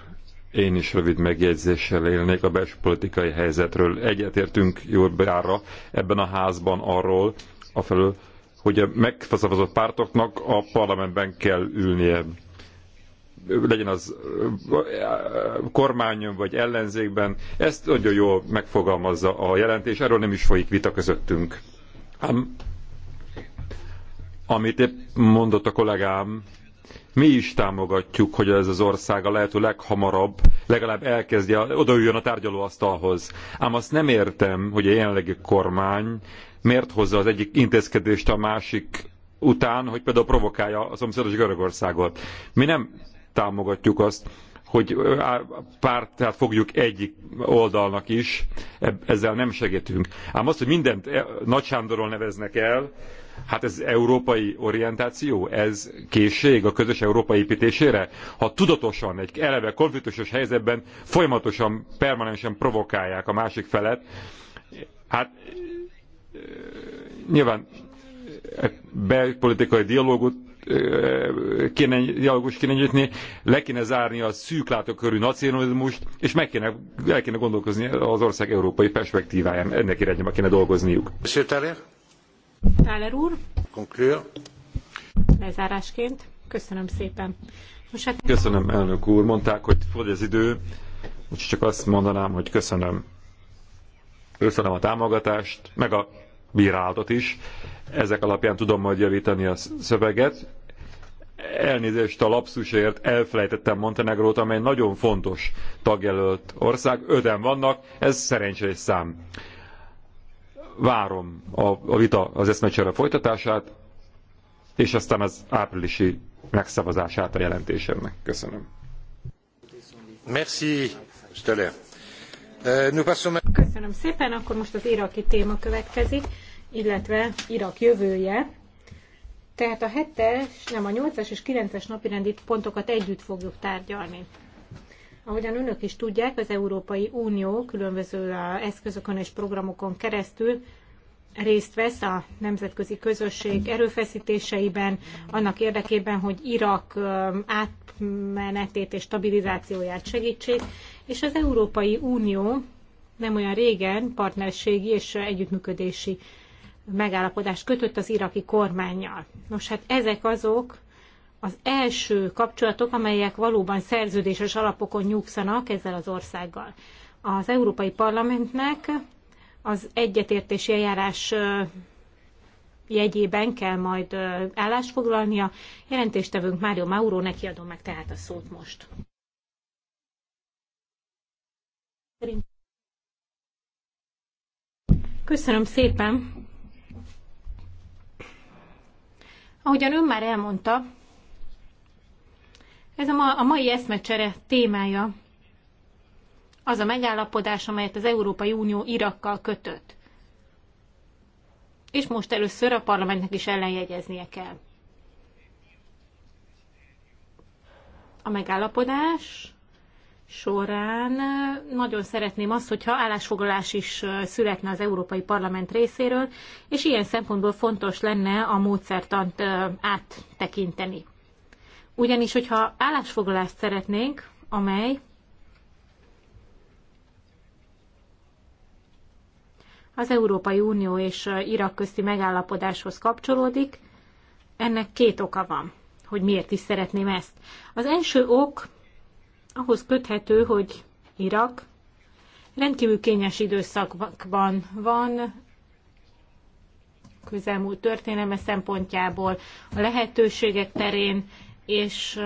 Speaker 2: Én is rövid megjegyzéssel élnék a belső politikai helyzetről. Egyetértünk jobbára ebben a házban arról, afelől, hogy a megfaszavazott pártoknak a parlamentben kell ülnie. Legyen az kormányon vagy ellenzékben. Ezt nagyon jól megfogalmazza a jelentés, erről nem is folyik vita közöttünk. amit épp mondott a kollégám, mi is támogatjuk, hogy ez az ország a lehető leghamarabb legalább elkezdje, odaüljön a tárgyalóasztalhoz. Ám azt nem értem, hogy a jelenlegi kormány miért hozza az egyik intézkedést a másik után, hogy például provokálja a szomszédos Görögországot. Mi nem támogatjuk azt, hogy tehát fogjuk egyik oldalnak is, ezzel nem segítünk. Ám azt, hogy mindent e, Nagy Sándorról neveznek el, Hát ez európai orientáció? Ez készség a közös európai építésére? Ha tudatosan, egy eleve konfliktusos helyzetben folyamatosan, permanensen provokálják a másik felet, hát nyilván e, belpolitikai dialógot e, kéne, dialógus kéne nyitni, le kéne zárni a szűk látókörű nacionalizmust, és meg kéne, el kéne gondolkozni az ország európai perspektíváján. Ennek irányába kéne dolgozniuk. Monsieur Táler úr. Conclure.
Speaker 3: Lezárásként. Köszönöm szépen. Most hát...
Speaker 2: Köszönöm, elnök úr. Mondták, hogy fogy az idő, úgyhogy csak azt mondanám, hogy köszönöm. Köszönöm a támogatást, meg a bírálatot is. Ezek alapján tudom majd javítani a szöveget. Elnézést a lapszusért, elfelejtettem Montenegrót, amely nagyon fontos tagjelölt ország. Öten vannak, ez szerencsés szám várom a, a vita az eszmecsere folytatását, és aztán az áprilisi megszavazását a jelentésemnek. Köszönöm.
Speaker 5: Merci, Stöller. Euh, Köszönöm
Speaker 3: szépen, akkor most az iraki téma következik, illetve Irak jövője. Tehát a hetes, nem a nyolcas és kilences napirendi pontokat együtt fogjuk tárgyalni. Ahogyan önök is tudják, az Európai Unió különböző uh, eszközökön és programokon keresztül részt vesz a nemzetközi közösség erőfeszítéseiben, annak érdekében, hogy Irak um, átmenetét és stabilizációját segítsék, és az Európai Unió nem olyan régen partnerségi és együttműködési megállapodást kötött az iraki kormányjal. Nos, hát ezek azok az első kapcsolatok, amelyek valóban szerződéses alapokon nyugszanak ezzel az országgal. Az Európai Parlamentnek az egyetértési eljárás jegyében kell majd állást foglalnia. Jelentéstevünk Mário Mauro, neki adom meg tehát a szót most. Köszönöm szépen! Ahogyan ön már elmondta, ez a, ma, a mai eszmecsere témája az a megállapodás, amelyet az Európai Unió Irakkal kötött. És most először a parlamentnek is ellenjegyeznie kell. A megállapodás során nagyon szeretném azt, hogyha állásfoglalás is születne az Európai Parlament részéről, és ilyen szempontból fontos lenne a módszertant áttekinteni. Ugyanis, hogyha állásfoglalást szeretnénk, amely az Európai Unió és Irak közti megállapodáshoz kapcsolódik, ennek két oka van, hogy miért is szeretném ezt. Az első ok ahhoz köthető, hogy Irak rendkívül kényes időszakban van, közelmúlt történelme szempontjából, a lehetőségek terén és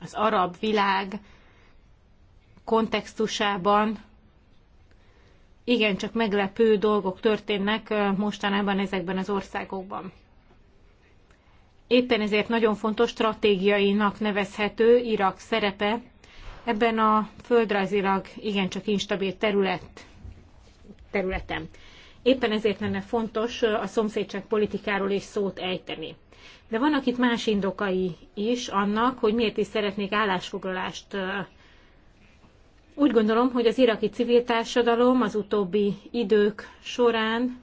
Speaker 3: az arab világ kontextusában igencsak meglepő dolgok történnek mostanában ezekben az országokban. Éppen ezért nagyon fontos stratégiainak nevezhető Irak szerepe ebben a földrajzilag igencsak instabil terület, területen. Éppen ezért lenne fontos a szomszédság politikáról is szót ejteni. De vannak itt más indokai is annak, hogy miért is szeretnék állásfoglalást. Úgy gondolom, hogy az iraki civil társadalom az utóbbi idők során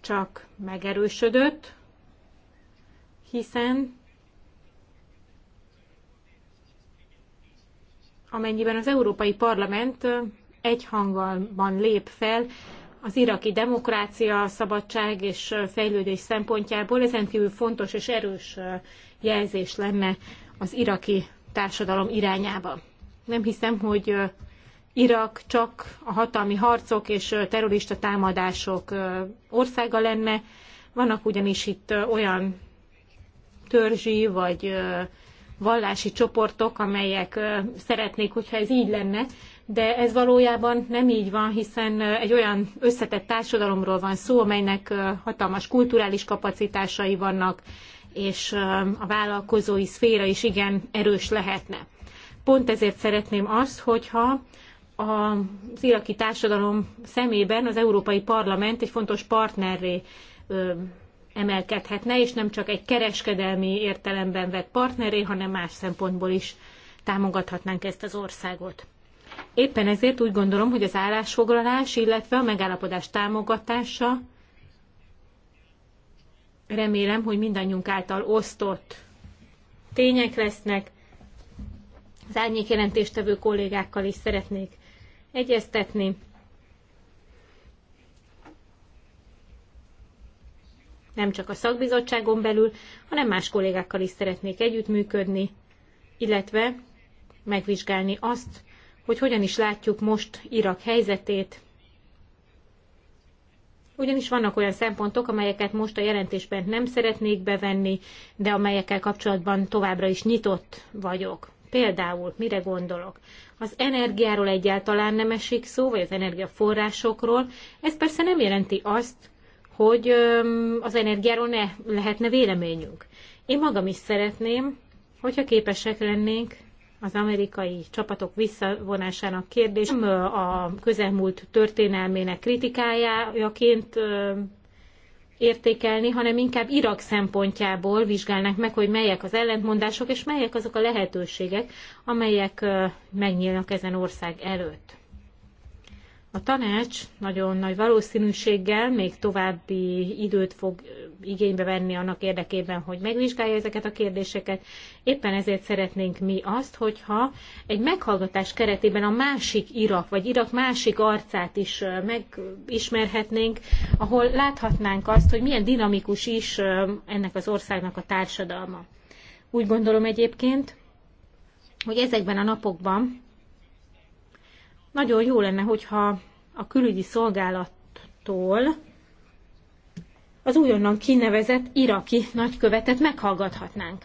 Speaker 3: csak megerősödött, hiszen amennyiben az Európai Parlament egyhangban lép fel az iraki demokrácia, szabadság és fejlődés szempontjából ezen kívül fontos és erős jelzés lenne az iraki társadalom irányába. Nem hiszem, hogy Irak csak a hatalmi harcok és terrorista támadások országa lenne. Vannak ugyanis itt olyan törzsi vagy vallási csoportok, amelyek szeretnék, hogyha ez így lenne, de ez valójában nem így van, hiszen egy olyan összetett társadalomról van szó, amelynek hatalmas kulturális kapacitásai vannak, és a vállalkozói szféra is igen erős lehetne. Pont ezért szeretném azt, hogyha az iraki társadalom szemében az Európai Parlament egy fontos partnerré emelkedhetne, és nem csak egy kereskedelmi értelemben vett partneré, hanem más szempontból is támogathatnánk ezt az országot. Éppen ezért úgy gondolom, hogy az állásfoglalás, illetve a megállapodás támogatása remélem, hogy mindannyiunk által osztott tények lesznek. Az árnyék jelentéstevő kollégákkal is szeretnék egyeztetni. Nem csak a szakbizottságon belül, hanem más kollégákkal is szeretnék együttműködni, illetve megvizsgálni azt, hogy hogyan is látjuk most Irak helyzetét, ugyanis vannak olyan szempontok, amelyeket most a jelentésben nem szeretnék bevenni, de amelyekkel kapcsolatban továbbra is nyitott vagyok. Például, mire gondolok? Az energiáról egyáltalán nem esik szó, vagy az energiaforrásokról. Ez persze nem jelenti azt, hogy az energiáról ne lehetne véleményünk. Én magam is szeretném, hogyha képesek lennénk az amerikai csapatok visszavonásának kérdés nem a közelmúlt történelmének kritikájaként értékelni, hanem inkább Irak szempontjából vizsgálnak meg, hogy melyek az ellentmondások, és melyek azok a lehetőségek, amelyek megnyílnak ezen ország előtt. A tanács nagyon nagy valószínűséggel még további időt fog igénybe venni annak érdekében, hogy megvizsgálja ezeket a kérdéseket. Éppen ezért szeretnénk mi azt, hogyha egy meghallgatás keretében a másik Irak, vagy Irak másik arcát is megismerhetnénk, ahol láthatnánk azt, hogy milyen dinamikus is ennek az országnak a társadalma. Úgy gondolom egyébként, hogy ezekben a napokban nagyon jó lenne, hogyha a külügyi szolgálattól az újonnan kinevezett iraki nagykövetet meghallgathatnánk.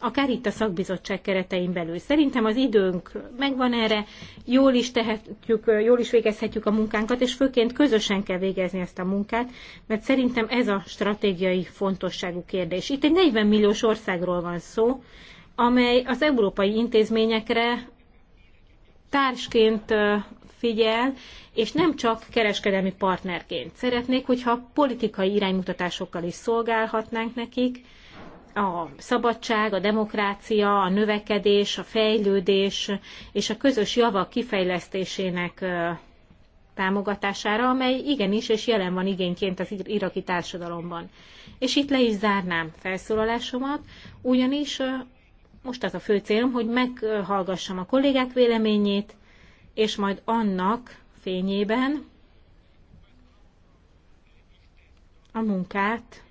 Speaker 3: Akár itt a szakbizottság keretein belül. Szerintem az időnk megvan erre, jól is, tehetjük, jól is végezhetjük a munkánkat, és főként közösen kell végezni ezt a munkát, mert szerintem ez a stratégiai fontosságú kérdés. Itt egy 40 milliós országról van szó, amely az európai intézményekre társként figyel, és nem csak kereskedelmi partnerként. Szeretnék, hogyha politikai iránymutatásokkal is szolgálhatnánk nekik, a szabadság, a demokrácia, a növekedés, a fejlődés és a közös javak kifejlesztésének támogatására, amely igenis és jelen van igényként az iraki társadalomban. És itt le is zárnám felszólalásomat, ugyanis most az a fő célom, hogy meghallgassam a kollégák véleményét, és majd annak fényében a munkát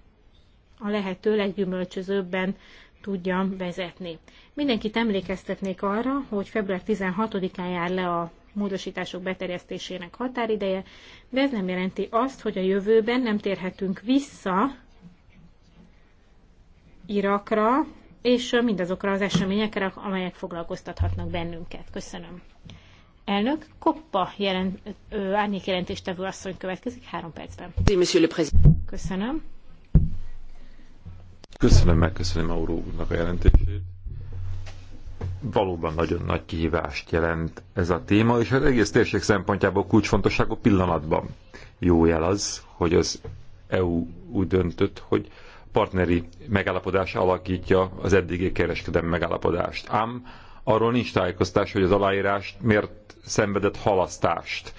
Speaker 3: a lehető leggyümölcsözőbben tudjam vezetni. Mindenkit emlékeztetnék arra, hogy február 16-án jár le a módosítások beterjesztésének határideje, de ez nem jelenti azt, hogy a jövőben nem térhetünk vissza Irakra, és mindazokra az eseményekre, amelyek foglalkoztathatnak bennünket. Köszönöm. Elnök, Koppa jelent, ö, jelentéstevő asszony következik három percben. Köszönöm.
Speaker 2: Köszönöm, megköszönöm Auró úrnak a jelentését. Valóban nagyon nagy kihívást jelent ez a téma, és az egész térség szempontjából kulcsfontosságú pillanatban. Jó jel az, hogy az EU úgy döntött, hogy partneri megállapodás alakítja az eddigi kereskedelmi megállapodást. Ám arról nincs tájékoztás, hogy az aláírást miért szenvedett halasztást.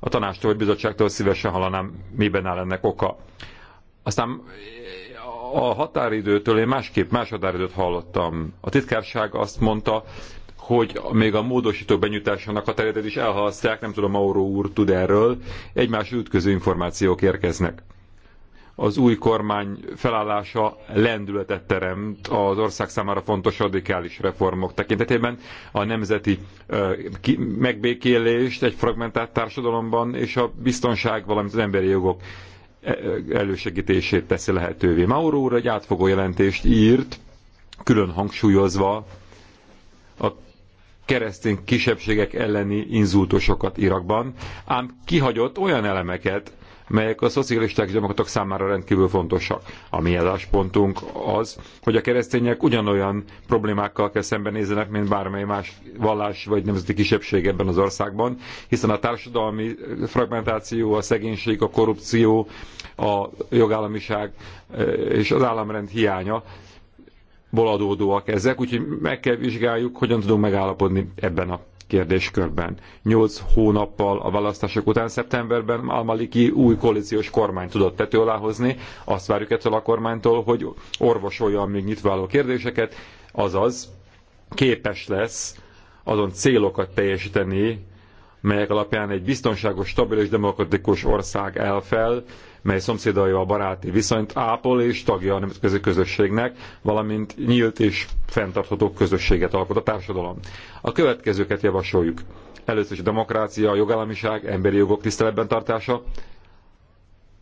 Speaker 2: A tanástól vagy bizottságtól szívesen hallanám, miben áll ennek oka. Aztán eh, a határidőtől én másképp más határidőt hallottam. A titkárság azt mondta, hogy még a módosító benyújtásának a területet is elhalasztják, nem tudom, Mauro úr tud erről, egymás ütköző információk érkeznek az új kormány felállása lendületet teremt az ország számára fontos radikális reformok tekintetében, a nemzeti megbékélést egy fragmentált társadalomban és a biztonság, valamint az emberi jogok elősegítését teszi lehetővé. Mauro úr egy átfogó jelentést írt, külön hangsúlyozva a keresztény kisebbségek elleni inzultusokat Irakban, ám kihagyott olyan elemeket, melyek a szocialisták és demokratok számára rendkívül fontosak. A mi álláspontunk az, hogy a keresztények ugyanolyan problémákkal kell szembenézzenek, mint bármely más vallás vagy nemzeti kisebbség ebben az országban, hiszen a társadalmi fragmentáció, a szegénység, a korrupció, a jogállamiság e, és az államrend hiánya ból adódóak ezek, úgyhogy meg kell vizsgáljuk, hogyan tudunk megállapodni ebben a kérdéskörben. Nyolc hónappal a választások után szeptemberben Almaliki új koalíciós kormány tudott tető alá hozni. Azt várjuk ettől a kormánytól, hogy orvosolja még nyitva álló kérdéseket, azaz képes lesz azon célokat teljesíteni, melyek alapján egy biztonságos, stabil és demokratikus ország elfel, mely szomszédaival baráti viszonyt ápol és tagja a nemzetközi közösségnek, valamint nyílt és fenntartható közösséget alkot a társadalom. A következőket javasoljuk. Először is a demokrácia, a jogállamiság, emberi jogok tiszteletben tartása,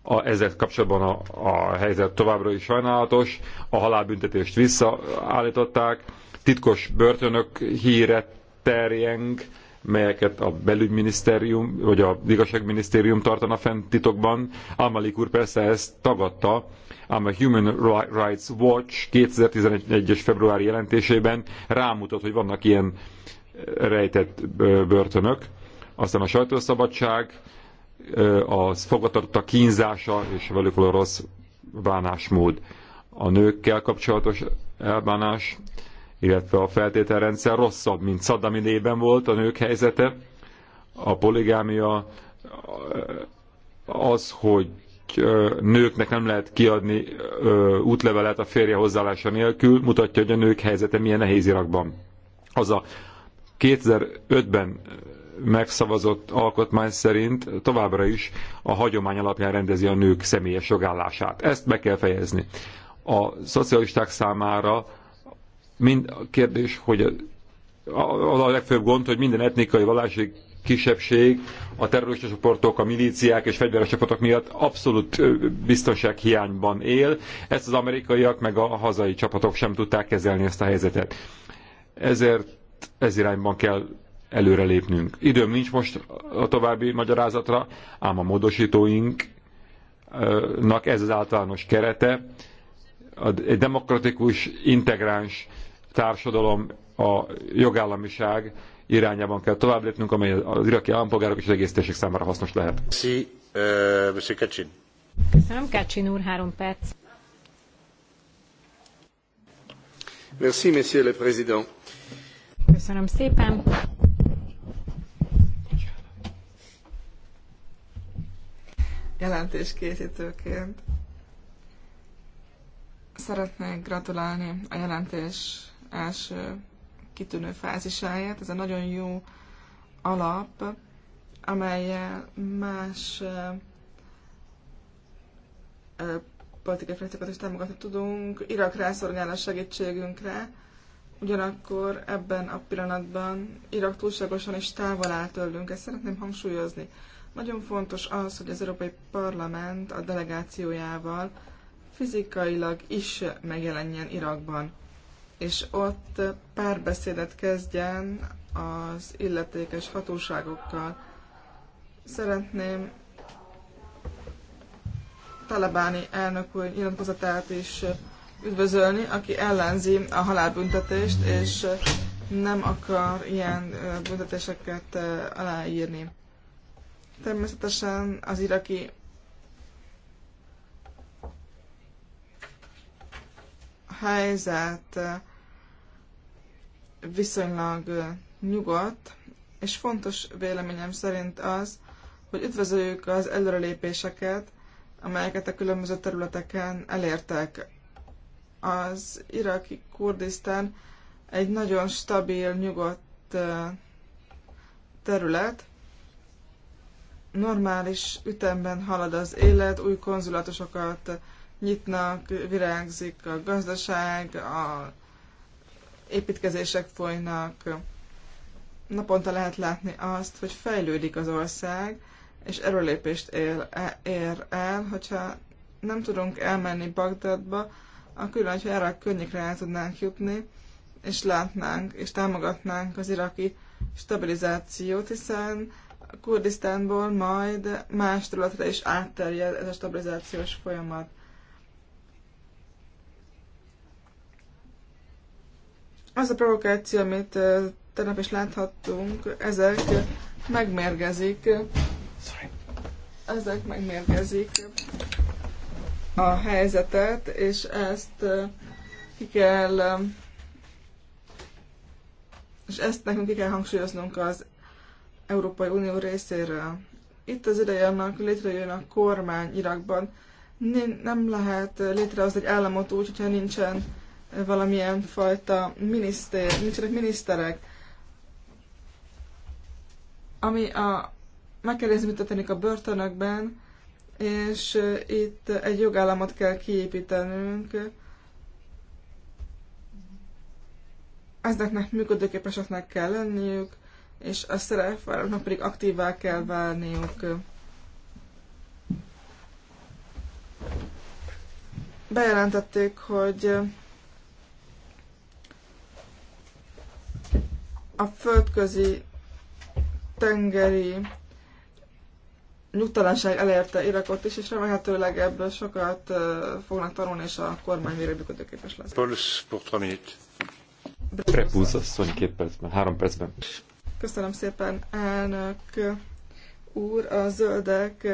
Speaker 2: a, ezzel kapcsolatban a, a helyzet továbbra is sajnálatos, a halálbüntetést visszaállították, titkos börtönök híre terjeng, melyeket a belügyminisztérium, vagy a igazságminisztérium tartana fent titokban. Almalik úr persze ezt tagadta, ám a Human Rights Watch 2011-es februári jelentésében rámutat, hogy vannak ilyen rejtett börtönök. Aztán a sajtószabadság, a fogatartotta kínzása és velük való rossz bánásmód. A nőkkel kapcsolatos elbánás, illetve a feltételrendszer rosszabb, mint Saddam nében volt a nők helyzete. A poligámia az, hogy nőknek nem lehet kiadni útlevelet a férje hozzáállása nélkül, mutatja, hogy a nők helyzete milyen nehéz Irakban. Az a 2005-ben megszavazott alkotmány szerint továbbra is a hagyomány alapján rendezi a nők személyes jogállását. Ezt be kell fejezni. A szocialisták számára mind a kérdés, hogy az a legfőbb gond, hogy minden etnikai vallási kisebbség a terrorista csoportok, a milíciák és fegyveres csoportok miatt abszolút biztonsághiányban él. Ezt az amerikaiak meg a hazai csapatok sem tudták kezelni ezt a helyzetet. Ezért ez irányban kell előrelépnünk. Időm nincs most a további magyarázatra, ám a módosítóinknak ez az általános kerete. Egy demokratikus, integráns társadalom, a jogállamiság irányában kell tovább lépnünk, amely az iraki állampolgárok és az egész térség számára hasznos lehet. Uh,
Speaker 3: Köszönöm, Kacsin úr, három perc.
Speaker 5: Merci, monsieur le président.
Speaker 3: Köszönöm szépen.
Speaker 4: Jelentéskészítőként szeretnék gratulálni a jelentés első kitűnő fázisáját. Ez a nagyon jó alap, amelyel más politikai frakciókat is támogatni tudunk. Irak rászorgál a segítségünkre, ugyanakkor ebben a pillanatban Irak túlságosan is távol áll tőlünk, ezt szeretném hangsúlyozni. Nagyon fontos az, hogy az Európai Parlament a delegációjával fizikailag is megjelenjen Irakban és ott párbeszédet kezdjen az illetékes hatóságokkal. Szeretném Talabáni elnök úr nyilatkozatát is üdvözölni, aki ellenzi a halálbüntetést, és nem akar ilyen büntetéseket aláírni. Természetesen az iraki helyzet viszonylag nyugodt, és fontos véleményem szerint az, hogy üdvözöljük az előrelépéseket, amelyeket a különböző területeken elértek. Az iraki Kurdisztán egy nagyon stabil, nyugodt terület, normális ütemben halad az élet, új konzulatosokat nyitnak, virágzik a gazdaság, a építkezések folynak. Naponta lehet látni azt, hogy fejlődik az ország, és erőlépést ér, e, ér el, hogyha nem tudunk elmenni Bagdadba, akkor hogyha erre a környékre el tudnánk jutni, és látnánk, és támogatnánk az iraki stabilizációt, hiszen Kurdisztánból majd más területre is átterjed ez a stabilizációs folyamat. Az a provokáció, amit tegnap is láthattunk, ezek megmérgezik. Ezek megmérgezik a helyzetet, és ezt ki kell és ezt nekünk ki kell hangsúlyoznunk az Európai Unió részéről. Itt az ideje annak létrejön a kormány Irakban. Nem lehet létrehozni egy államot úgy, hogyha nincsen valamilyen fajta miniszter, nincsenek miniszterek. Ami a, megkérdezni, mit történik a börtönökben, és itt egy jogállamot kell kiépítenünk. Ezeknek működőképeseknek kell lenniük, és a szerepvállalóknak pedig aktívvá kell válniuk. Bejelentették, hogy a földközi tengeri nyugtalanság elérte Irakot is, és remélhetőleg ebből sokat fognak tanulni, és a kormány végre működőképes lesz. Puls, pour
Speaker 2: Prepúz asszony két percben, három percben.
Speaker 4: Köszönöm szépen, elnök úr, a zöldek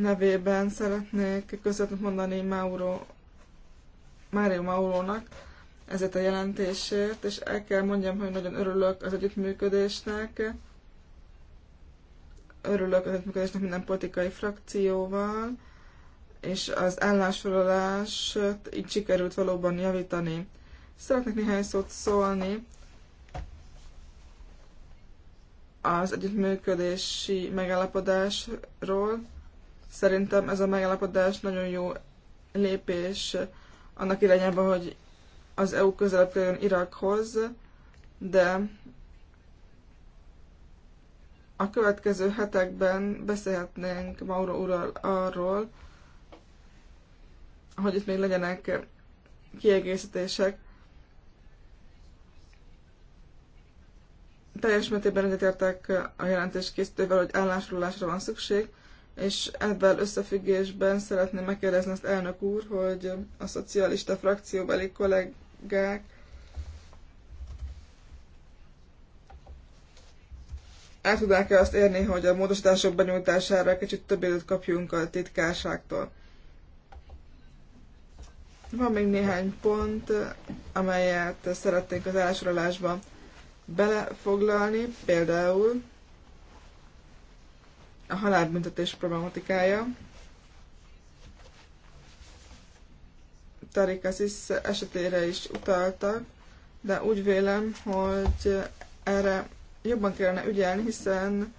Speaker 4: nevében szeretnék köszönet mondani Mauro, Mário Maurónak, ezért a jelentésért, és el kell mondjam, hogy nagyon örülök az együttműködésnek. Örülök az együttműködésnek minden politikai frakcióval, és az állásfoglalást így sikerült valóban javítani. Szeretnék néhány szót szólni az együttműködési megállapodásról. Szerintem ez a megállapodás nagyon jó lépés annak irányába, hogy az EU közelebb kerüljön Irakhoz, de a következő hetekben beszélhetnénk Mauro úrral arról, hogy itt még legyenek kiegészítések. Teljes mértékben egyetértek a jelentés készítővel, hogy állásolásra van szükség, és ebben összefüggésben szeretném megkérdezni azt elnök úr, hogy a szocialista frakcióbeli kollég, gák. el tudnák e azt érni, hogy a módosítások benyújtására kicsit több időt kapjunk a titkárságtól. Van még néhány pont, amelyet szeretnénk az elsorolásba belefoglalni, például a halálbüntetés problematikája. Tarik Aziz esetére is utaltak, de úgy vélem, hogy erre jobban kellene ügyelni, hiszen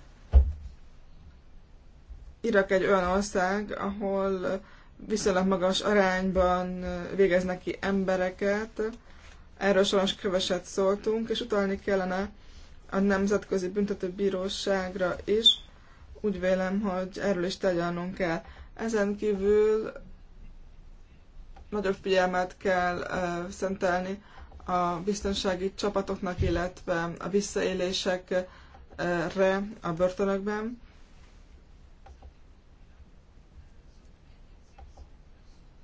Speaker 4: Irak egy olyan ország, ahol viszonylag magas arányban végeznek ki embereket, erről sajnos keveset szóltunk, és utalni kellene a Nemzetközi Büntetőbíróságra is. Úgy vélem, hogy erről is tegyelnünk kell. Ezen kívül nagyobb figyelmet kell szentelni a biztonsági csapatoknak, illetve a visszaélésekre a börtönökben.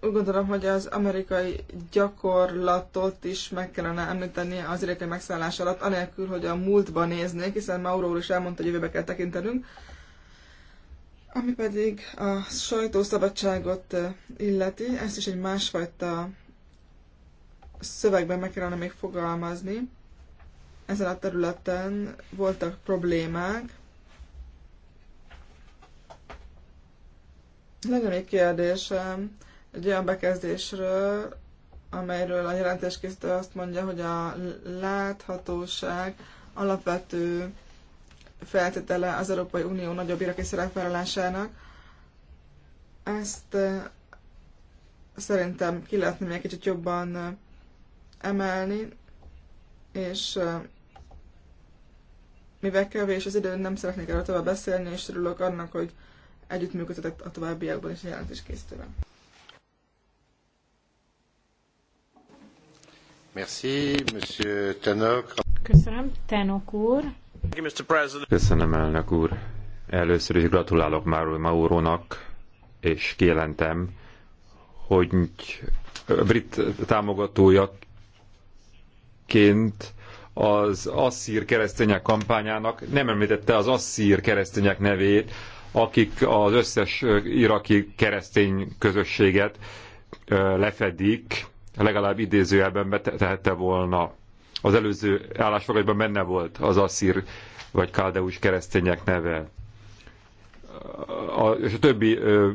Speaker 4: Úgy gondolom, hogy az amerikai gyakorlatot is meg kellene említeni az irakai megszállás alatt, anélkül, hogy a múltba néznék, hiszen Mauro úr is elmondta, hogy jövőbe kell tekintenünk. Ami pedig a sajtószabadságot illeti, ezt is egy másfajta szövegben meg kellene még fogalmazni. Ezen a területen voltak problémák. Lenne még kérdésem egy olyan bekezdésről, amelyről a jelentéskészítő azt mondja, hogy a láthatóság alapvető feltétele az Európai Unió nagyobb iraki szerepvállalásának. Ezt szerintem ki lehetne még kicsit jobban emelni, és mivel kevés az idő, nem szeretnék erről tovább beszélni, és örülök annak, hogy együttműködhetek a továbbiakban is a jelentés
Speaker 5: Merci, Monsieur Tenok.
Speaker 3: Köszönöm, Tenok úr.
Speaker 2: Köszönöm, elnök úr. Először is gratulálok Máról Maurónak, és kijelentem, hogy brit támogatójaként az asszír keresztények kampányának nem említette az asszír keresztények nevét, akik az összes iraki keresztény közösséget lefedik, legalább idézőjelben tehette volna az előző állásfoglalásban benne volt az asszír vagy káldeus keresztények neve. A, és a többi ö,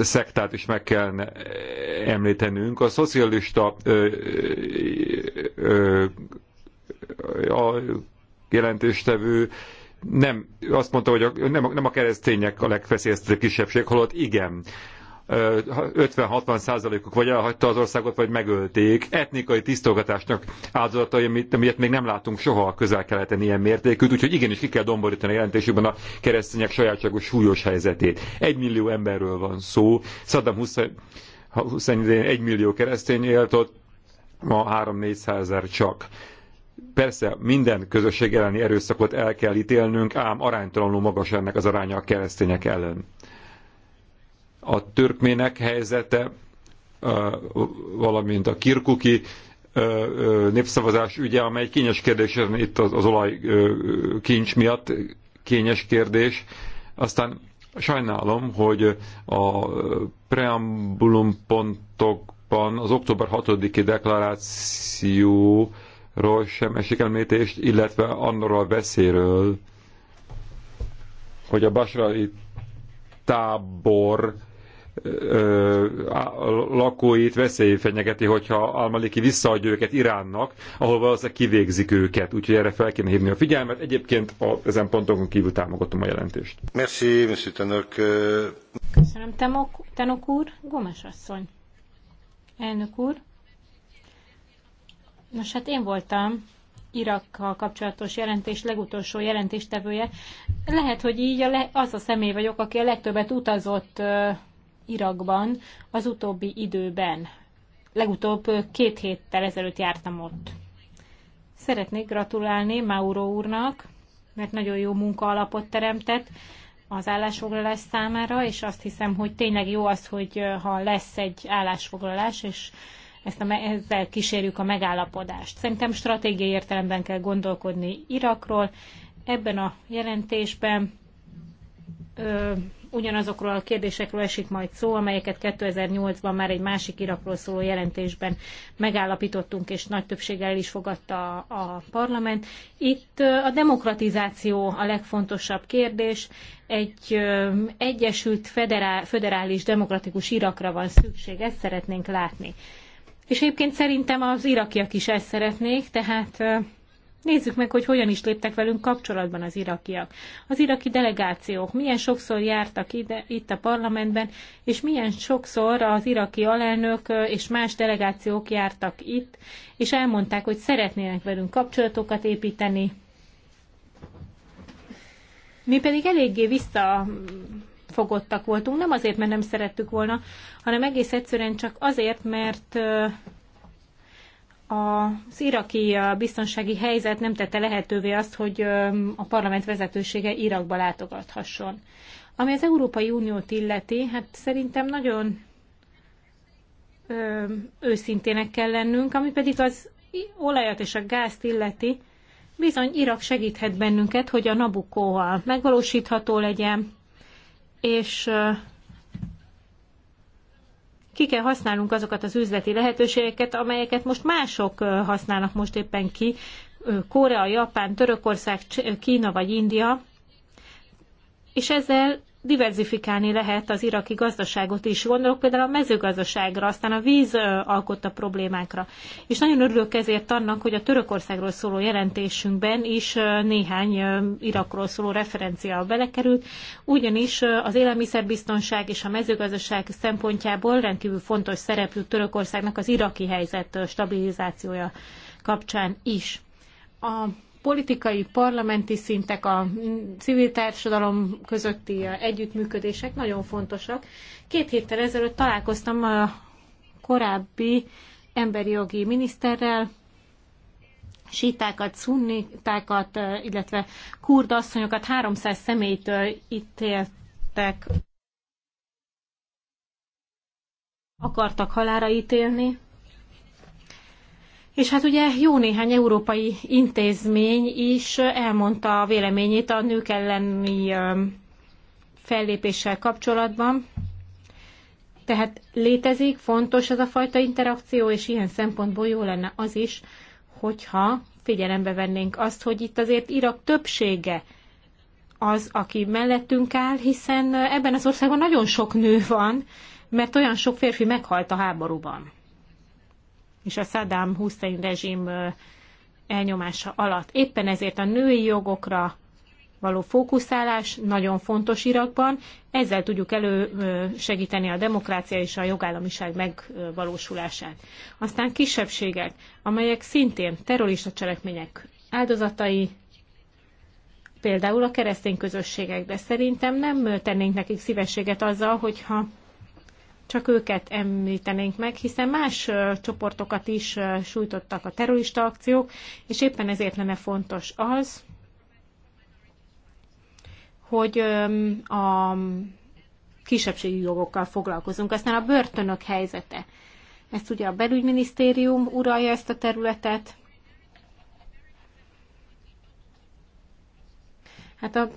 Speaker 2: szektát is meg kell említenünk. A szocialista ö, ö, a jelentéstevő nem azt mondta, hogy a, nem, nem a keresztények a legfeszélyeztető kisebbség, holott igen. 50-60 százalékuk vagy elhagyta az országot, vagy megölték. Etnikai tisztogatásnak áldozatai, amit, amit még nem látunk soha a közel-keleten ilyen mértékűt, úgyhogy igenis ki kell domborítani a jelentésükben a keresztények sajátságos súlyos helyzetét. Egy millió emberről van szó. Saddam Hussein, Hussein egy millió keresztény élt ott, ma 3-400 ezer csak. Persze minden közösség elleni erőszakot el kell ítélnünk, ám aránytalanul magas ennek az aránya a keresztények ellen a türkmének helyzete, valamint a kirkuki népszavazás ügye, amely kényes kérdés, itt az, az olaj kincs miatt kényes kérdés. Aztán sajnálom, hogy a preambulum pontokban az október 6-i deklarációról sem esik említést, illetve annorról beszéről, hogy a basrai tábor lakóit veszély fenyegeti, hogyha Almaliki visszaadja őket Iránnak, ahol valószínűleg kivégzik őket. Úgyhogy erre fel kéne hívni a figyelmet. Egyébként a, ezen pontokon kívül támogatom a jelentést. Merci, Mr. Tanok.
Speaker 3: Köszönöm, Tanok, Tanok úr. Gomes asszony. Elnök úr. Nos, hát én voltam Irakkal kapcsolatos jelentés legutolsó jelentéstevője. Lehet, hogy így a le, az a személy vagyok, aki a legtöbbet utazott Irakban az utóbbi időben. Legutóbb két héttel ezelőtt jártam ott. Szeretnék gratulálni Mauro úrnak, mert nagyon jó munka alapot teremtett az állásfoglalás számára, és azt hiszem, hogy tényleg jó az, hogy ha lesz egy állásfoglalás, és ezt a, ezzel kísérjük a megállapodást. Szerintem stratégiai értelemben kell gondolkodni Irakról. Ebben a jelentésben ö, ugyanazokról a kérdésekről esik majd szó, amelyeket 2008-ban már egy másik Irakról szóló jelentésben megállapítottunk, és nagy többséggel is fogadta a, a parlament. Itt a demokratizáció a legfontosabb kérdés. Egy egyesült federál, federális demokratikus Irakra van szükség, ezt szeretnénk látni. És egyébként szerintem az irakiak is ezt szeretnék, tehát Nézzük meg, hogy hogyan is léptek velünk kapcsolatban az irakiak. Az iraki delegációk milyen sokszor jártak ide, itt a parlamentben, és milyen sokszor az iraki alelnök és más delegációk jártak itt, és elmondták, hogy szeretnének velünk kapcsolatokat építeni. Mi pedig eléggé fogottak voltunk, nem azért, mert nem szerettük volna, hanem egész egyszerűen csak azért, mert az iraki biztonsági helyzet nem tette lehetővé azt, hogy a parlament vezetősége Irakba látogathasson. Ami az Európai Uniót illeti, hát szerintem nagyon őszintének kell lennünk, ami pedig az olajat és a gázt illeti, bizony Irak segíthet bennünket, hogy a Nabukóval megvalósítható legyen, és ki kell használnunk azokat az üzleti lehetőségeket, amelyeket most mások használnak most éppen ki, Korea, Japán, Törökország, Kína vagy India, és ezzel diverzifikálni lehet az iraki gazdaságot is. Gondolok például a mezőgazdaságra, aztán a víz alkotta problémákra. És nagyon örülök ezért annak, hogy a Törökországról szóló jelentésünkben is néhány Irakról szóló referencia belekerült, ugyanis az élelmiszerbiztonság és a mezőgazdaság szempontjából rendkívül fontos szereplő Törökországnak az iraki helyzet stabilizációja kapcsán is. A politikai, parlamenti szintek, a civil társadalom közötti együttműködések nagyon fontosak. Két héttel ezelőtt találkoztam a korábbi emberi jogi miniszterrel, sítákat, szunnitákat, illetve kurdasszonyokat, asszonyokat, 300 személyt ítéltek, akartak halára ítélni. És hát ugye jó néhány európai intézmény is elmondta a véleményét a nők elleni fellépéssel kapcsolatban. Tehát létezik, fontos ez a fajta interakció, és ilyen szempontból jó lenne az is, hogyha figyelembe vennénk azt, hogy itt azért Irak többsége az, aki mellettünk áll, hiszen ebben az országban nagyon sok nő van, mert olyan sok férfi meghalt a háborúban és a Saddam Hussein rezsim elnyomása alatt. Éppen ezért a női jogokra való fókuszálás nagyon fontos Irakban. Ezzel tudjuk elősegíteni a demokrácia és a jogállamiság megvalósulását. Aztán kisebbségek, amelyek szintén terrorista cselekmények áldozatai, például a keresztény közösségek, de szerintem nem tennénk nekik szívességet azzal, hogyha csak őket említenénk meg, hiszen más csoportokat is sújtottak a terrorista akciók, és éppen ezért lenne fontos az, hogy a kisebbségi jogokkal foglalkozunk. Aztán a börtönök helyzete. Ezt ugye a belügyminisztérium uralja ezt a területet. Hát a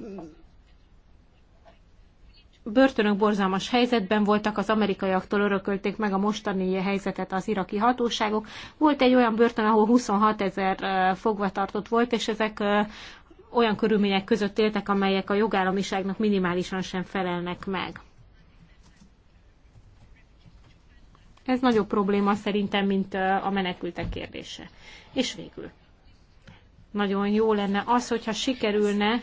Speaker 3: börtönök borzalmas helyzetben voltak, az amerikaiaktól örökölték meg a mostani helyzetet az iraki hatóságok. Volt egy olyan börtön, ahol 26 ezer fogvatartott volt, és ezek olyan körülmények között éltek, amelyek a jogállamiságnak minimálisan sem felelnek meg. Ez nagyobb probléma szerintem, mint a menekültek kérdése. És végül. Nagyon jó lenne az, hogyha sikerülne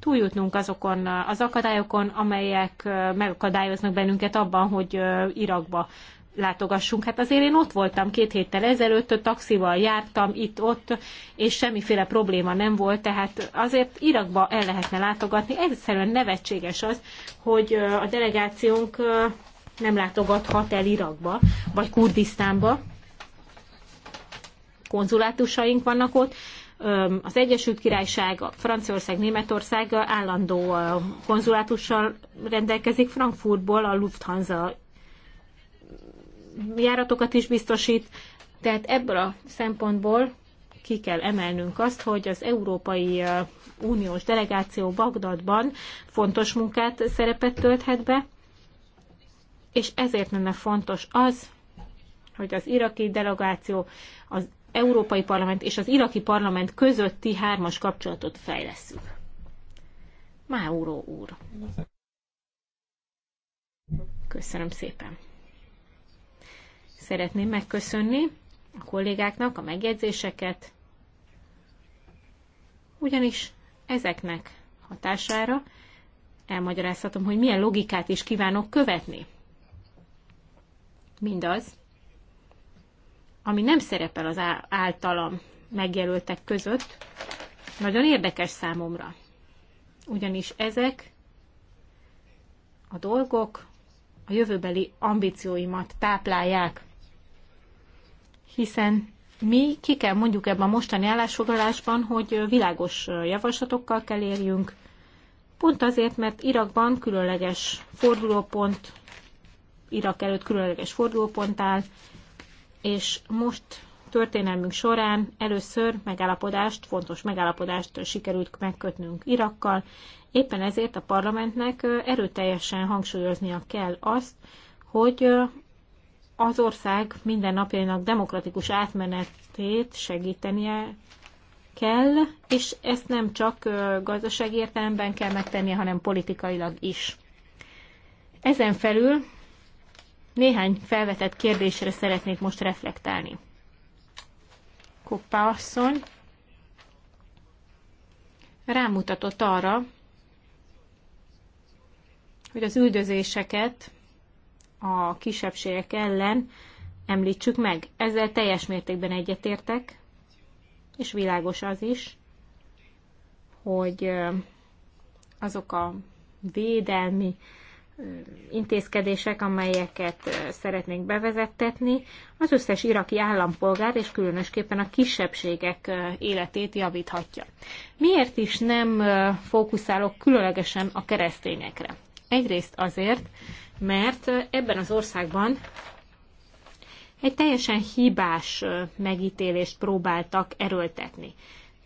Speaker 3: túljutnunk azokon az akadályokon, amelyek megakadályoznak bennünket abban, hogy Irakba látogassunk. Hát azért én ott voltam két héttel ezelőtt, taxival jártam itt-ott, és semmiféle probléma nem volt, tehát azért Irakba el lehetne látogatni. Egyszerűen nevetséges az, hogy a delegációnk nem látogathat el Irakba, vagy Kurdisztánba. Konzulátusaink vannak ott, az Egyesült Királyság, a Franciaország, Németország állandó konzulátussal rendelkezik Frankfurtból, a Lufthansa járatokat is biztosít, tehát ebből a szempontból ki kell emelnünk azt, hogy az Európai Uniós delegáció Bagdadban fontos munkát, szerepet tölthet be, és ezért lenne fontos az, hogy az iraki delegáció az Európai Parlament és az iraki parlament közötti hármas kapcsolatot fejleszünk. Máuró úr. Köszönöm szépen. Szeretném megköszönni a kollégáknak a megjegyzéseket, ugyanis ezeknek hatására elmagyarázhatom, hogy milyen logikát is kívánok követni. Mindaz, ami nem szerepel az általam megjelöltek között, nagyon érdekes számomra. Ugyanis ezek a dolgok a jövőbeli ambícióimat táplálják. Hiszen mi ki kell mondjuk ebben a mostani állásfoglalásban, hogy világos javaslatokkal kell érjünk, pont azért, mert Irakban különleges fordulópont, Irak előtt különleges fordulópont áll, és most történelmünk során először megállapodást, fontos megállapodást sikerült megkötnünk Irakkal. Éppen ezért a parlamentnek erőteljesen hangsúlyoznia kell azt, hogy az ország minden napjainak demokratikus átmenetét segítenie kell, és ezt nem csak gazdasági értelemben kell megtennie, hanem politikailag is. Ezen felül néhány felvetett kérdésre szeretnék most reflektálni. Koppa asszony rámutatott arra, hogy az üldözéseket a kisebbségek ellen említsük meg. Ezzel teljes mértékben egyetértek, és világos az is, hogy azok a védelmi intézkedések, amelyeket szeretnénk bevezettetni, az összes iraki állampolgár és különösképpen a kisebbségek életét javíthatja. Miért is nem fókuszálok különlegesen a keresztényekre? Egyrészt azért, mert ebben az országban egy teljesen hibás megítélést próbáltak erőltetni.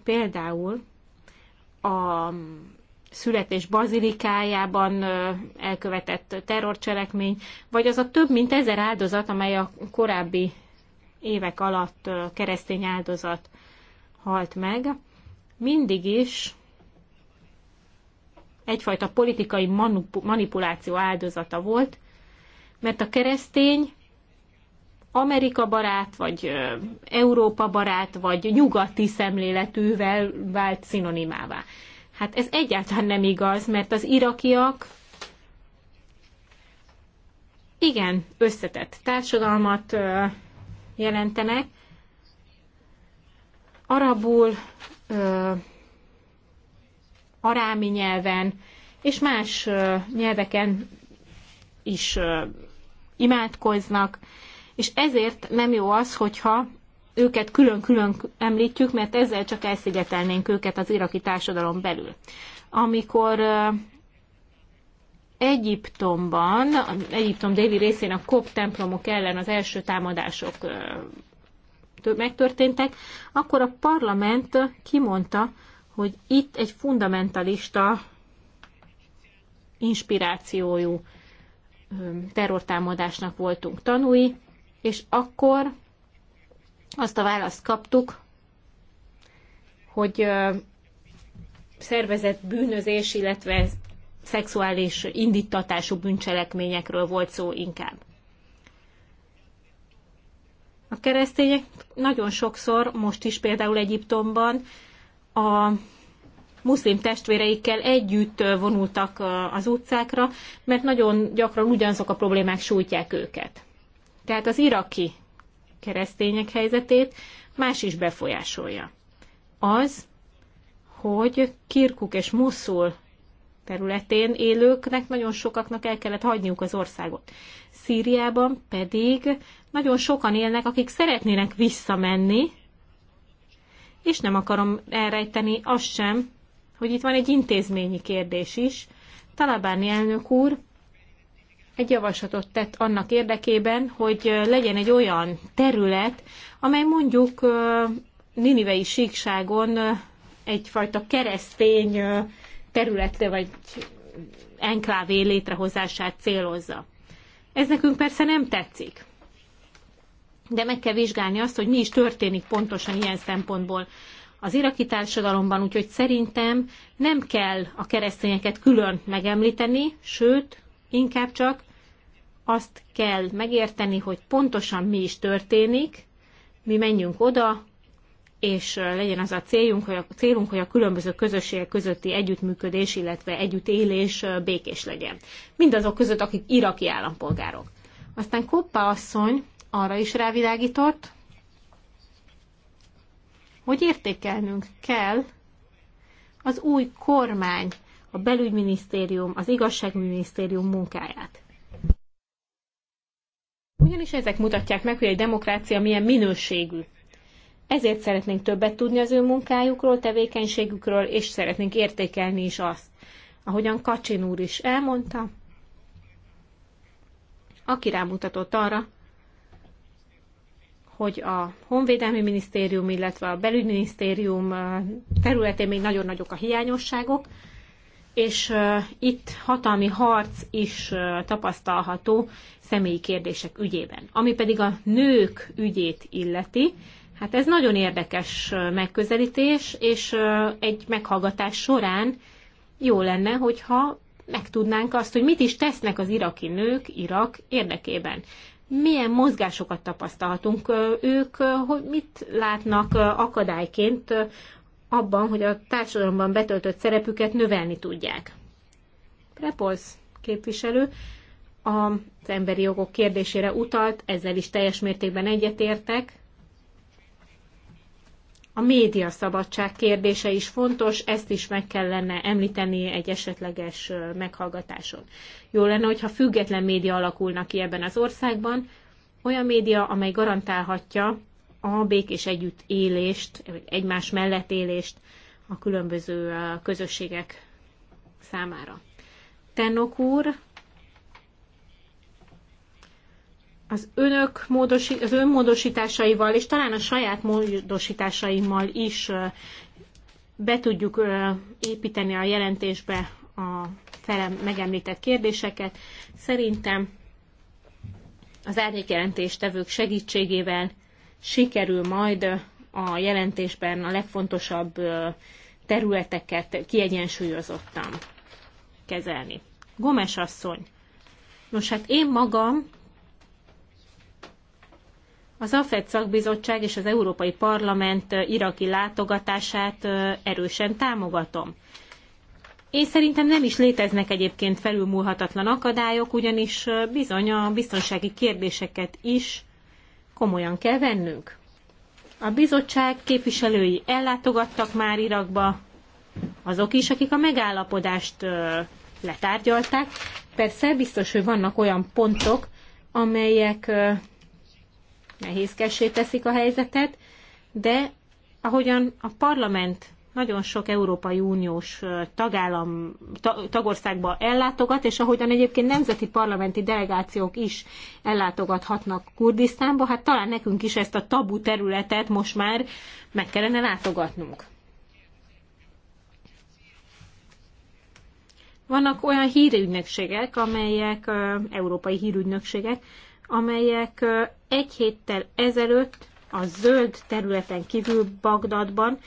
Speaker 3: Például a születés bazilikájában elkövetett terrorcselekmény, vagy az a több mint ezer áldozat, amely a korábbi évek alatt keresztény áldozat halt meg, mindig is egyfajta politikai manipuláció áldozata volt, mert a keresztény Amerika barát, vagy Európa barát, vagy nyugati szemléletűvel vált szinonimává. Hát ez egyáltalán nem igaz, mert az irakiak igen összetett társadalmat jelentenek. Arabul, arámi nyelven és más nyelveken is imádkoznak, és ezért nem jó az, hogyha őket külön-külön említjük, mert ezzel csak elszigetelnénk őket az iraki társadalom belül. Amikor Egyiptomban, Egyiptom déli részén a kop templomok ellen az első támadások megtörténtek, akkor a parlament kimondta, hogy itt egy fundamentalista inspirációjú terrortámadásnak voltunk tanúi, és akkor azt a választ kaptuk, hogy szervezett bűnözés, illetve szexuális indítatású bűncselekményekről volt szó inkább. A keresztények nagyon sokszor, most is például Egyiptomban, a muszlim testvéreikkel együtt vonultak az utcákra, mert nagyon gyakran ugyanazok a problémák sújtják őket. Tehát az iraki keresztények helyzetét, más is befolyásolja. Az, hogy Kirkuk és Muszul területén élőknek nagyon sokaknak el kellett hagyniuk az országot. Szíriában pedig nagyon sokan élnek, akik szeretnének visszamenni, és nem akarom elrejteni azt sem, hogy itt van egy intézményi kérdés is. Talabáni elnök úr egy javaslatot tett annak érdekében, hogy legyen egy olyan terület, amely mondjuk Ninivei síkságon egyfajta keresztény területe vagy enklávé létrehozását célozza. Ez nekünk persze nem tetszik, de meg kell vizsgálni azt, hogy mi is történik pontosan ilyen szempontból az iraki társadalomban, úgyhogy szerintem nem kell a keresztényeket külön megemlíteni, sőt, Inkább csak azt kell megérteni, hogy pontosan mi is történik, mi menjünk oda, és legyen az a célunk, hogy a, célunk, hogy a különböző közösségek közötti együttműködés, illetve együttélés békés legyen. Mindazok között, akik iraki állampolgárok. Aztán Koppa asszony arra is rávilágított, hogy értékelnünk kell az új kormány a belügyminisztérium, az igazságminisztérium munkáját. Ugyanis ezek mutatják meg, hogy egy demokrácia milyen minőségű. Ezért szeretnénk többet tudni az ő munkájukról, tevékenységükről, és szeretnénk értékelni is azt. Ahogyan Kacsin úr is elmondta, aki rámutatott arra, hogy a Honvédelmi Minisztérium, illetve a Belügyminisztérium területén még nagyon nagyok a hiányosságok, és itt hatalmi harc is tapasztalható személyi kérdések ügyében. Ami pedig a nők ügyét illeti, hát ez nagyon érdekes megközelítés, és egy meghallgatás során jó lenne, hogyha megtudnánk azt, hogy mit is tesznek az iraki nők Irak érdekében. Milyen mozgásokat tapasztalhatunk ők, hogy mit látnak akadályként abban, hogy a társadalomban betöltött szerepüket növelni tudják. Prepolsz képviselő az emberi jogok kérdésére utalt, ezzel is teljes mértékben egyetértek. A média szabadság kérdése is fontos, ezt is meg kellene említeni egy esetleges meghallgatáson. Jó lenne, hogyha független média alakulna ki ebben az országban, olyan média, amely garantálhatja a békés együtt élést, egymás mellett élést a különböző közösségek számára. Tennok úr, az önök módosi, az önmódosításaival és talán a saját módosításaimmal is be tudjuk építeni a jelentésbe a felem megemlített kérdéseket. Szerintem az árnyékjelentéstevők segítségével sikerül majd a jelentésben a legfontosabb területeket kiegyensúlyozottan kezelni. Gomes asszony. Nos, hát én magam az AFED szakbizottság és az Európai Parlament iraki látogatását erősen támogatom. Én szerintem nem is léteznek egyébként felülmúlhatatlan akadályok, ugyanis bizony a biztonsági kérdéseket is komolyan kell vennünk. A bizottság képviselői ellátogattak már Irakba, azok is, akik a megállapodást letárgyalták. Persze biztos, hogy vannak olyan pontok, amelyek nehézkessé teszik a helyzetet, de ahogyan a parlament nagyon sok Európai Uniós tagállam, tagországba ellátogat, és ahogyan egyébként nemzeti parlamenti delegációk is ellátogathatnak Kurdisztánba, hát talán nekünk is ezt a tabu területet most már meg kellene látogatnunk. Vannak olyan hírügynökségek, amelyek, európai hírügynökségek, amelyek egy héttel ezelőtt a zöld területen kívül Bagdadban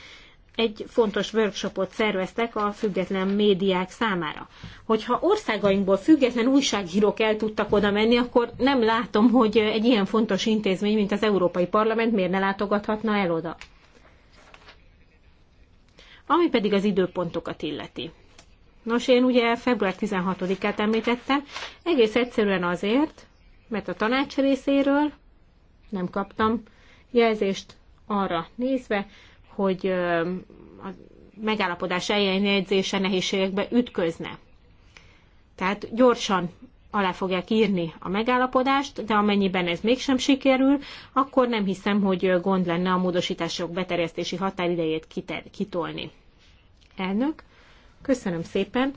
Speaker 3: egy fontos workshopot szerveztek a független médiák számára. Hogyha országainkból független újságírók el tudtak oda menni, akkor nem látom, hogy egy ilyen fontos intézmény, mint az Európai Parlament miért ne látogathatna el oda. Ami pedig az időpontokat illeti. Nos, én ugye február 16-át említettem, egész egyszerűen azért, mert a tanács részéről nem kaptam jelzést arra nézve, hogy a megállapodás eljegyzése nehézségekbe ütközne. Tehát gyorsan alá fogják írni a megállapodást, de amennyiben ez mégsem sikerül, akkor nem hiszem, hogy gond lenne a módosítások beterjesztési határidejét kitolni. Elnök, köszönöm szépen!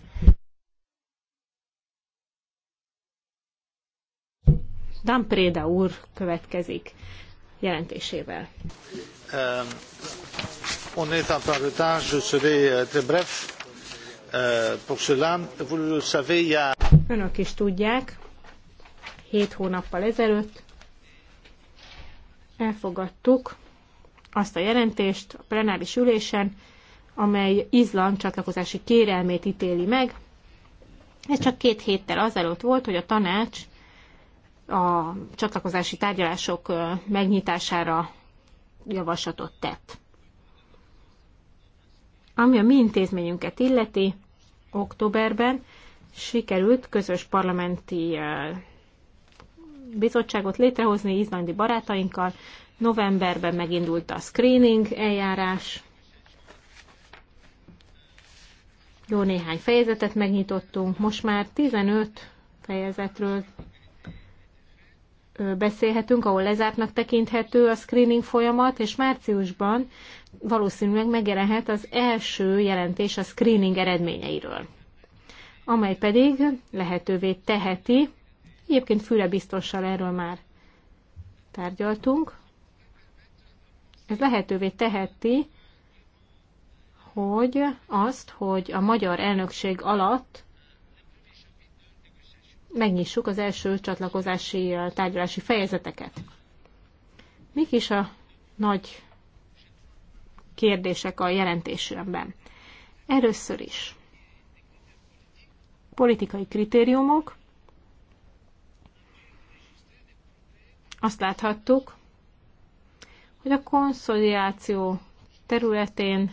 Speaker 3: Dan Préda úr következik jelentésével.
Speaker 5: Euh, on est un peu en retard, je serai euh, très bref euh, pour cela. Vous le savez, il y a...
Speaker 3: Önök is tudják, hét hónappal ezelőtt elfogadtuk azt a jelentést a plenáris ülésen, amely Izland csatlakozási kérelmét ítéli meg. Ez csak két héttel azelőtt volt, hogy a tanács a csatlakozási tárgyalások megnyitására javaslatot tett. Ami a mi intézményünket illeti, októberben sikerült közös parlamenti bizottságot létrehozni izlandi barátainkkal. Novemberben megindult a screening eljárás. Jó néhány fejezetet megnyitottunk, most már 15 fejezetről beszélhetünk, ahol lezártnak tekinthető a screening folyamat, és márciusban valószínűleg megjelenhet az első jelentés a screening eredményeiről, amely pedig lehetővé teheti, egyébként Füle biztossal erről már tárgyaltunk, ez lehetővé teheti, hogy azt, hogy a magyar elnökség alatt megnyissuk az első csatlakozási tárgyalási fejezeteket. Mik is a nagy kérdések a jelentésemben? Először is politikai kritériumok. Azt láthattuk, hogy a konszolidáció területén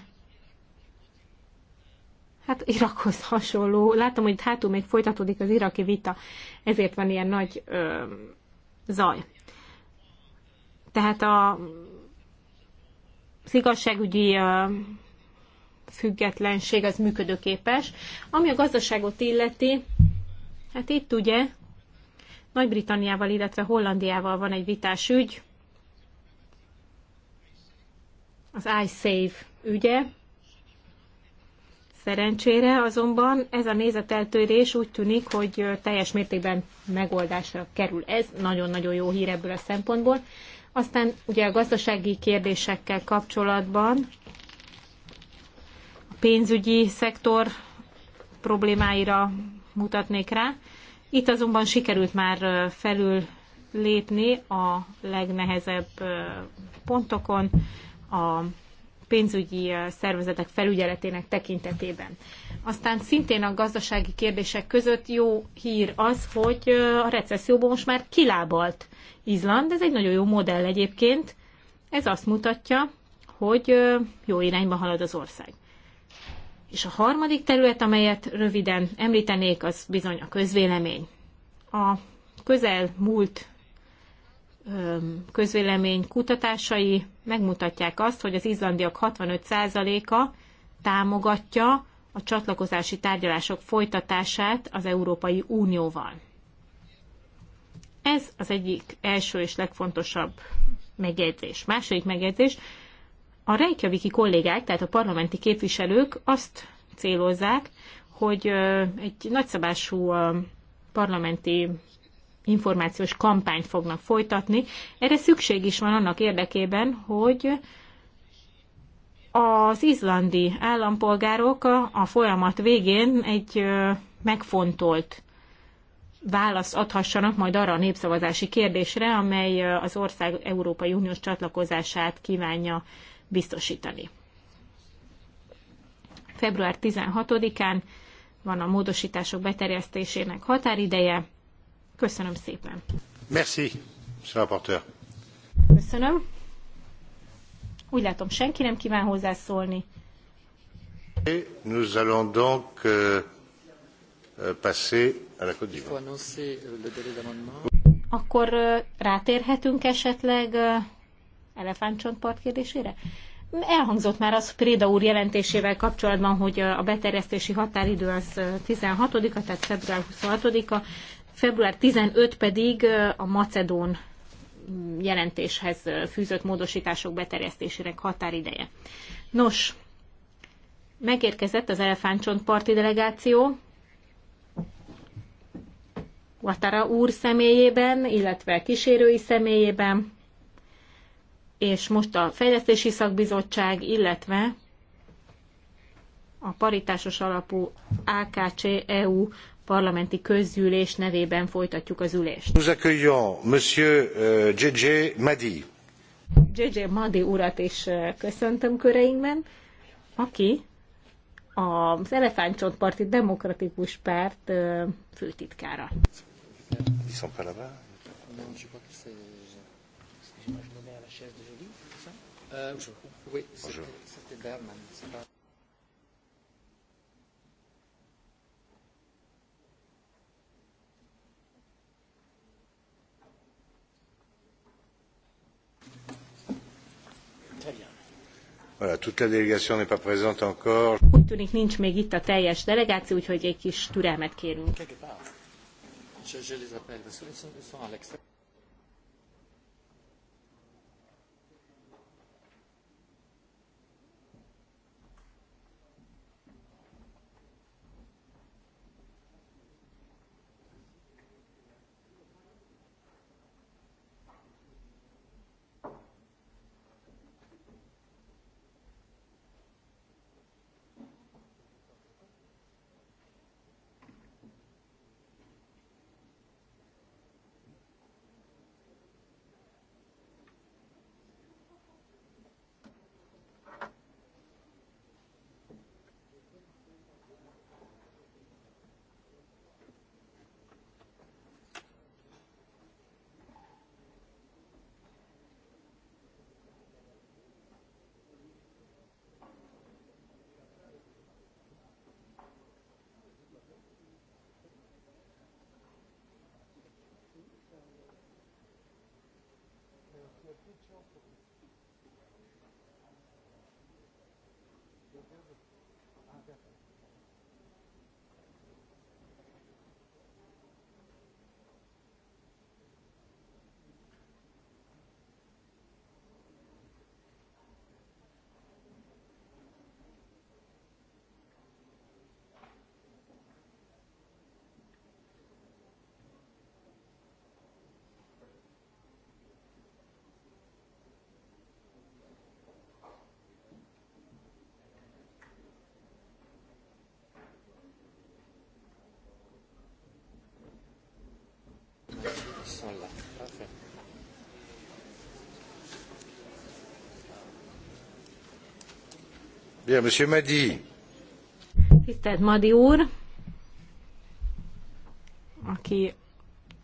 Speaker 3: hát Irakhoz hasonló, látom, hogy hátul még folytatódik az iraki vita, ezért van ilyen nagy ö, zaj. Tehát a, az igazságügyi ö, függetlenség az működőképes. Ami a gazdaságot illeti, hát itt ugye Nagy-Britanniával, illetve Hollandiával van egy vitás ügy, az iSave ügye, Szerencsére azonban ez a nézeteltörés úgy tűnik, hogy teljes mértékben megoldásra kerül. Ez nagyon-nagyon jó hír ebből a szempontból. Aztán ugye a gazdasági kérdésekkel kapcsolatban a pénzügyi szektor problémáira mutatnék rá. Itt azonban sikerült már felül lépni a legnehezebb pontokon, a pénzügyi szervezetek felügyeletének tekintetében. Aztán szintén a gazdasági kérdések között jó hír az, hogy a recesszióban most már kilábalt Izland, ez egy nagyon jó modell egyébként. Ez azt mutatja, hogy jó irányba halad az ország. És a harmadik terület, amelyet röviden említenék, az bizony a közvélemény. A közel múlt közvélemény kutatásai megmutatják azt, hogy az izlandiak 65%-a támogatja a csatlakozási tárgyalások folytatását az Európai Unióval. Ez az egyik első és legfontosabb megjegyzés. Második megjegyzés, a Reykjaviki kollégák, tehát a parlamenti képviselők azt célozzák, hogy egy nagyszabású parlamenti információs kampányt fognak folytatni. Erre szükség is van annak érdekében, hogy az izlandi állampolgárok a folyamat végén egy megfontolt választ adhassanak majd arra a népszavazási kérdésre, amely az ország Európai Uniós csatlakozását kívánja biztosítani. Február 16-án van a módosítások beterjesztésének határideje, Köszönöm szépen.
Speaker 5: Merci, rapporteur.
Speaker 3: Köszönöm. Úgy látom, senki nem kíván hozzászólni.
Speaker 5: Nous allons donc euh, euh, passer à la Côte d'Ivoire.
Speaker 3: Akkor euh, rátérhetünk esetleg euh, elefántcsontpart kérdésére? Elhangzott már az Préda úr jelentésével kapcsolatban, hogy euh, a beterjesztési határidő az 16-a, euh, tehát február 26-a február 15 pedig a macedón mm, jelentéshez fűzött módosítások beterjesztésének határideje. Nos, megérkezett az Elefántcsont parti delegáció, Vatara úr személyében, illetve kísérői személyében, és most a Fejlesztési Szakbizottság, illetve a paritásos alapú AKC-EU parlamenti közgyűlés nevében folytatjuk az ülést.
Speaker 5: Nous accueillons Monsieur euh, J.J. Madi.
Speaker 3: J.J. Madi urat is euh, köszöntöm köreinkben, aki az Elefántcsontparti Demokratikus Párt euh, főtitkára.
Speaker 5: Ils
Speaker 1: Oui, c'était Berman.
Speaker 3: Úgy tűnik nincs még itt a teljes delegáció, úgyhogy egy kis türelmet kérünk.
Speaker 6: Thank you.
Speaker 5: Bien, Monsieur Madi.
Speaker 3: Tisztelt Madi úr, aki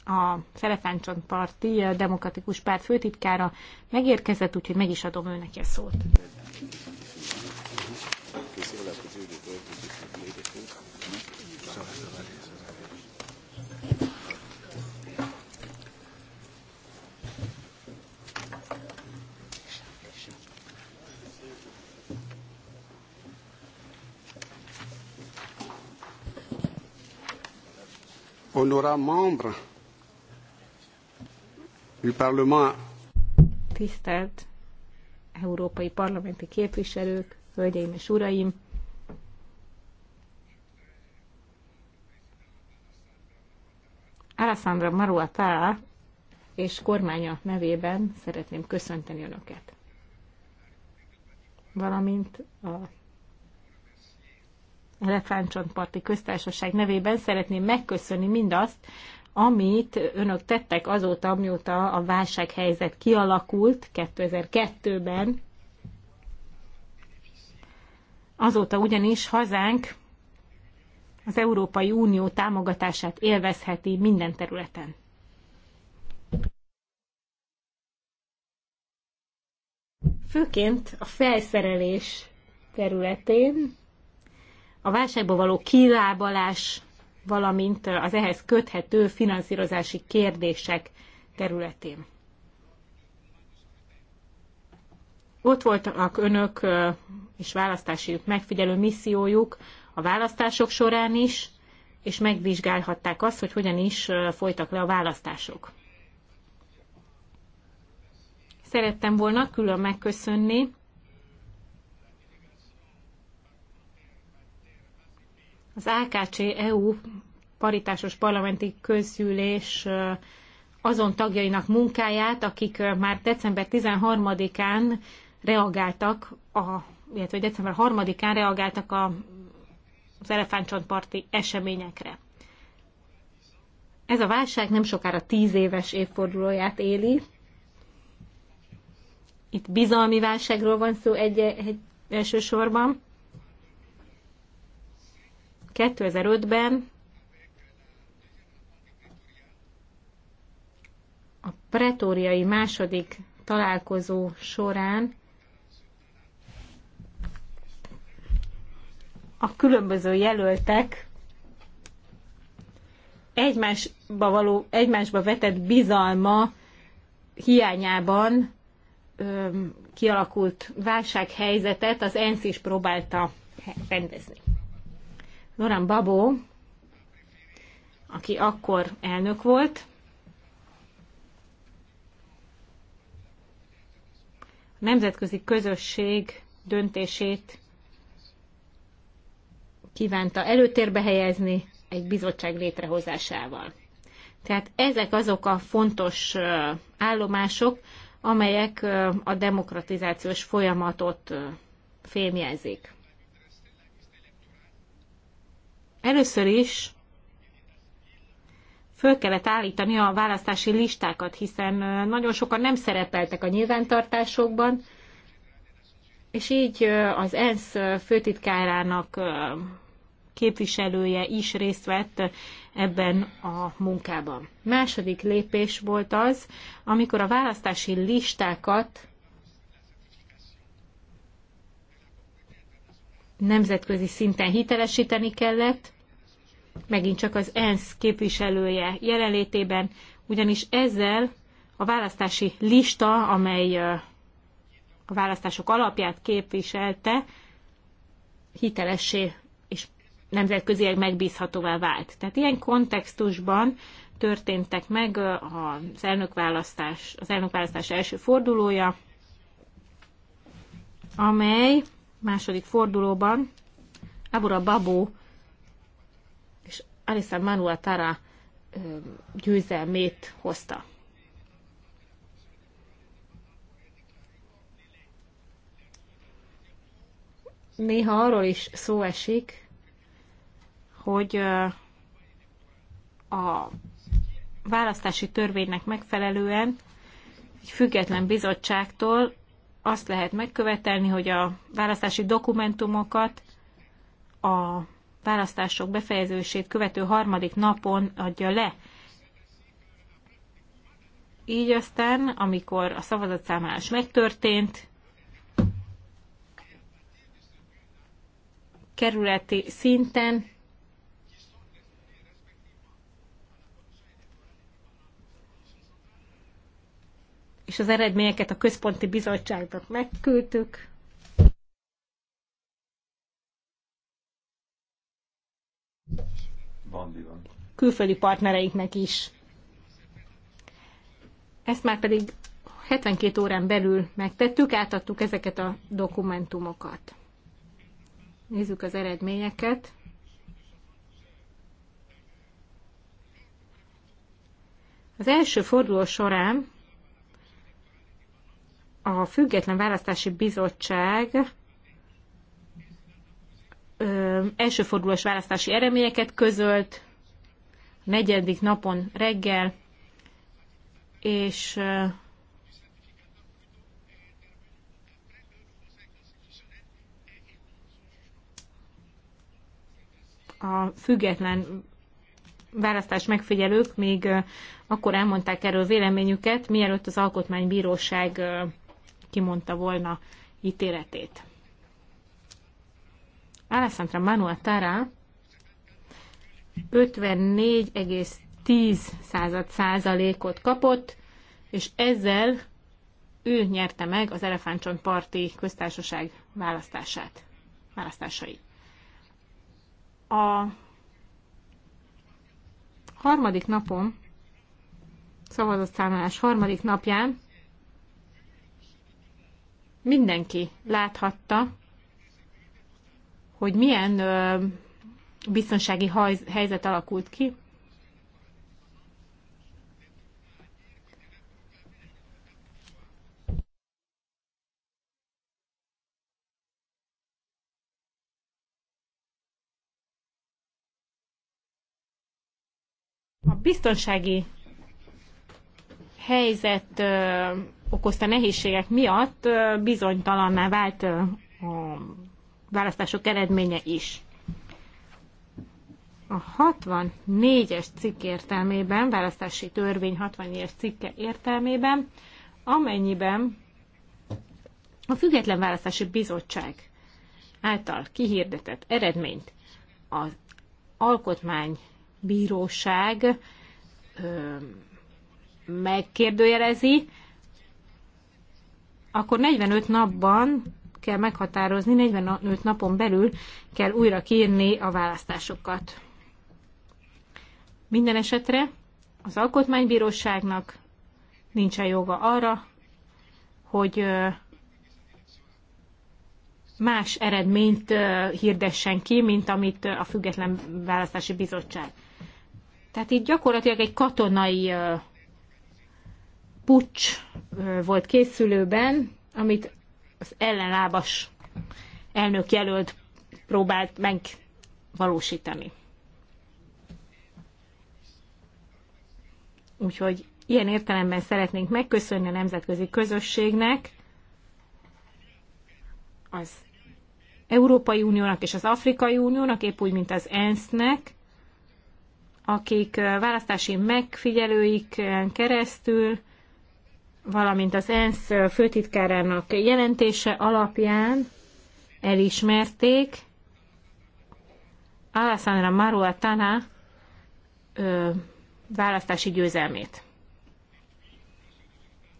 Speaker 3: a Szelefántcsontparti eh, Demokratikus Párt főtitkára megérkezett, úgyhogy meg is adom őnek a szót.
Speaker 5: honorat membre du Parlement.
Speaker 3: Tisztelt európai parlamenti képviselők, hölgyeim és uraim! Alessandra Maruata és kormánya nevében szeretném köszönteni Önöket. Valamint a Elefántcsontparti Köztársaság nevében szeretném megköszönni mindazt, amit önök tettek azóta, amióta a válsághelyzet kialakult 2002-ben. Azóta ugyanis hazánk az Európai Unió támogatását élvezheti minden területen. Főként a felszerelés területén a válságból való kilábalás, valamint az ehhez köthető finanszírozási kérdések területén. Ott voltak önök és választási megfigyelő missziójuk a választások során is, és megvizsgálhatták azt, hogy hogyan is folytak le a választások. Szerettem volna külön megköszönni Az AKC EU paritásos parlamenti közgyűlés azon tagjainak munkáját, akik már december 13-án reagáltak, a, illetve december 3-án reagáltak a, az elefántcsontparti eseményekre. Ez a válság nem sokára tíz éves évfordulóját éli. Itt bizalmi válságról van szó egy, egy elsősorban. 2005-ben a pretóriai második találkozó során a különböző jelöltek egymásba, való, egymásba vetett bizalma hiányában ö, kialakult válsághelyzetet az ENSZ is próbálta rendezni. Loran Babó, aki akkor elnök volt, a nemzetközi közösség döntését kívánta előtérbe helyezni egy bizottság létrehozásával. Tehát ezek azok a fontos állomások, amelyek a demokratizációs folyamatot fémjelzik. Először is föl kellett állítani a választási listákat, hiszen nagyon sokan nem szerepeltek a nyilvántartásokban, és így az ENSZ főtitkárának képviselője is részt vett ebben a munkában. Második lépés volt az, amikor a választási listákat nemzetközi szinten hitelesíteni kellett, megint csak az ENSZ képviselője jelenlétében, ugyanis ezzel a választási lista, amely a választások alapját képviselte, hitelessé és nemzetközileg megbízhatóvá vált. Tehát ilyen kontextusban történtek meg az elnökválasztás, az elnökválasztás első fordulója, amely második fordulóban Abura Babó Alisa Tara győzelmét hozta. Néha arról is szó esik, hogy a választási törvénynek megfelelően egy független bizottságtól azt lehet megkövetelni, hogy a választási dokumentumokat a választások befejezését követő harmadik napon adja le. Így aztán, amikor a szavazatszámlálás megtörtént, kerületi szinten és az eredményeket a központi bizottságnak megküldtük. külföldi partnereinknek is. Ezt már pedig 72 órán belül megtettük, átadtuk ezeket a dokumentumokat. Nézzük az eredményeket. Az első forduló során a Független Választási Bizottság elsőfordulós választási eredményeket közölt negyedik napon reggel, és a független választás megfigyelők még akkor elmondták erről véleményüket, mielőtt az Alkotmánybíróság kimondta volna ítéletét. Alessandra Manuel Tara 54,10 század százalékot kapott, és ezzel ő nyerte meg az Elefántcsont Parti Köztársaság választását, választásai. A harmadik napon, szavazatszámolás harmadik napján mindenki láthatta, hogy milyen biztonsági helyzet alakult ki. A biztonsági helyzet okozta nehézségek miatt bizonytalanná vált a választások eredménye is. A 64-es cikk értelmében, választási törvény 64-es cikke értelmében, amennyiben a Független Választási Bizottság által kihirdetett eredményt az Alkotmánybíróság ö, megkérdőjelezi, akkor 45 napban kell meghatározni, 45 napon belül kell újra kiírni a választásokat. Minden esetre az Alkotmánybíróságnak nincsen joga arra, hogy más eredményt hirdessen ki, mint amit a Független Választási Bizottság. Tehát itt gyakorlatilag egy katonai pucs volt készülőben, amit az ellenlábas elnök jelölt próbált megvalósítani. Úgyhogy ilyen értelemben szeretnénk megköszönni a nemzetközi közösségnek, az Európai Uniónak és az Afrikai Uniónak, épp úgy, mint az ENSZ-nek, akik választási megfigyelőik keresztül valamint az ENSZ főtitkárának jelentése alapján elismerték Alessandra Marua Tana ö, választási győzelmét.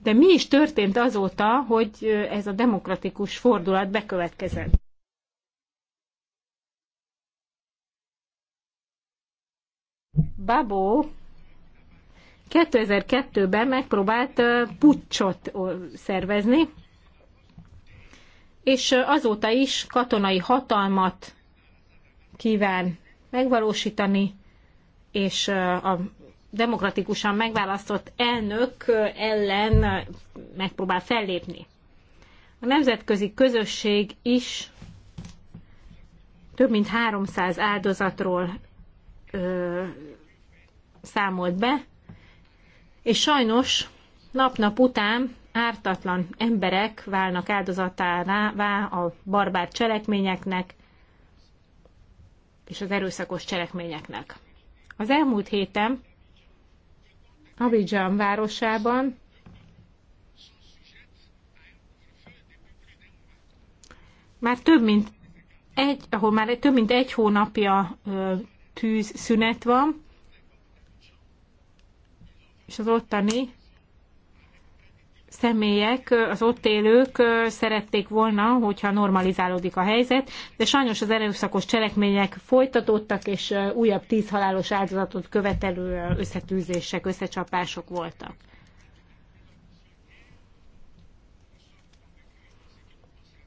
Speaker 3: De mi is történt azóta, hogy ez a demokratikus fordulat bekövetkezett? Babó 2002-ben megpróbált puccsot szervezni, és azóta is katonai hatalmat kíván megvalósítani, és a demokratikusan megválasztott elnök ellen megpróbál fellépni. A nemzetközi közösség is több mint 300 áldozatról ö, számolt be, és sajnos nap-nap után ártatlan emberek válnak áldozatává a barbár cselekményeknek és az erőszakos cselekményeknek. Az elmúlt héten Abidjan városában már több mint egy, ahol már több mint egy hónapja tűz szünet van, és az ottani személyek, az ott élők szerették volna, hogyha normalizálódik a helyzet, de sajnos az erőszakos cselekmények folytatódtak, és újabb tíz halálos áldozatot követelő összetűzések, összecsapások voltak.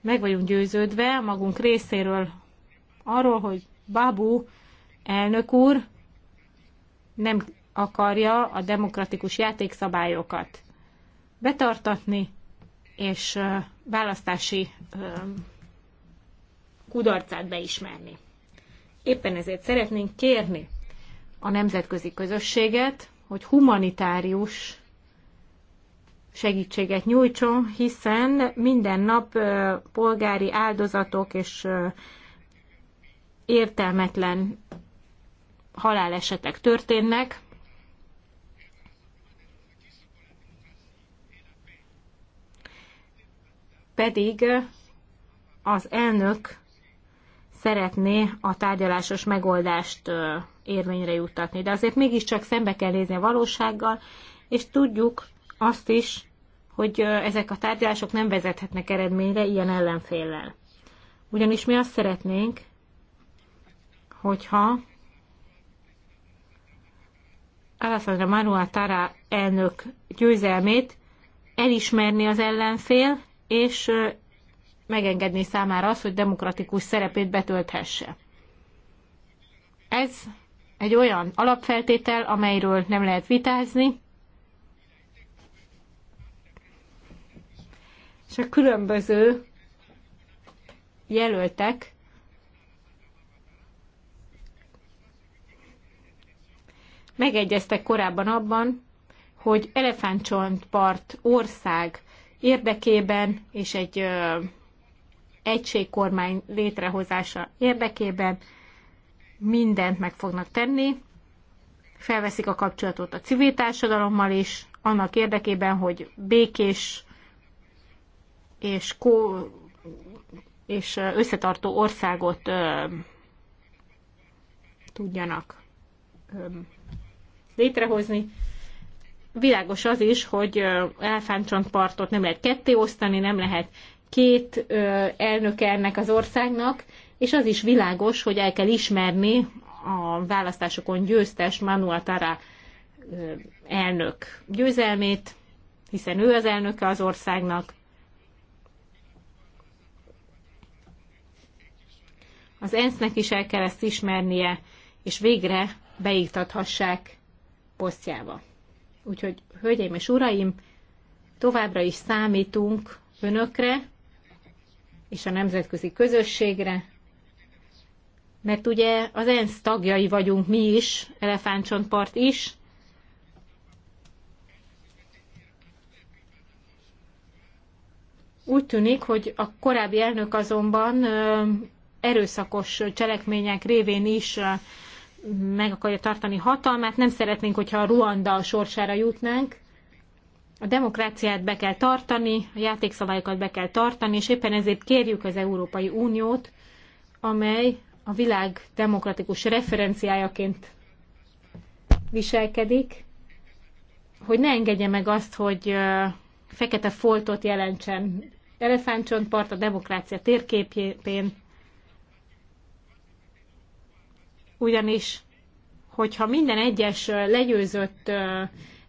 Speaker 3: Meg vagyunk győződve magunk részéről arról, hogy Babu elnök úr nem akarja a demokratikus játékszabályokat betartatni, és választási kudarcát beismerni. Éppen ezért szeretnénk kérni a nemzetközi közösséget, hogy humanitárius segítséget nyújtson, hiszen minden nap polgári áldozatok és értelmetlen halálesetek történnek, pedig az elnök szeretné a tárgyalásos megoldást érvényre juttatni. De azért mégiscsak szembe kell nézni a valósággal, és tudjuk azt is, hogy ezek a tárgyalások nem vezethetnek eredményre ilyen ellenféllel. Ugyanis mi azt szeretnénk, hogyha Alessandra Manuel Tara elnök győzelmét elismerni az ellenfél, és megengedni számára azt, hogy demokratikus szerepét betölthesse. Ez egy olyan alapfeltétel, amelyről nem lehet vitázni, és a különböző jelöltek megegyeztek korábban abban, hogy elefántcsontpart ország érdekében és egy egységkormány létrehozása érdekében mindent meg fognak tenni. Felveszik a kapcsolatot a civil társadalommal is, annak érdekében, hogy békés és, kó, és összetartó országot ö, tudjanak ö, létrehozni világos az is, hogy elefántcsontpartot nem lehet ketté osztani, nem lehet két elnök ennek az országnak, és az is világos, hogy el kell ismerni a választásokon győztes Manuel Tara elnök győzelmét, hiszen ő az elnöke az országnak. Az ENSZ-nek is el kell ezt ismernie, és végre beiktathassák posztjába. Úgyhogy, hölgyeim és uraim, továbbra is számítunk önökre és a nemzetközi közösségre, mert ugye az ENSZ tagjai vagyunk mi is, Elefántcsontpart is, Úgy tűnik, hogy a korábbi elnök azonban erőszakos cselekmények révén is meg akarja tartani hatalmát, nem szeretnénk, hogyha a Ruanda a sorsára jutnánk. A demokráciát be kell tartani, a játékszabályokat be kell tartani, és éppen ezért kérjük az Európai Uniót, amely a világ demokratikus referenciájaként viselkedik, hogy ne engedje meg azt, hogy fekete foltot jelentsen elefántcsontpart a demokrácia térképén, ugyanis hogyha minden egyes legyőzött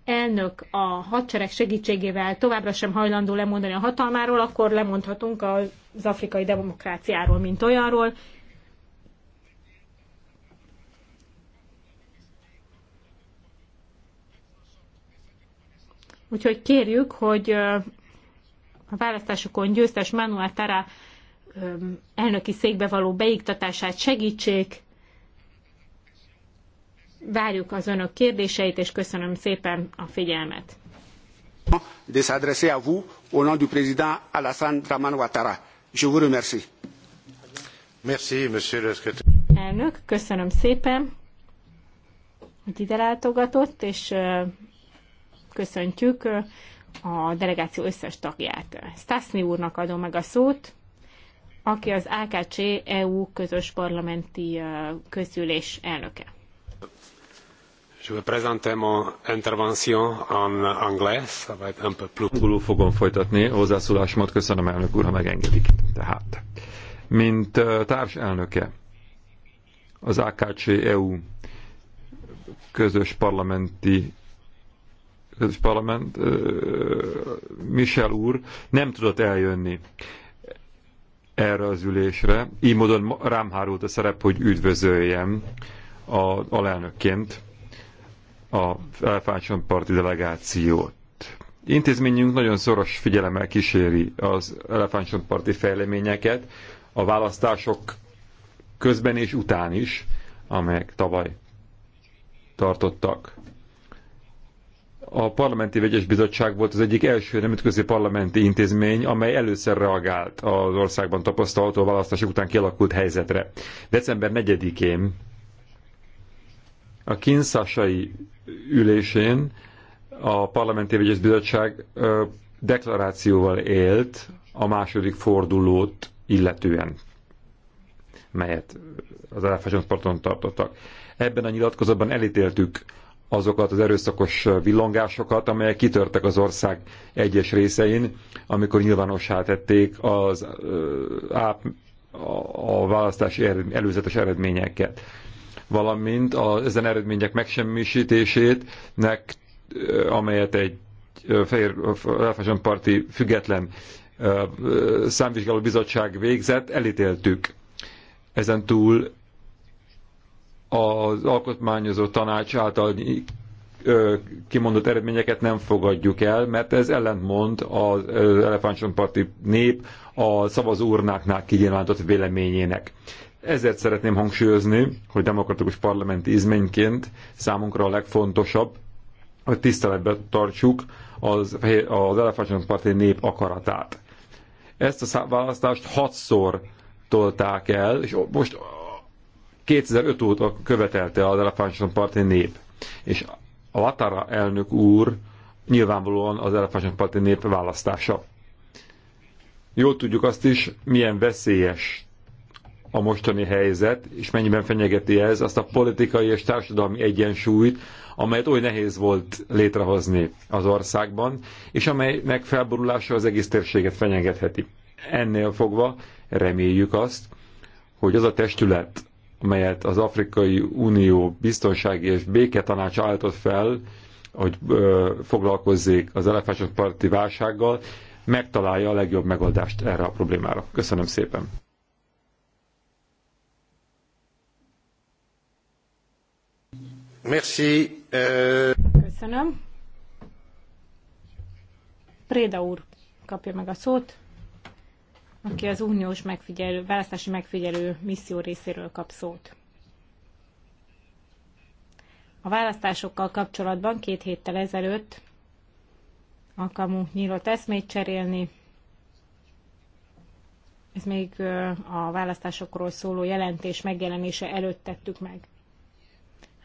Speaker 3: elnök a hadsereg segítségével továbbra sem hajlandó lemondani a hatalmáról, akkor lemondhatunk az afrikai demokráciáról, mint olyanról. Úgyhogy kérjük, hogy a választásokon győztes Manuel Tara elnöki székbe való beiktatását segítsék, várjuk az önök kérdéseit, és köszönöm szépen a figyelmet.
Speaker 1: De s'adresser à vous
Speaker 5: au nom du président Alassane Draman Ouattara. Je vous remercie. Merci, monsieur le secrétaire.
Speaker 3: Elnök, köszönöm szépen, hogy ide látogatott, és köszöntjük a delegáció összes tagját. Stasny úrnak adom meg a szót, aki az AKC EU közös parlamenti közülés elnöke.
Speaker 2: Je vais présenter mon intervention en anglais, ça va être un peu plus... Angolul fogom folytatni hozzászólásomat, köszönöm elnök úr, ha megengedik. Tehát, mint társelnöke az AKC-EU közös parlamenti közös parlament Michel úr nem tudott eljönni erre az ülésre. Így módon rám hárult a szerep, hogy üdvözöljem a alelnökként a Elfácson parti delegációt. Intézményünk nagyon szoros figyelemmel kíséri az elefántcsontparti fejleményeket, a választások közben és után is, amelyek tavaly tartottak. A Parlamenti Vegyes Bizottság volt az egyik első nemzetközi parlamenti intézmény, amely először reagált az országban tapasztalható választások után kialakult helyzetre. December 4-én a kinszásai ülésén a Parlamenti Vegyes Bizottság deklarációval élt a második fordulót illetően, melyet az Elephant parton tartottak. Ebben a nyilatkozatban elítéltük azokat az erőszakos villongásokat, amelyek kitörtek az ország egyes részein, amikor nyilvánossá tették az, a, a választási előzetes eredményeket valamint az ezen eredmények megsemmisítésétnek, amelyet egy Fehér Fashion Party független számvizsgáló bizottság végzett, elítéltük. Ezen túl az alkotmányozó tanács által kimondott eredményeket nem fogadjuk el, mert ez ellentmond az Elefántson Parti nép a szavazó urnáknál véleményének. Ezért szeretném hangsúlyozni, hogy demokratikus parlamenti izményként számunkra a legfontosabb, hogy tiszteletben tartsuk az, az Elefántcsont Parti nép akaratát. Ezt a választást hatszor tolták el, és most 2005 óta követelte az Elefántcsont Parti nép. És a Latara elnök úr nyilvánvalóan az Elefántcsont Parti nép választása. Jól tudjuk azt is, milyen veszélyes a mostani helyzet, és mennyiben fenyegeti ez azt a politikai és társadalmi egyensúlyt, amelyet oly nehéz volt létrehozni az országban, és amelynek felborulása az egész térséget fenyegetheti. Ennél fogva reméljük azt, hogy az a testület, amelyet az Afrikai Unió biztonsági és béketanács állított fel, hogy ö, foglalkozzék az parti válsággal, megtalálja a legjobb megoldást erre a problémára. Köszönöm szépen!
Speaker 5: Merci.
Speaker 3: Köszönöm. Préda úr kapja meg a szót, aki az uniós megfigyelő, választási megfigyelő misszió részéről kap szót. A választásokkal kapcsolatban két héttel ezelőtt alkalmunk nyílt eszmét cserélni. Ez még a választásokról szóló jelentés megjelenése előtt tettük meg.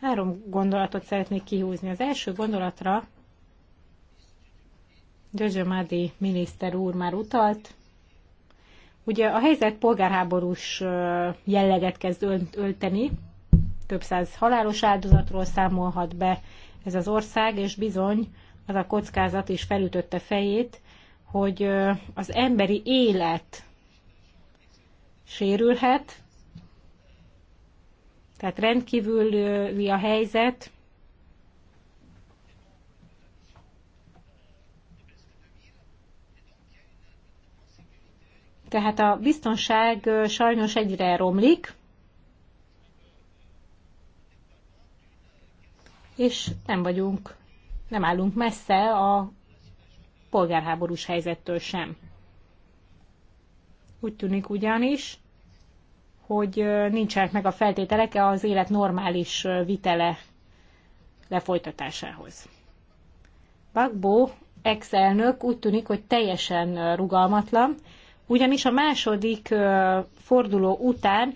Speaker 3: Három gondolatot szeretnék kihúzni. Az első gondolatra Györgyö miniszter úr már utalt. Ugye a helyzet polgárháborús jelleget kezd ölteni, több száz halálos áldozatról számolhat be ez az ország, és bizony az a kockázat is felütötte fejét, hogy az emberi élet sérülhet, tehát rendkívüli a helyzet, Tehát a biztonság sajnos egyre romlik, és nem vagyunk, nem állunk messze a polgárháborús helyzettől sem. Úgy tűnik ugyanis, hogy nincsenek meg a feltételek az élet normális vitele lefolytatásához. Bagbo ex-elnök úgy tűnik, hogy teljesen rugalmatlan, ugyanis a második forduló után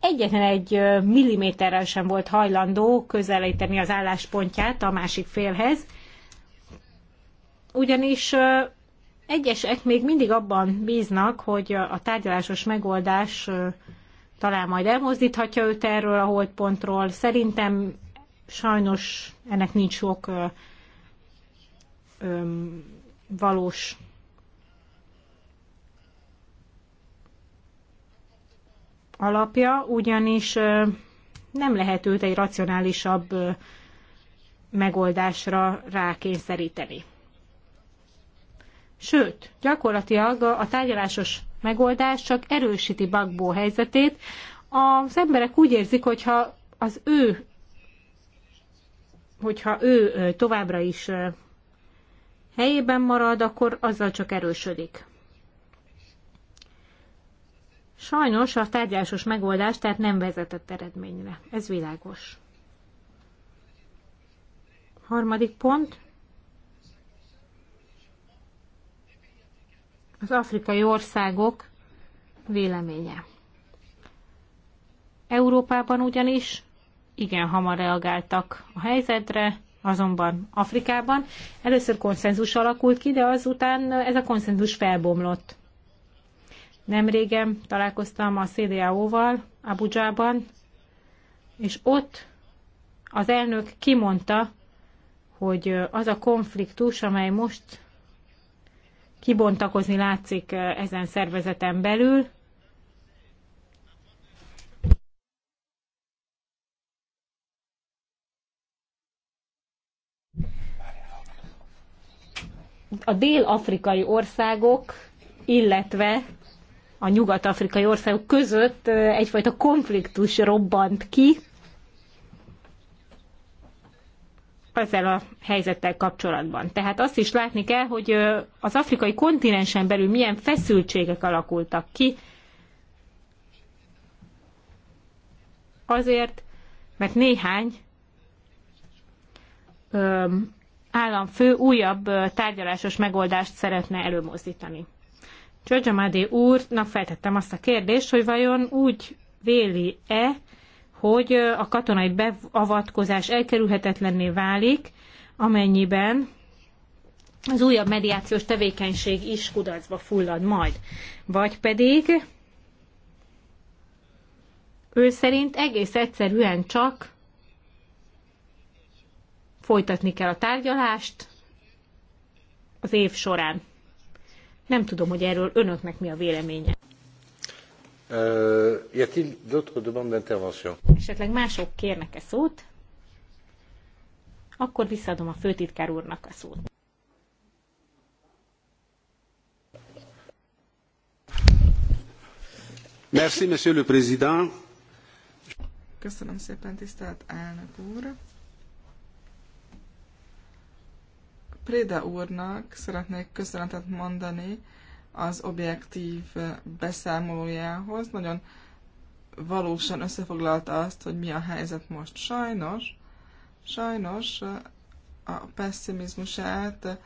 Speaker 3: egyetlen egy milliméterrel sem volt hajlandó közelíteni az álláspontját a másik félhez, ugyanis egyesek még mindig abban bíznak, hogy a tárgyalásos megoldás talán majd elmozdíthatja őt erről a holdpontról. Szerintem sajnos ennek nincs sok ö, ö, valós alapja, ugyanis ö, nem lehet őt egy racionálisabb ö, megoldásra rákényszeríteni. Sőt, gyakorlatilag a tárgyalásos megoldás csak erősíti Bagbó helyzetét. Az emberek úgy érzik, hogyha az ő hogyha ő továbbra is helyében marad, akkor azzal csak erősödik. Sajnos a tárgyásos megoldás tehát nem vezetett eredményre. Ez világos. Harmadik pont. az afrikai országok véleménye. Európában ugyanis igen hamar reagáltak a helyzetre, azonban Afrikában. Először konszenzus alakult ki, de azután ez a konszenzus felbomlott. Nemrégen találkoztam a CDAO-val Abuja-ban, és ott az elnök kimondta, hogy az a konfliktus, amely most kibontakozni látszik ezen szervezeten belül. A dél-afrikai országok, illetve a nyugat-afrikai országok között egyfajta konfliktus robbant ki, ezzel a helyzettel kapcsolatban. Tehát azt is látni kell, hogy az afrikai kontinensen belül milyen feszültségek alakultak ki, azért, mert néhány államfő újabb tárgyalásos megoldást szeretne előmozdítani. Csörgyamádi úrnak feltettem azt a kérdést, hogy vajon úgy véli-e, hogy a katonai beavatkozás elkerülhetetlenné válik, amennyiben az újabb mediációs tevékenység is kudarcba fullad majd. Vagy pedig ő szerint egész egyszerűen csak folytatni kell a tárgyalást az év során. Nem tudom, hogy erről önöknek mi a véleménye.
Speaker 5: Euh, y a-t-il d'autres demandes d'intervention
Speaker 3: Esetleg mások kérnek-e szót? Akkor visszaadom a főtitkár úrnak a szót.
Speaker 5: Merci, monsieur le président.
Speaker 4: Köszönöm szépen, tisztelt elnök úr. Préda úrnak szeretnék köszönetet mondani, az objektív beszámolójához. Nagyon valósan összefoglalta azt, hogy mi a helyzet most. Sajnos, sajnos a pessimizmusát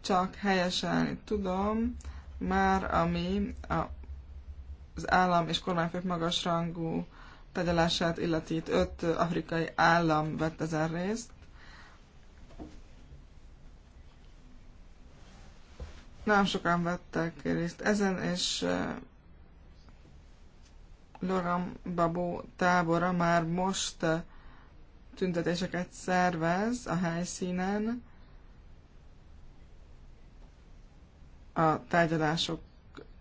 Speaker 4: csak helyesen tudom, már ami a, az állam és kormányfők magasrangú tegyelását illeti. Öt afrikai állam vett ezen részt, Nem sokan vettek részt ezen, és eh, Loram Babó tábora már most eh, tüntetéseket szervez a helyszínen a tárgyalások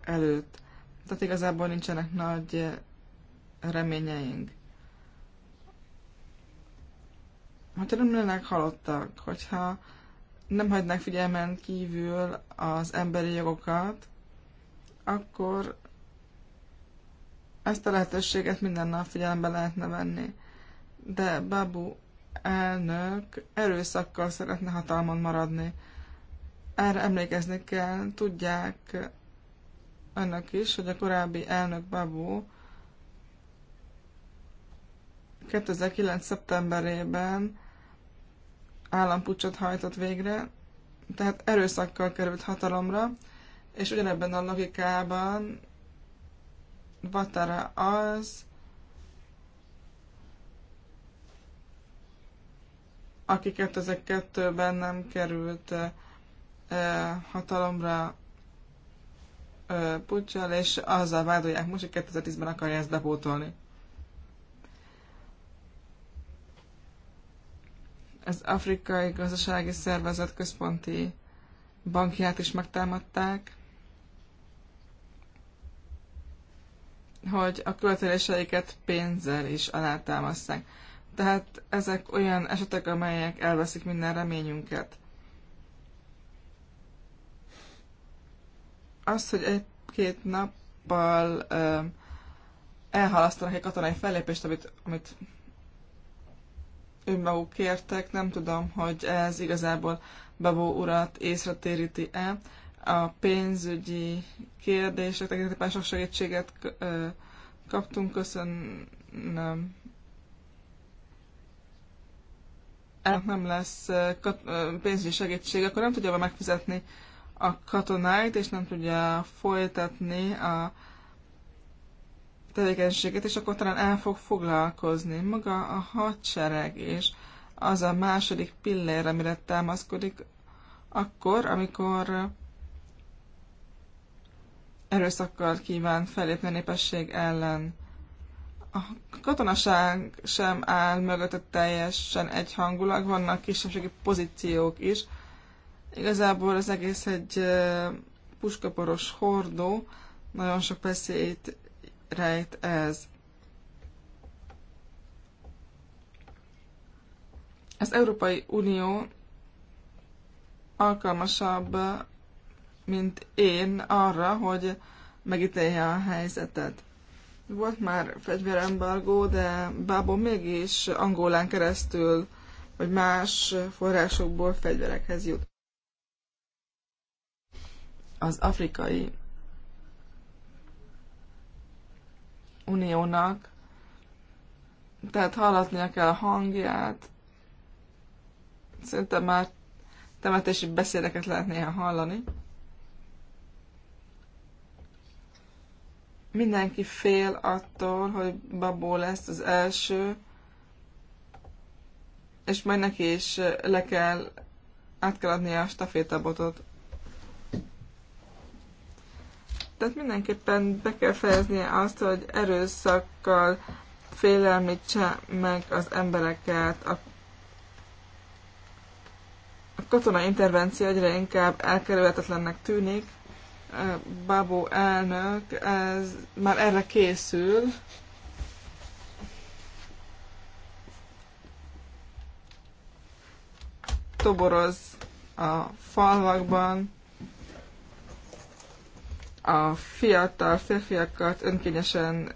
Speaker 4: előtt. Tehát igazából nincsenek nagy eh, reményeink. Hogyha nem lennek halottak, hogyha nem hagynák figyelmen kívül az emberi jogokat, akkor ezt a lehetőséget minden nap figyelembe lehetne venni. De Babu elnök erőszakkal szeretne hatalmon maradni. Erre emlékezni kell, tudják önök is, hogy a korábbi elnök Babu 2009. szeptemberében állampucsot hajtott végre, tehát erőszakkal került hatalomra, és ugyanebben a logikában Vatara az, aki 2002-ben nem került hatalomra puccsal, és azzal vádolják most, hogy 2010-ben akarja ezt bepótolni. az Afrikai Gazdasági Szervezet központi bankját is megtámadták, hogy a követeléseiket pénzzel is alátámasztják. Tehát ezek olyan esetek, amelyek elveszik minden reményünket. Az, hogy egy-két nappal ö, elhalasztanak egy katonai fellépést, amit, amit önmaguk kértek, nem tudom, hogy ez igazából Babó urat észre téríti-e. A pénzügyi kérdések tekintetében sok segítséget kaptunk, köszönöm. nem lesz pénzügyi segítség, akkor nem tudja megfizetni a katonáit, és nem tudja folytatni a tevékenységét, és akkor talán el fog foglalkozni maga a hadsereg, és az a második pillér, amire támaszkodik, akkor, amikor erőszakkal kíván felépni a népesség ellen. A katonaság sem áll mögötte teljesen egyhangulag, vannak kisebbségi pozíciók is. Igazából az egész egy puskaporos hordó, nagyon sok veszélyt rejt ez. Az Európai Unió alkalmasabb, mint én arra, hogy megítélje a helyzetet. Volt már fegyverembargó, de Bábon mégis Angolán keresztül, vagy más forrásokból fegyverekhez jut. Az afrikai Uniónak. Tehát hallatnia kell a hangját. Szerintem már temetési beszédeket lehet néha hallani. Mindenki fél attól, hogy Babó lesz az első, és majd neki is le kell, át kell adnia a stafétabotot. Tehát mindenképpen be kell fejeznie azt, hogy erőszakkal félelmítse meg az embereket. A katonai intervenció egyre inkább elkerülhetetlennek tűnik. Babó elnök, ez már erre készül. Toboroz a falvakban, a fiatal férfiakat önkényesen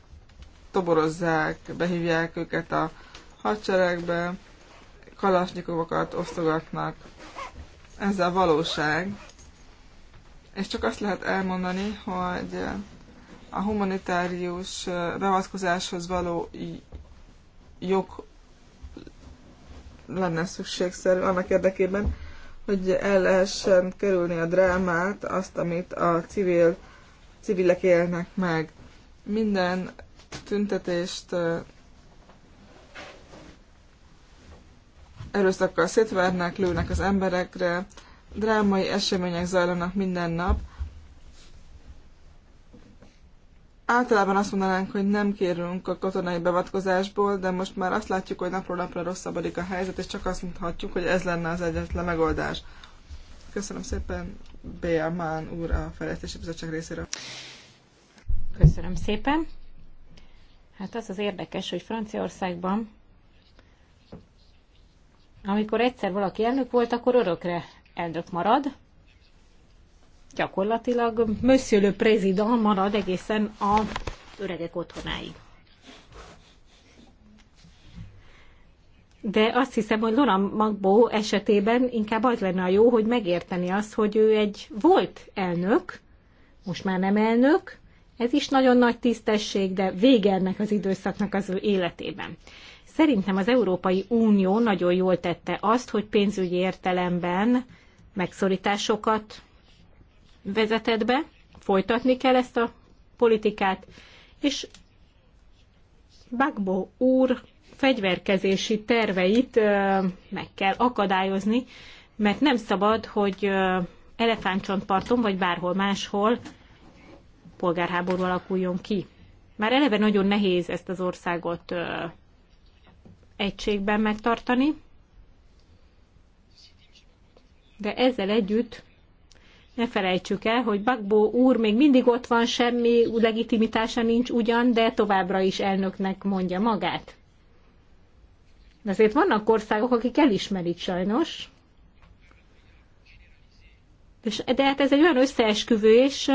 Speaker 4: toborozzák, behívják őket a hadseregbe, kalasnyikovokat osztogatnak. Ez a valóság. És csak azt lehet elmondani, hogy a humanitárius beavatkozáshoz való jog lenne szükségszerű annak érdekében, hogy el lehessen kerülni a drámát, azt, amit a civil civilek élnek meg. Minden tüntetést erőszakkal szétvernek, lőnek az emberekre, drámai események zajlanak minden nap. Általában azt mondanánk, hogy nem kérünk a katonai beavatkozásból, de most már azt látjuk, hogy napról napra rosszabbodik a helyzet, és csak azt mondhatjuk, hogy ez lenne az egyetlen megoldás. Köszönöm szépen, Béa Mann úr a Fejlesztési Bizottság részéről.
Speaker 3: Köszönöm szépen. Hát az az érdekes, hogy Franciaországban, amikor egyszer valaki elnök volt, akkor örökre elnök marad. Gyakorlatilag Monsieur le Président marad egészen a öregek otthonáig. de azt hiszem, hogy Lona Magbó esetében inkább az lenne a jó, hogy megérteni azt, hogy ő egy volt elnök, most már nem elnök, ez is nagyon nagy tisztesség, de vége ennek az időszaknak az ő életében. Szerintem az Európai Unió nagyon jól tette azt, hogy pénzügyi értelemben megszorításokat vezetett be, folytatni kell ezt a politikát, és Bagbo úr fegyverkezési terveit meg kell akadályozni, mert nem szabad, hogy elefántcsontparton vagy bárhol máshol polgárháború alakuljon ki. Már eleve nagyon nehéz ezt az országot egységben megtartani, de ezzel együtt ne felejtsük el, hogy Bagbo úr még mindig ott van, semmi legitimitása nincs ugyan, de továbbra is elnöknek mondja magát. De azért vannak országok, akik elismerik sajnos. De hát ez egy olyan összeesküvés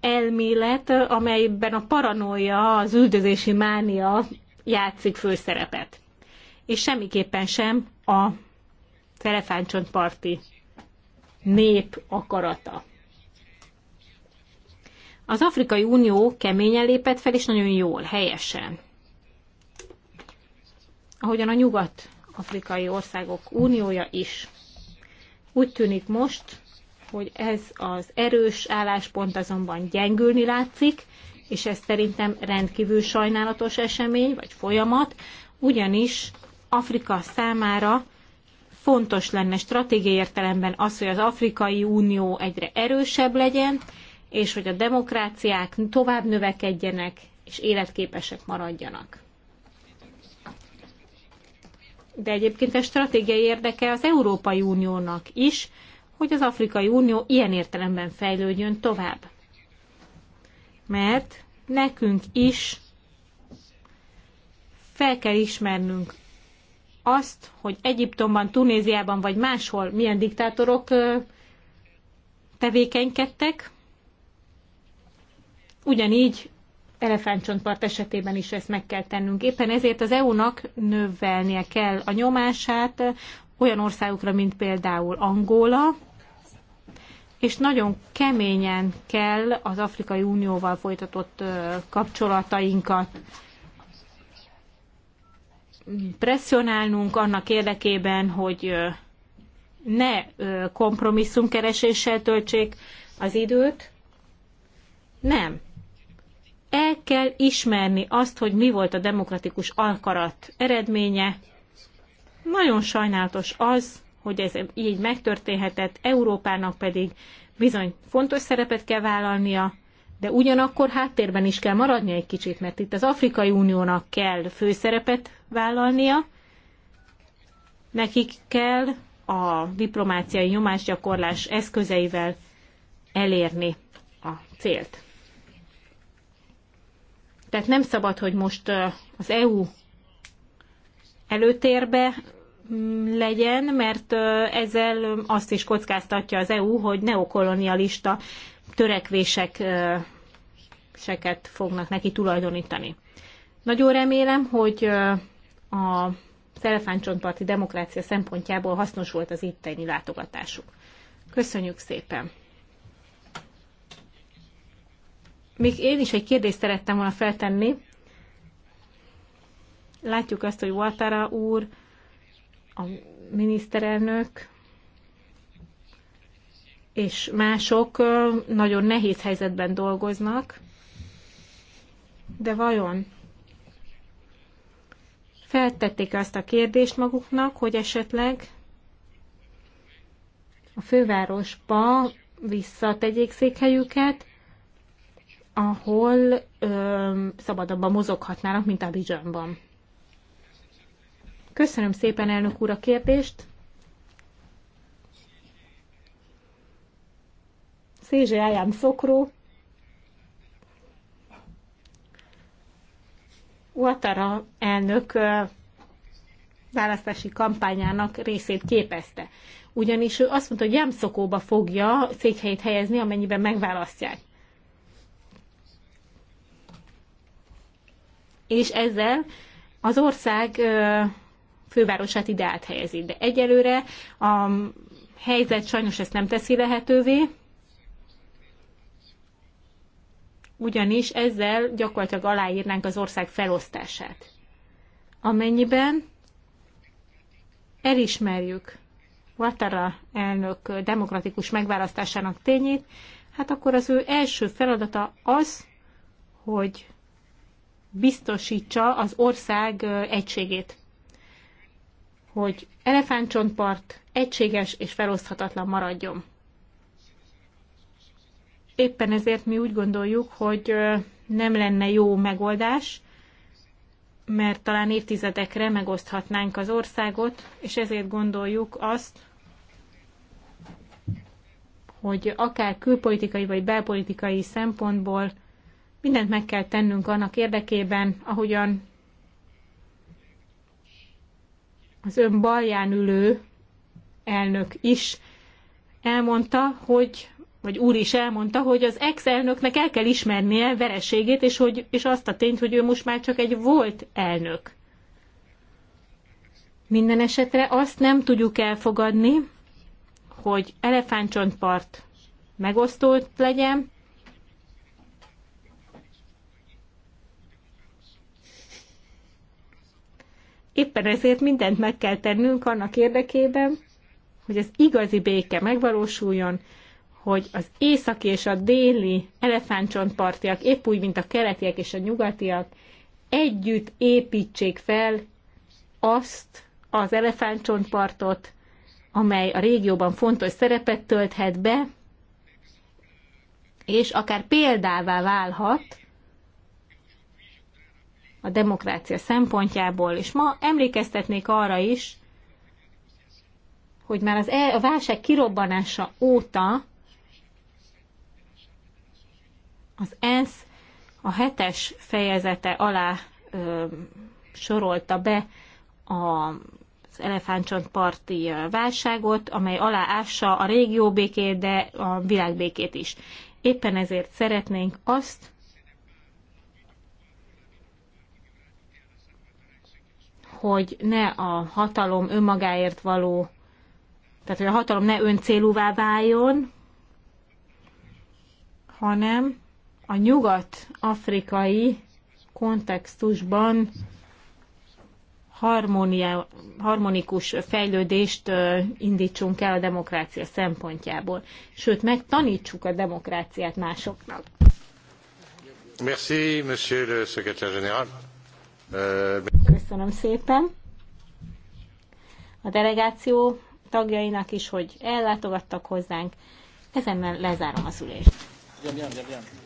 Speaker 3: elmélet, amelyben a paranoia, az üldözési mánia játszik főszerepet. És semmiképpen sem a telefáncsontparti nép akarata. Az Afrikai Unió keményen lépett fel, és nagyon jól, helyesen ahogyan a nyugat-afrikai országok uniója is. Úgy tűnik most, hogy ez az erős álláspont azonban gyengülni látszik, és ez szerintem rendkívül sajnálatos esemény vagy folyamat, ugyanis Afrika számára fontos lenne stratégiai értelemben az, hogy az Afrikai Unió egyre erősebb legyen, és hogy a demokráciák tovább növekedjenek és életképesek maradjanak de egyébként a stratégiai érdeke az Európai Uniónak is, hogy az Afrikai Unió ilyen értelemben fejlődjön tovább. Mert nekünk is fel kell ismernünk azt, hogy Egyiptomban, Tunéziában vagy máshol milyen diktátorok tevékenykedtek, ugyanígy elefántcsontpart esetében is ezt meg kell tennünk. Éppen ezért az EU-nak növelnie kell a nyomását olyan országokra, mint például Angola, és nagyon keményen kell az Afrikai Unióval folytatott kapcsolatainkat presszionálnunk annak érdekében, hogy ne kompromisszumkereséssel töltsék az időt. Nem el kell ismerni azt, hogy mi volt a demokratikus alkarat eredménye. Nagyon sajnálatos az, hogy ez így megtörténhetett, Európának pedig bizony fontos szerepet kell vállalnia, de ugyanakkor háttérben is kell maradnia egy kicsit, mert itt az Afrikai Uniónak kell főszerepet vállalnia, nekik kell a diplomáciai nyomásgyakorlás eszközeivel elérni a célt. Tehát nem szabad, hogy most az EU előtérbe mm, legyen, mert ezzel azt is kockáztatja az EU, hogy neokolonialista törekvések seket fognak neki tulajdonítani. Nagyon remélem, hogy a elefántcsontparti demokrácia szempontjából hasznos volt az itteni látogatásuk. Köszönjük szépen! Még én is egy kérdést szerettem volna feltenni. Látjuk azt, hogy Waltara úr, a miniszterelnök és mások nagyon nehéz helyzetben dolgoznak, de vajon feltették -e azt a kérdést maguknak, hogy esetleg a fővárosba visszategyék székhelyüket, ahol ö, szabadabban mozoghatnának, mint Abidjanban. Köszönöm szépen, elnök úr, a kérdést. Szézsé Ájám Szokró. Uatara elnök választási kampányának részét képezte. Ugyanis ő azt mondta, hogy Jámszokóba fogja székhelyét helyezni, amennyiben megválasztják. és ezzel az ország fővárosát ide áthelyezik. De egyelőre a helyzet sajnos ezt nem teszi lehetővé, ugyanis ezzel gyakorlatilag aláírnánk az ország felosztását. Amennyiben elismerjük Vatara elnök demokratikus megválasztásának tényét, hát akkor az ő első feladata az, hogy biztosítsa az ország egységét, hogy elefántcsontpart egységes és feloszthatatlan maradjon. Éppen ezért mi úgy gondoljuk, hogy nem lenne jó megoldás, mert talán évtizedekre megoszthatnánk az országot, és ezért gondoljuk azt, hogy akár külpolitikai vagy belpolitikai szempontból Mindent meg kell tennünk annak érdekében, ahogyan az ön balján ülő elnök is elmondta, hogy vagy úr is elmondta, hogy az ex-elnöknek el kell ismernie vereségét, és, hogy, és azt a tényt, hogy ő most már csak egy volt elnök. Minden esetre azt nem tudjuk elfogadni, hogy elefántcsontpart megosztott legyen, Éppen ezért mindent meg kell tennünk annak érdekében, hogy az igazi béke megvalósuljon, hogy az északi és a déli elefántcsontpartiak, épp úgy, mint a keletiek és a nyugatiak, együtt építsék fel azt az elefántcsontpartot, amely a régióban fontos szerepet tölthet be, és akár példává válhat a demokrácia szempontjából, és ma emlékeztetnék arra is, hogy már az, e, a válság kirobbanása óta az ENSZ a hetes fejezete alá ö, sorolta be a az elefántcsontparti válságot, amely aláássa a régió békét, de a világbékét is. Éppen ezért szeretnénk azt, hogy ne a hatalom önmagáért való, tehát hogy a hatalom ne öncélúvá váljon, hanem a nyugat-afrikai kontextusban harmonia, harmonikus fejlődést indítsunk el a demokrácia szempontjából. Sőt, megtanítsuk a demokráciát másoknak.
Speaker 5: Merci, monsieur le secrétaire général.
Speaker 3: Köszönöm szépen a delegáció tagjainak is, hogy ellátogattak hozzánk. Ezennel lezárom az ülést.
Speaker 6: Jön, jön, jön,